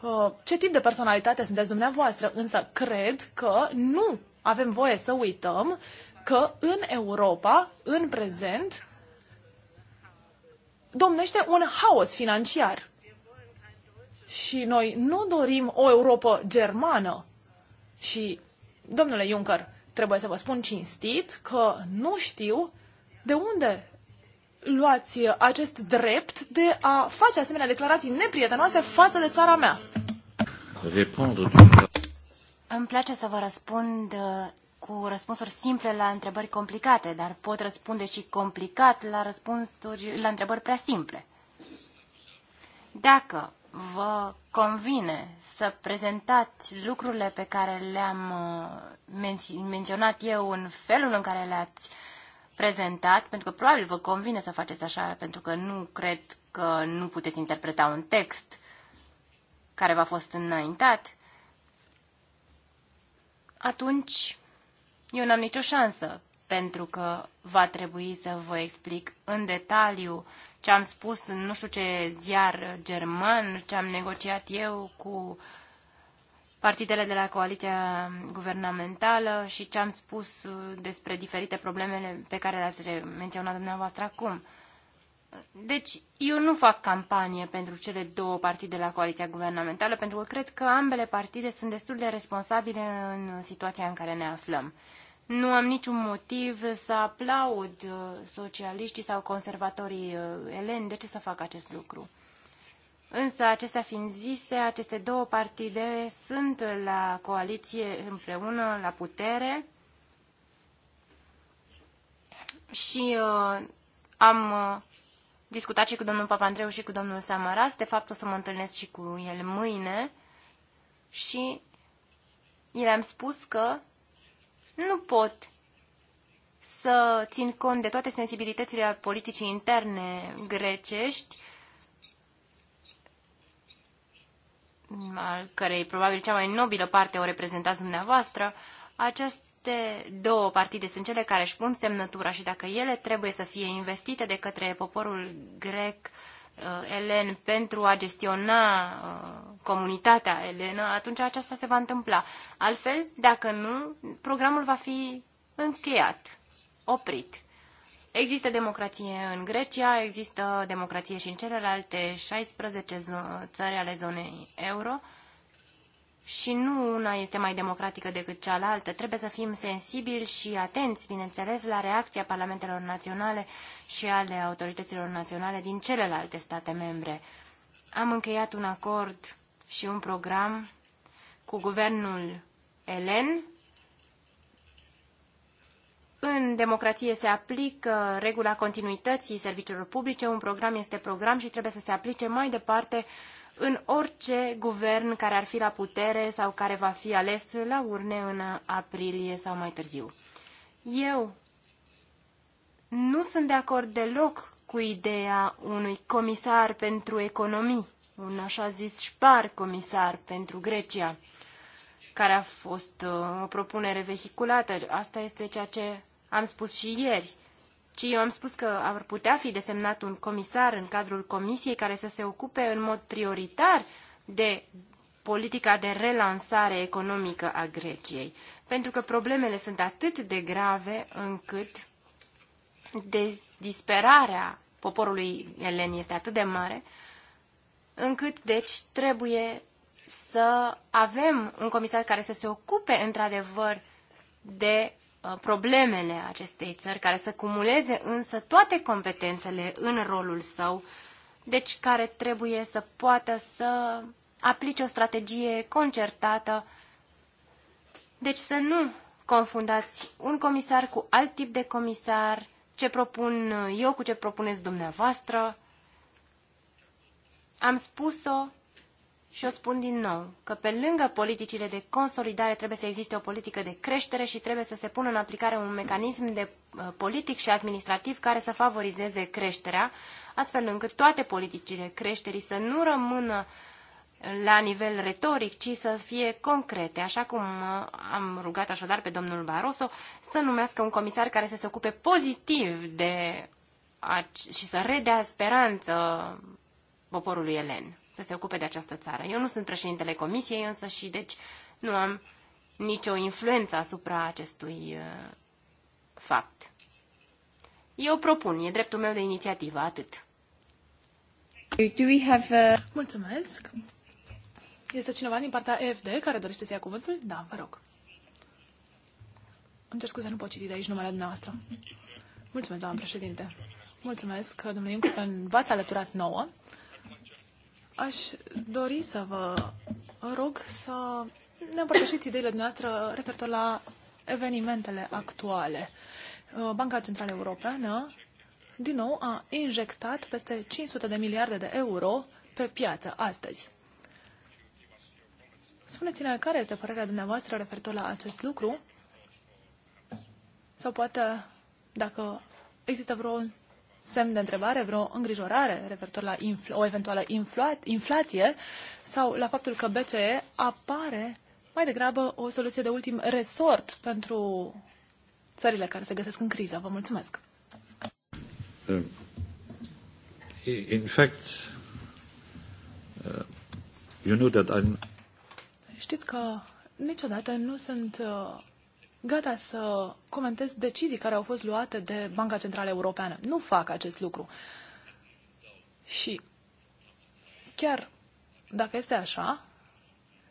uh, ce tip de personalitate sunteți dumneavoastră, însă cred că nu avem voie să uităm că în Europa, în prezent, domnește un haos financiar. Și noi nu dorim o Europa germană. Și, domnule Juncker, trebuie să vă spun cinstit că nu știu de unde luați acest drept de a face asemenea declarații neprietenoase față de țara mea? Îmi place să vă răspund uh, cu răspunsuri simple la întrebări complicate, dar pot răspunde și complicat la răspunsuri la întrebări prea simple. Dacă vă convine să prezentați lucrurile pe care le-am uh, menționat eu în felul în care le-ați uh, prezentat, pentru că probabil vă convine să faceți așa, pentru că nu cred că nu puteți interpreta un text care v-a fost înaintat, atunci eu n-am nicio șansă, pentru că va trebui să vă explic în detaliu ce am spus în nu știu ce ziar german, ce am negociat eu cu uh, partidele de la coaliția guvernamentală și ce am spus uh, despre diferite probleme pe care le-ați menționat dumneavoastră acum. Deci, eu nu fac campanie pentru cele două partide la coaliția guvernamentală, pentru că cred că ambele partide sunt destul de responsabile în situația în care ne aflăm. Nu am niciun motiv să aplaud uh, socialiștii sau conservatorii uh, eleni. De ce să fac acest lucru? Însă, acestea fiind zise, aceste două partide sunt la coaliție împreună, la putere și uh, am uh, discutat și cu domnul Papandreou și cu domnul Samaras. De fapt, o să mă întâlnesc și cu el mâine și i-am spus că nu pot să țin cont de toate sensibilitățile politicii interne grecești al cărei probabil cea mai nobilă parte o reprezentați dumneavoastră, aceste două partide sunt cele care își pun semnătura și dacă ele trebuie să fie investite de către poporul grec uh, elen pentru a gestiona uh, comunitatea elenă, atunci aceasta se va întâmpla. Altfel, dacă nu, programul va fi încheiat, oprit. Există democrație în Grecia, există democrație și în celelalte 16 țări ale zonei euro și nu una este mai democratică decât cealaltă. Trebuie să fim sensibili și atenți, bineînțeles, la reacția parlamentelor naționale și ale autorităților naționale din celelalte state membre. Am încheiat un acord și un program cu guvernul elen în democrație se aplică regula continuității serviciilor publice, un program este program și trebuie să se aplice mai departe în orice guvern care ar fi la putere sau care va fi ales la urne în aprilie sau mai târziu. Eu nu sunt de acord deloc cu ideea unui comisar pentru economii, un așa zis șpar comisar pentru Grecia, care a fost uh, o propunere vehiculată. Asta este ceea ce am spus și ieri, ci eu am spus că ar putea fi desemnat un comisar în cadrul comisiei care să se ocupe în mod prioritar de politica de relansare economică a Greciei. Pentru că problemele sunt atât de grave încât disperarea poporului elen este atât de mare, încât, deci, trebuie să avem un comisar care să se ocupe, într-adevăr, de Uh, problemele acestei țări, care să cumuleze însă toate competențele în rolul său, deci care trebuie să poată să aplice o strategie concertată. Deci să nu confundați un comisar cu alt tip de comisar, ce propun eu cu ce propuneți dumneavoastră. Am spus-o și o spun din nou, că pe lângă politicile de consolidare trebuie să existe o politică de creștere și trebuie să se pună în aplicare un mecanism de uh, politic și administrativ care să favorizeze creșterea, astfel încât toate politicile creșterii să nu rămână uh, la nivel retoric, ci să fie concrete, așa cum uh, am rugat așadar pe domnul Barroso să numească un comisar care să se ocupe pozitiv de și să redea speranță poporului elen să se ocupe de această țară. Eu nu sunt președintele comisiei însă și deci nu am nicio influență asupra acestui uh, fapt. Eu propun, e dreptul meu de inițiativă, atât. Do we have a... Mulțumesc. Este cineva din partea FD care dorește să ia cuvântul? Da, vă rog. Îmi cer scuze, nu pot citi de aici numele dumneavoastră. Mulțumesc, doamnă președinte. Mulțumesc, domnule Iuncu, că v-ați alăturat nouă aș dori să vă rog să ne împărtășiți ideile noastre referitor la evenimentele actuale. Uh, Banca Centrală Europeană, din nou, a injectat peste 500 de miliarde de euro pe piață astăzi. Spuneți-ne care este părerea dumneavoastră referitor la acest lucru sau poate dacă există vreun semn de întrebare, vreo îngrijorare referitor la infl- o eventuală infla- inflație sau la faptul că BCE apare mai degrabă o soluție de ultim resort pentru țările care se găsesc în criză. Vă mulțumesc. Uh, in fact, uh, you know that I'm... Știți că niciodată nu sunt uh, gata să comentez decizii care au fost luate de Banca Centrală Europeană. Nu fac acest lucru. Și chiar dacă este așa,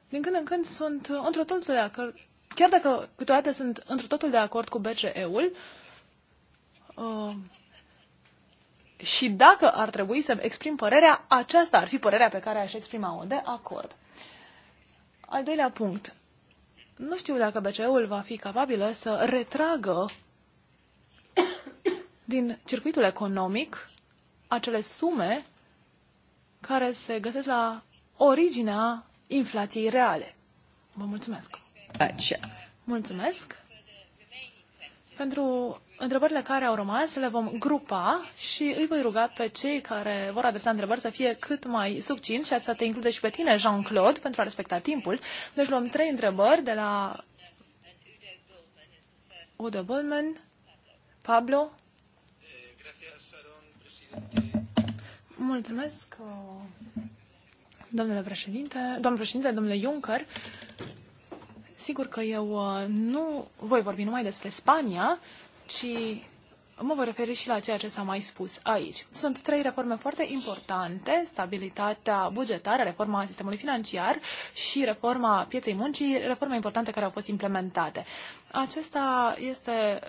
din când în când sunt într totul de acord, chiar dacă câteodată sunt într totul de acord cu BCE-ul, uh, și dacă ar trebui să exprim părerea, aceasta ar fi părerea pe care aș exprima-o de acord. Al doilea punct. Nu știu dacă BCE-ul va fi capabilă să retragă din circuitul economic acele sume care se găsesc la originea inflației reale. Vă mulțumesc! Așa. Mulțumesc! Pentru întrebările care au rămas, le vom grupa și îi voi ruga pe cei care vor adresa întrebări să fie cât mai succinți și să te include și pe tine, Jean-Claude, pentru a respecta timpul. Deci luăm trei întrebări de la Udo Bullman, Pablo. Mulțumesc, uh, domnule președinte, domnule președinte, domnule Juncker. Sigur că eu uh, nu voi vorbi numai despre Spania, ci mă voi referi și la ceea ce s-a mai spus aici. Sunt trei reforme foarte importante, stabilitatea bugetară, reforma sistemului financiar și reforma pieței muncii, reforme importante care au fost implementate. Acesta este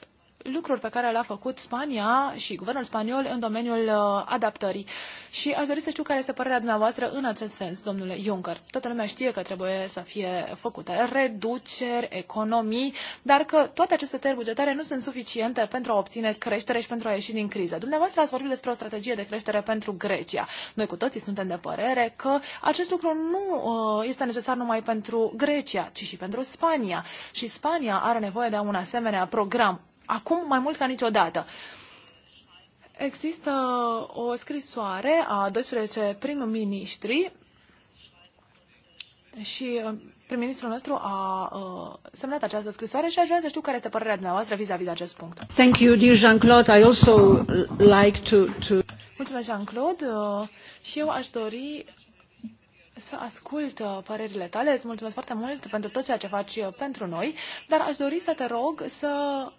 lucruri pe care le-a făcut Spania și guvernul spaniol în domeniul uh, adaptării. Și aș dori să știu care este părerea dumneavoastră în acest sens, domnule Juncker. Toată lumea știe că trebuie să fie făcute reduceri, economii, dar că toate aceste tăieri bugetare nu sunt suficiente pentru a obține creștere și pentru a ieși din criză. Dumneavoastră ați vorbit despre o strategie de creștere pentru Grecia. Noi cu toții suntem de părere că acest lucru nu uh, este necesar numai pentru Grecia, ci și pentru Spania. Și Spania are nevoie de un asemenea program acum mai mult ca niciodată. Există o scrisoare a 12 prim-ministri și uh, prim-ministrul nostru a uh, semnat această scrisoare și aș vrea să știu care este părerea dumneavoastră vis-a-vis de acest punct. Thank you, dear Jean-Claude. I also like to, to... Mulțumesc, Jean-Claude. Uh, și eu aș dori să ascult uh, părerile tale. Îți mulțumesc foarte mult pentru tot ceea ce faci uh, pentru noi, dar aș dori să te rog să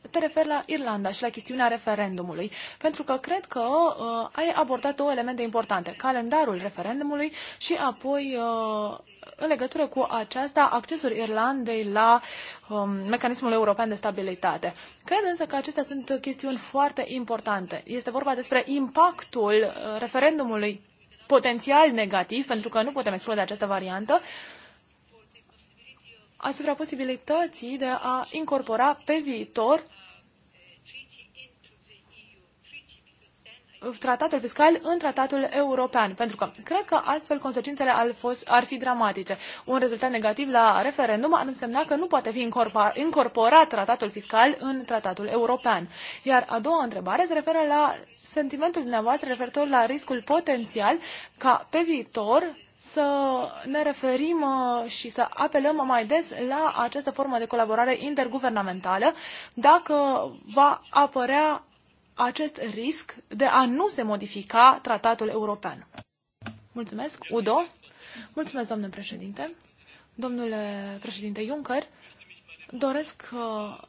te referi la Irlanda și la chestiunea referendumului, pentru că cred că uh, ai abordat două elemente importante, calendarul referendumului și apoi uh, în legătură cu aceasta accesul Irlandei la um, mecanismul european de stabilitate. Cred însă că acestea sunt chestiuni foarte importante. Este vorba despre impactul uh, referendumului potențial negativ, pentru că nu putem exclude această variantă, asupra posibilității de a incorpora pe viitor tratatul fiscal în tratatul european, pentru că cred că astfel consecințele ar, fost, ar fi dramatice. Un rezultat negativ la referendum ar însemna că nu poate fi incorporat, incorporat tratatul fiscal în tratatul european. Iar a doua întrebare se referă la sentimentul dumneavoastră referitor la riscul potențial ca pe viitor să ne referim uh, și să apelăm mai des la această formă de colaborare interguvernamentală dacă va apărea acest risc de a nu se modifica tratatul european. Mulțumesc, Udo. Mulțumesc, domnule președinte. Domnule președinte Juncker, doresc uh,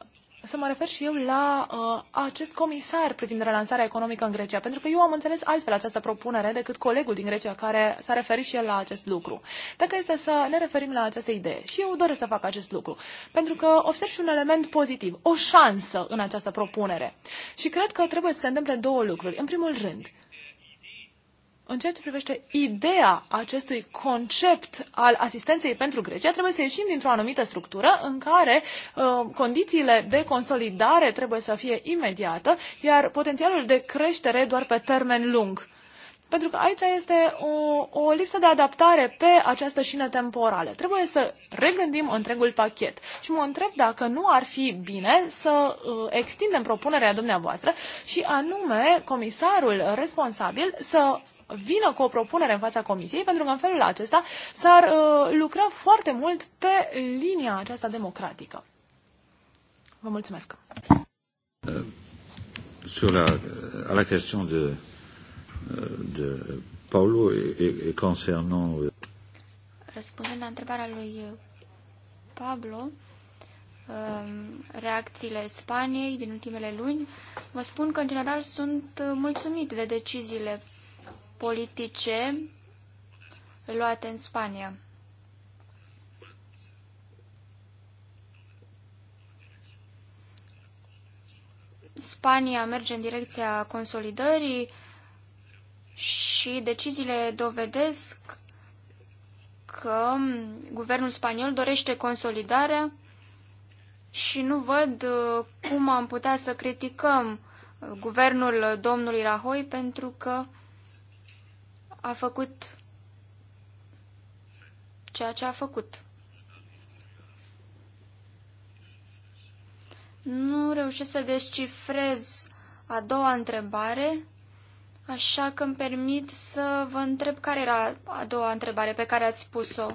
să mă refer și eu la uh, acest comisar privind relansarea economică în Grecia, pentru că eu am înțeles altfel această propunere decât colegul din Grecia care s-a referit și el la acest lucru. Dacă este să ne referim la această idee, și eu doresc să fac acest lucru, pentru că observ și un element pozitiv, o șansă în această propunere. Și cred că trebuie să se întâmple două lucruri. În primul rând, în ceea ce privește ideea acestui concept al asistenței pentru Grecia, trebuie să ieșim dintr-o anumită structură în care uh, condițiile de consolidare trebuie să fie imediată, iar potențialul de creștere doar pe termen lung. Pentru că aici este o, o lipsă de adaptare pe această șină temporală. Trebuie să regândim întregul pachet. Și mă întreb dacă nu ar fi bine să uh, extindem propunerea dumneavoastră și anume comisarul responsabil să vină cu o propunere în fața Comisiei, pentru că în felul acesta s-ar uh, lucra foarte mult pe linia aceasta democratică. Vă mulțumesc. Uh, sur la, uh, la question de, uh, de Paulo et, et concernant... Răspundând la întrebarea lui Pablo, um, reacțiile Spaniei din ultimele luni, vă spun că, în general, sunt mulțumit de deciziile politice luate în Spania. Spania merge în direcția consolidării și deciziile dovedesc că guvernul spaniol dorește consolidarea și nu văd uh, cum am putea să criticăm guvernul domnului Rahoi pentru că a făcut ceea ce a făcut. Nu reușesc să descifrez a doua întrebare, așa că îmi permit să vă întreb care era a doua întrebare pe care ați spus-o.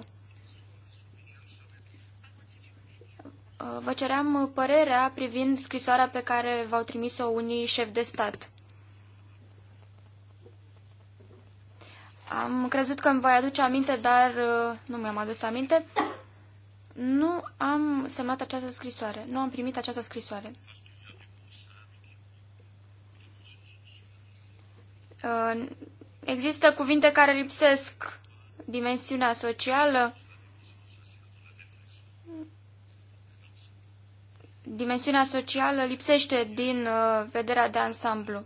Vă ceream părerea privind scrisoarea pe care v-au trimis-o unii șefi de stat. Am crezut că îmi voi aduce aminte, dar uh, nu mi-am adus aminte. Nu am semnat această scrisoare. Nu am primit această scrisoare. Uh, există cuvinte care lipsesc dimensiunea socială, dimensiunea socială lipsește din uh, vederea de ansamblu.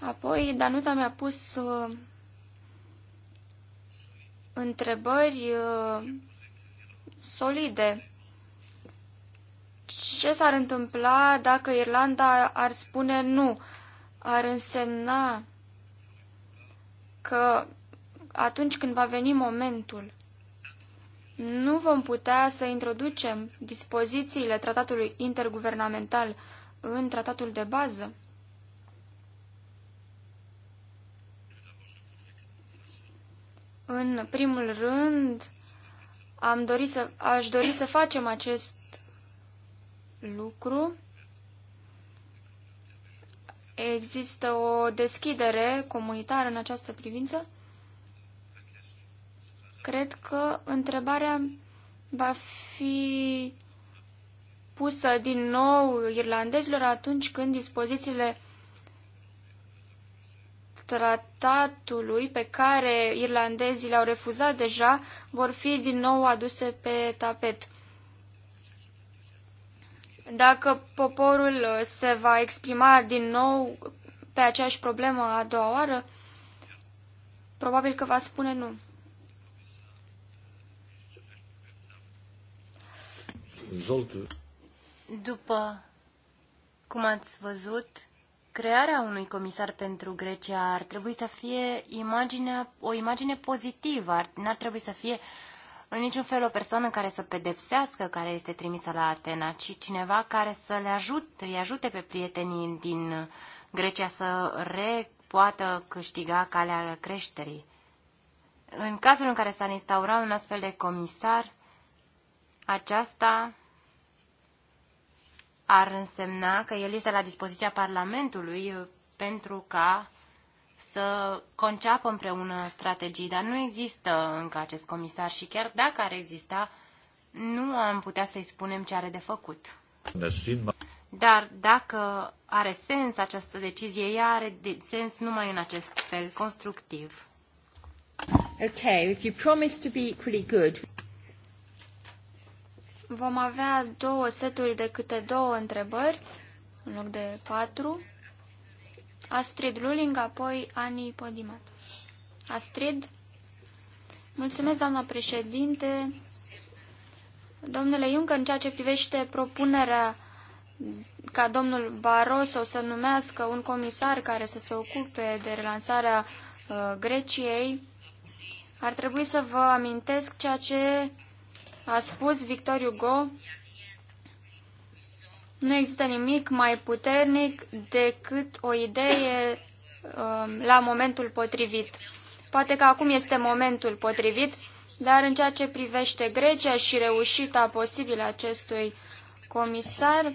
Apoi, Danuta mi-a pus uh, întrebări uh, solide. Ce s-ar întâmpla dacă Irlanda ar spune nu? Ar însemna că atunci când va veni momentul, nu vom putea să introducem dispozițiile tratatului interguvernamental în tratatul de bază? În primul rând, am dorit să, aș dori să facem acest lucru. Există o deschidere comunitară în această privință. Cred că întrebarea va fi pusă din nou irlandezilor atunci când dispozițiile tratatului pe care irlandezii l-au refuzat deja vor fi din nou aduse pe tapet. Dacă poporul uh, se va exprima din nou pe aceeași problemă a doua oară, probabil că va spune nu. După cum ați văzut, crearea unui comisar pentru Grecia ar trebui să fie imaginea, o imagine pozitivă, nu n-ar trebui să fie în niciun fel o persoană care să pedepsească care este trimisă la Atena, ci cineva care să le ajute, îi ajute pe prietenii din Grecia să re poată câștiga calea creșterii. În cazul în care s-ar instaura un astfel de comisar, aceasta ar însemna că el este la dispoziția Parlamentului uh, pentru ca să conceapă împreună strategii, dar nu există încă acest comisar și chiar dacă ar exista, nu am putea să-i spunem ce are de făcut. Dar dacă are sens această decizie, ea are sens numai în acest fel constructiv. Okay, if you promise to be equally good. Vom avea două seturi de câte două întrebări, în loc de patru. Astrid Luling, apoi Ani Podimat. Astrid, mulțumesc, doamna președinte. Domnule Juncker, în ceea ce privește propunerea ca domnul Barroso să numească un comisar care să se ocupe de relansarea uh, Greciei, ar trebui să vă amintesc ceea ce a spus Victor Hugo, nu există nimic mai puternic decât o idee um, la momentul potrivit. Poate că acum este momentul potrivit, dar în ceea ce privește Grecia și reușita posibilă acestui comisar,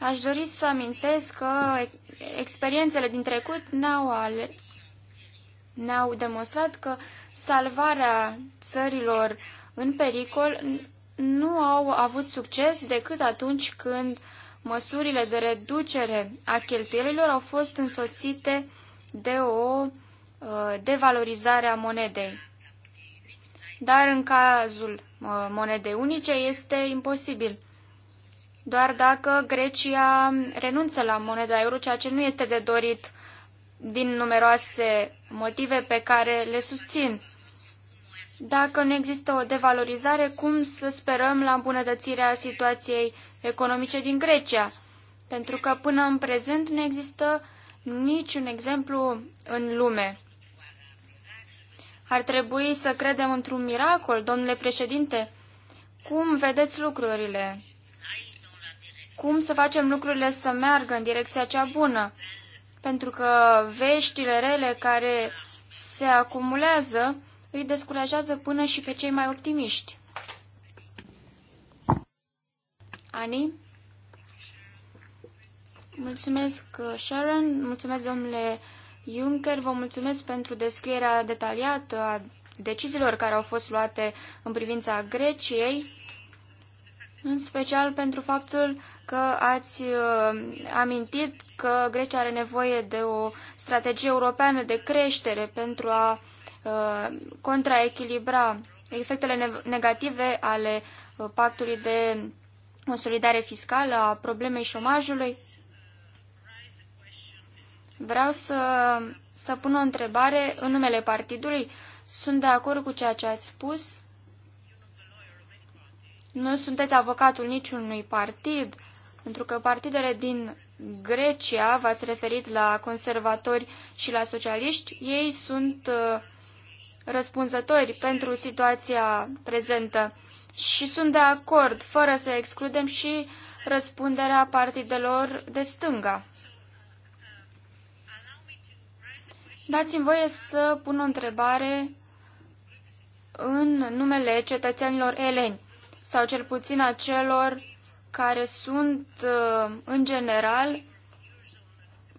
aș dori să amintesc că experiențele din trecut ne-au ale... ne demonstrat că salvarea țărilor în pericol nu au avut succes decât atunci când măsurile de reducere a cheltuielilor au fost însoțite de o uh, devalorizare a monedei. Dar în cazul uh, monedei unice este imposibil. Doar dacă Grecia renunță la moneda euro, ceea ce nu este de dorit din numeroase motive pe care le susțin. Dacă nu există o devalorizare, cum să sperăm la îmbunătățirea situației economice din Grecia? Pentru că până în prezent nu există niciun exemplu în lume. Ar trebui să credem într-un miracol, domnule președinte? Cum vedeți lucrurile? Cum să facem lucrurile să meargă în direcția cea bună? Pentru că veștile rele care se acumulează îi descurajează până și pe cei mai optimiști. Ani? Mulțumesc, uh, Sharon, mulțumesc, domnule Juncker, vă mulțumesc pentru descrierea detaliată a deciziilor care au fost luate în privința Greciei, în special pentru faptul că ați uh, amintit că Grecia are nevoie de o strategie europeană de creștere pentru a Uh, contraechilibra efectele negative ale uh, pactului de consolidare fiscală, a problemei șomajului? Vreau să, să pun o întrebare în numele partidului. Sunt de acord cu ceea ce ați spus. Nu sunteți avocatul niciunui partid, pentru că partidele din Grecia, v-ați referit la conservatori și la socialiști, ei sunt uh, răspunzători pentru situația prezentă și sunt de acord, fără să excludem și răspunderea partidelor de stânga. Dați-mi voie să pun o întrebare în numele cetățenilor eleni, sau cel puțin a celor care sunt, uh, în general,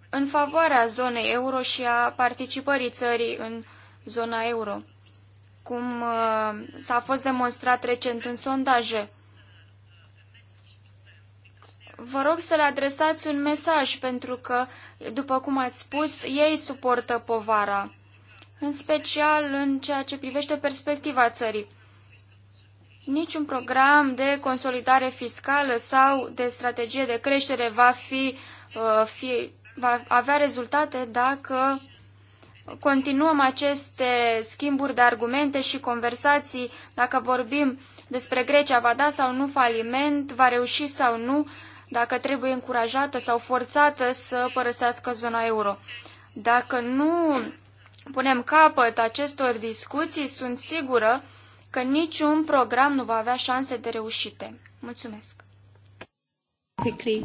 în favoarea zonei euro și a participării țării în zona euro, cum uh, s-a fost demonstrat recent în sondaje. Vă rog să le adresați un mesaj, pentru că, după cum ați spus, ei suportă povara, în special în ceea ce privește perspectiva țării. Niciun program de consolidare fiscală sau de strategie de creștere va, fi, uh, fi, va avea rezultate dacă continuăm aceste schimburi de argumente și conversații, dacă vorbim despre Grecia, va da sau nu faliment, va reuși sau nu, dacă trebuie încurajată sau forțată să părăsească zona euro. Dacă nu punem capăt acestor discuții, sunt sigură că niciun program nu va avea șanse de reușite. Mulțumesc! Euh,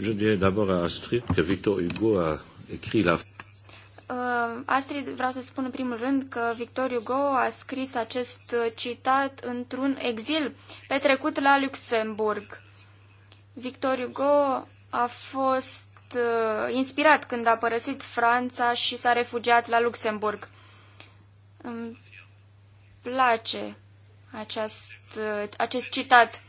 je dirais d'abord à Astrid que Victor Hugo a écrit Uh, Astrid, vreau să spun în primul rând că Victor Hugo a scris acest citat într-un exil petrecut la Luxemburg. Victor Hugo a fost uh, inspirat când a părăsit Franța și s-a refugiat la Luxemburg. Îmi place acest, uh, acest citat.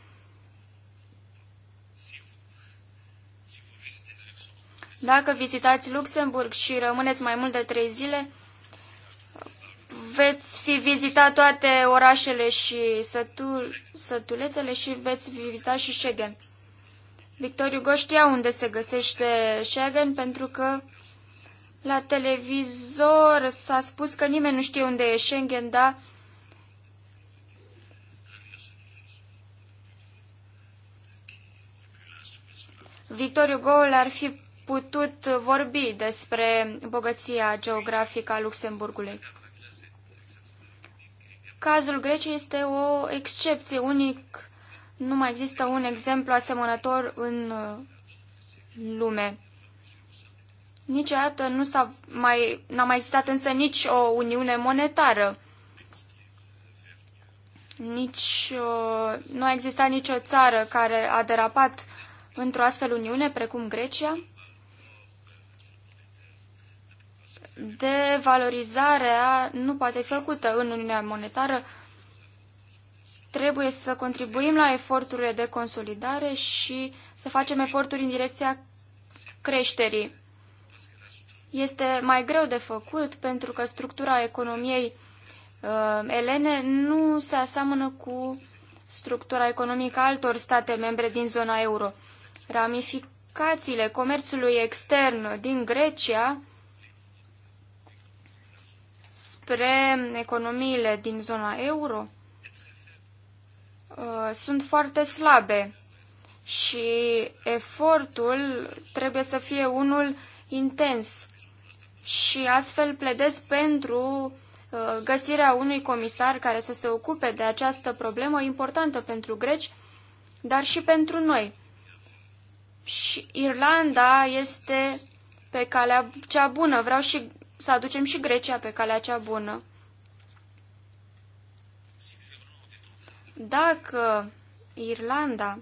Dacă vizitați Luxemburg și rămâneți mai mult de trei zile, veți fi vizitat toate orașele și sătul, sătulețele și veți vizita și Schengen. Victoriu Hugo știa unde se găsește Schengen pentru că la televizor s-a spus că nimeni nu știe unde e Schengen, dar Victoriu Hugo l-ar fi putut vorbi despre bogăția geografică a Luxemburgului. Cazul Greciei este o excepție unic. Nu mai există un exemplu asemănător în uh, lume. Niciodată nu s-a mai, n-a mai existat însă nici o uniune monetară. Nici, uh, nu a existat nicio țară care a derapat într-o astfel uniune precum Grecia. devalorizarea nu poate fi făcută în Uniunea Monetară. Trebuie să contribuim la eforturile de consolidare și să facem eforturi în direcția creșterii. Este mai greu de făcut pentru că structura economiei uh, elene nu se aseamănă cu structura economică altor state membre din zona euro. Ramificațiile comerțului extern din Grecia despre economiile din zona euro uh, sunt foarte slabe și efortul trebuie să fie unul intens. Și astfel pledez pentru uh, găsirea unui comisar care să se ocupe de această problemă importantă pentru greci, dar și pentru noi. Și Irlanda este pe calea cea bună. Vreau și să aducem și Grecia pe calea cea bună. Dacă Irlanda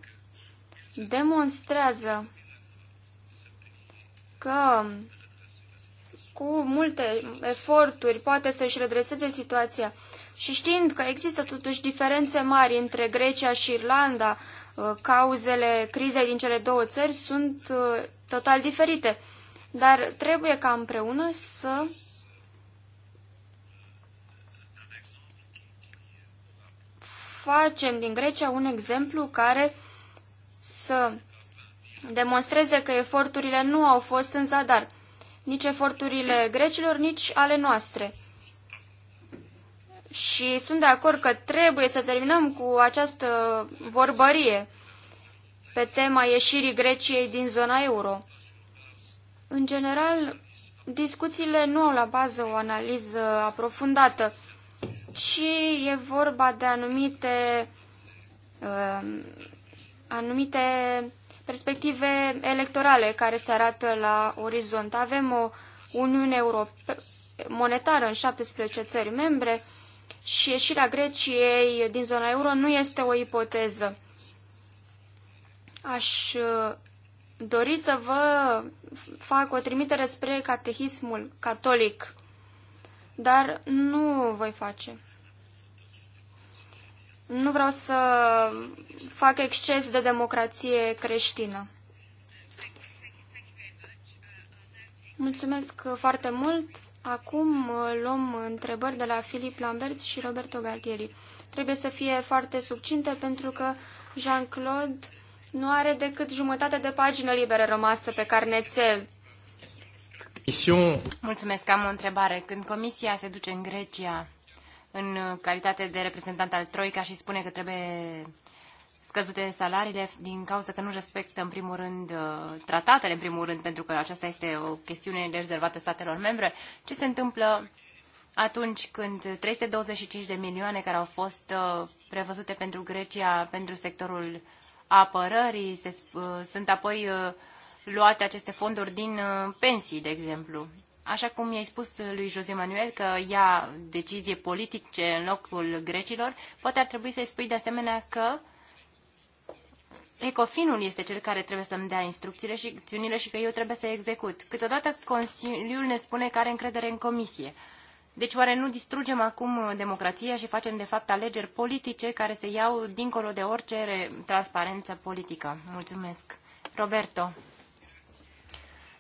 demonstrează că cu multe eforturi poate să-și redreseze situația și știind că există totuși diferențe mari între Grecia și Irlanda, uh, cauzele crizei din cele două țări sunt uh, total diferite dar trebuie ca împreună să facem din Grecia un exemplu care să demonstreze că eforturile nu au fost în zadar, nici eforturile grecilor, nici ale noastre. Și sunt de acord că trebuie să terminăm cu această vorbărie pe tema ieșirii Greciei din zona euro. În general, discuțiile nu au la bază o analiză aprofundată, ci e vorba de anumite, uh, anumite perspective electorale care se arată la orizont. Avem o Uniune Europe- monetară în 17 țări membre și ieșirea Greciei din zona euro nu este o ipoteză. Aș uh, dori să vă fac o trimitere spre catehismul catolic, dar nu voi face. Nu vreau să fac exces de democrație creștină. Mulțumesc foarte mult. Acum luăm întrebări de la Filip Lambert și Roberto Galtieri. Trebuie să fie foarte subcinte pentru că Jean-Claude nu are decât jumătate de pagină liberă rămasă pe carnețel. Mulțumesc, am o întrebare. Când comisia se duce în Grecia în calitate de reprezentant al Troica și spune că trebuie scăzute salariile din cauza că nu respectă în primul rând uh, tratatele, în primul rând, pentru că aceasta este o chestiune rezervată statelor membre. Ce se întâmplă atunci când 325 de milioane care au fost uh, prevăzute pentru Grecia, pentru sectorul apărării, se, uh, sunt apoi uh, luate aceste fonduri din uh, pensii, de exemplu. Așa cum i-ai spus lui José Manuel că ia decizie politice în locul grecilor, poate ar trebui să-i spui de asemenea că Ecofinul este cel care trebuie să-mi dea instrucțiile și acțiunile și că eu trebuie să execut. Câteodată Consiliul ne spune că are încredere în comisie. Deci oare nu distrugem acum uh, democrația și facem de fapt alegeri politice care se iau dincolo de orice transparență politică? Mulțumesc. Roberto.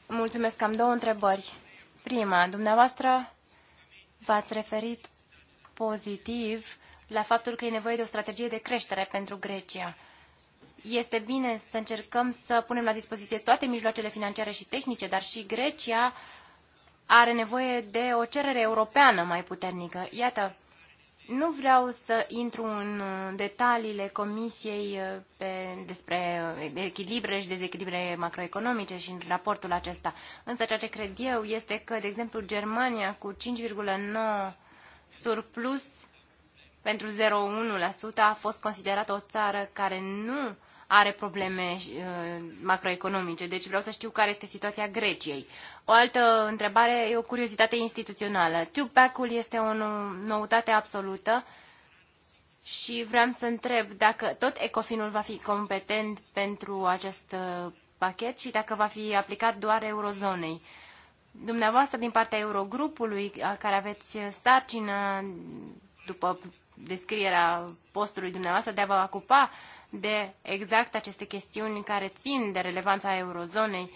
Mulțumesc. Am două întrebări. Prima, dumneavoastră v-ați referit pozitiv la faptul că e nevoie de o strategie de creștere pentru Grecia. Este bine să încercăm să punem la dispoziție toate mijloacele financiare și tehnice, dar și Grecia are nevoie de o cerere europeană mai puternică. Iată, nu vreau să intru în uh, detaliile Comisiei uh, pe, despre uh, echilibre și dezechilibre macroeconomice și în raportul acesta, însă ceea ce cred eu este că, de exemplu, Germania cu 5,9 surplus pentru 0,1% a fost considerată o țară care nu are probleme uh, macroeconomice. Deci vreau să știu care este situația Greciei. O altă întrebare e o curiozitate instituțională. Tupac-ul este o noutate absolută și vreau să întreb dacă tot Ecofinul va fi competent pentru acest uh, pachet și dacă va fi aplicat doar eurozonei. Dumneavoastră, din partea Eurogrupului, care aveți sarcină, după descrierea postului dumneavoastră, de a vă ocupa de exact aceste chestiuni care țin de relevanța eurozonei.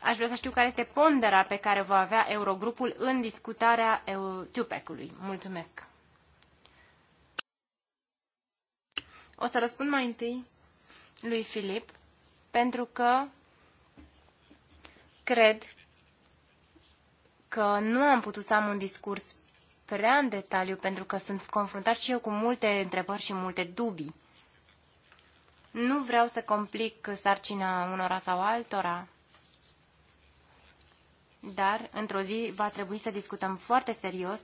Aș vrea să știu care este pondera pe care va avea Eurogrupul în discutarea TUPEC-ului. Mulțumesc! O să răspund mai întâi lui Filip, pentru că cred că nu am putut să am un discurs prea în detaliu, pentru că sunt confruntat și eu cu multe întrebări și multe dubii. Nu vreau să complic sarcina unora sau altora, dar într-o zi va trebui să discutăm foarte serios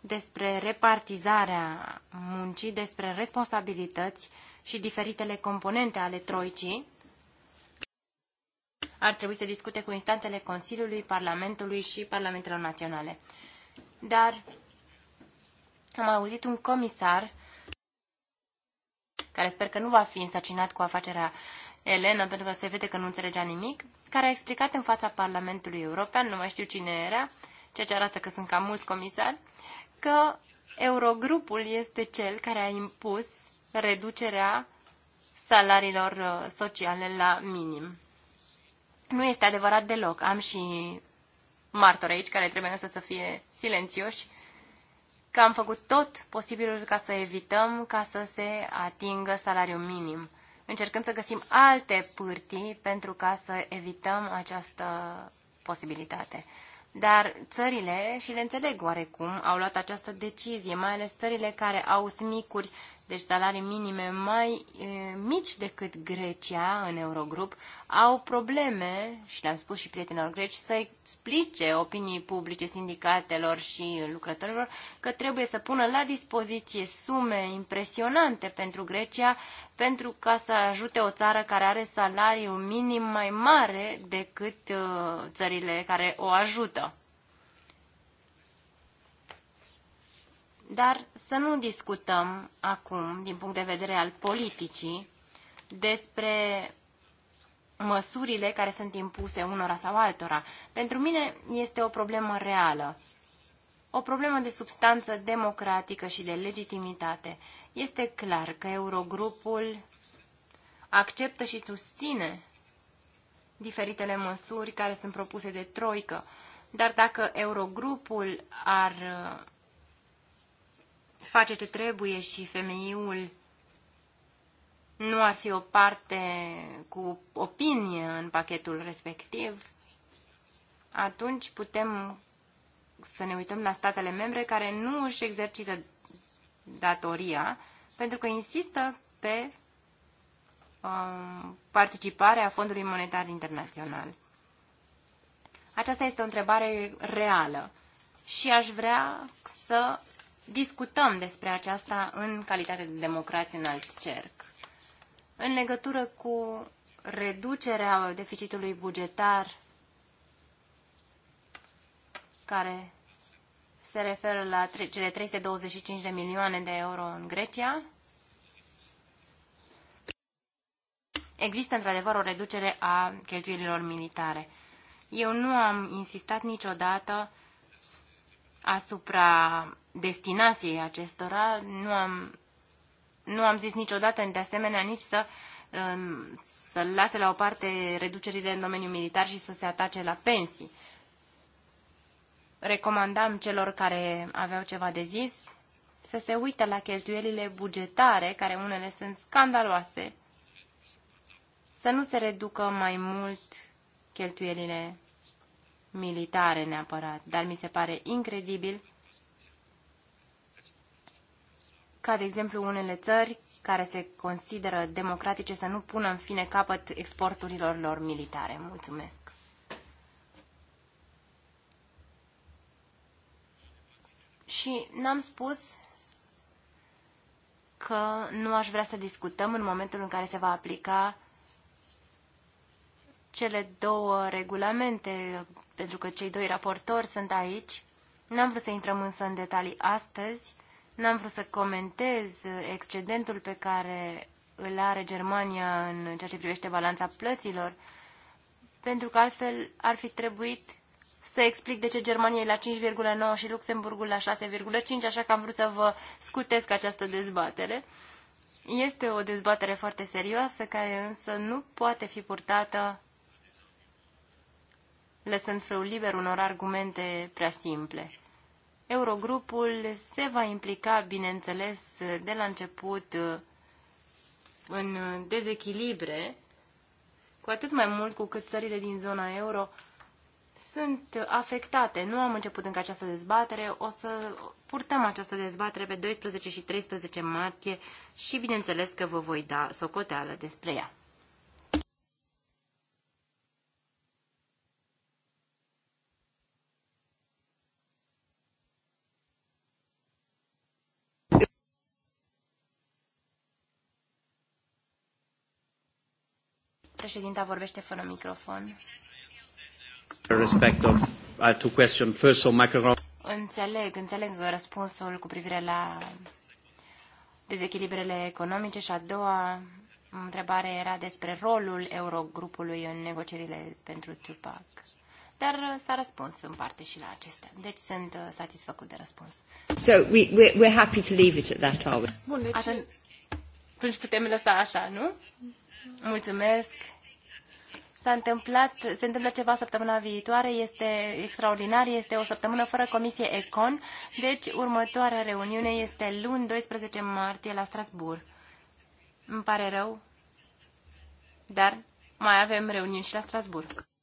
despre repartizarea muncii, despre responsabilități și diferitele componente ale troicii. Ar trebui să discute cu instanțele Consiliului, Parlamentului și Parlamentelor Naționale. Dar am auzit un comisar care sper că nu va fi însăcinat cu afacerea Elena, pentru că se vede că nu înțelegea nimic, care a explicat în fața Parlamentului European, nu mai știu cine era, ceea ce arată că sunt cam mulți comisari, că Eurogrupul este cel care a impus reducerea salariilor uh, sociale la minim. Nu este adevărat deloc. Am și martori aici care trebuie însă să fie silențioși că am făcut tot posibilul ca să evităm ca să se atingă salariul minim, încercând să găsim alte pârtii pentru ca să evităm această posibilitate. Dar țările, și le înțeleg oarecum, au luat această decizie, mai ales țările care au smicuri deci salarii minime mai mici decât Grecia în Eurogrup, au probleme, și le-am spus și prietenilor greci, să explice opinii publice, sindicatelor și lucrătorilor că trebuie să pună la dispoziție sume impresionante pentru Grecia pentru ca să ajute o țară care are salariu minim mai mare decât țările care o ajută. Dar să nu discutăm acum, din punct de vedere al politicii, despre măsurile care sunt impuse unora sau altora. Pentru mine este o problemă reală, o problemă de substanță democratică și de legitimitate. Este clar că Eurogrupul acceptă și susține diferitele măsuri care sunt propuse de Troică, dar dacă Eurogrupul ar face ce trebuie și femeiul nu ar fi o parte cu opinie în pachetul respectiv, atunci putem să ne uităm la statele membre care nu își exercită datoria pentru că insistă pe um, participarea Fondului Monetar Internațional. Aceasta este o întrebare reală și aș vrea să discutăm despre aceasta în calitate de democrați în alt cerc. În legătură cu reducerea deficitului bugetar care se referă la cele 325 de milioane de euro în Grecia. Există într-adevăr o reducere a cheltuielilor militare. Eu nu am insistat niciodată asupra destinației acestora. Nu am, nu am zis niciodată, de asemenea, nici să um, să lase la o parte reducerile în domeniul militar și să se atace la pensii. Recomandam celor care aveau ceva de zis să se uite la cheltuielile bugetare, care unele sunt scandaloase, să nu se reducă mai mult cheltuielile militare neapărat, dar mi se pare incredibil ca de exemplu unele țări care se consideră democratice să nu pună în fine capăt exporturilor lor militare. Mulțumesc! Și n-am spus că nu aș vrea să discutăm în momentul în care se va aplica cele două regulamente, pentru că cei doi raportori sunt aici. N-am vrut să intrăm însă în detalii astăzi, N-am vrut să comentez excedentul pe care îl are Germania în ceea ce privește balanța plăților, pentru că altfel ar fi trebuit să explic de ce Germania e la 5,9 și Luxemburgul la 6,5, așa că am vrut să vă scutesc această dezbatere. Este o dezbatere foarte serioasă, care însă nu poate fi purtată lăsând frâul liber unor argumente prea simple. Eurogrupul se va implica, bineînțeles, de la început în dezechilibre, cu atât mai mult cu cât țările din zona euro sunt afectate. Nu am început încă această dezbatere, o să purtăm această dezbatere pe 12 și 13 martie și bineînțeles că vă voi da socoteală despre ea. Președinta vorbește fără microfon. Înțeleg, înțeleg răspunsul cu privire la dezechilibrele economice și a doua întrebare era despre rolul Eurogrupului în negocierile pentru Tupac. Dar s-a răspuns în parte și la acestea. Deci sunt uh, satisfăcut de răspuns. So we, we, we're happy to leave it at that, are we? Bun, deci... Atunci putem lăsa așa, nu? Mulțumesc! S-a întâmplat, se întâmplă ceva săptămâna viitoare, este extraordinar, este o săptămână fără comisie ECON, deci următoarea reuniune este luni 12 martie la Strasbourg. Îmi pare rău, dar mai avem reuniuni și la Strasbourg.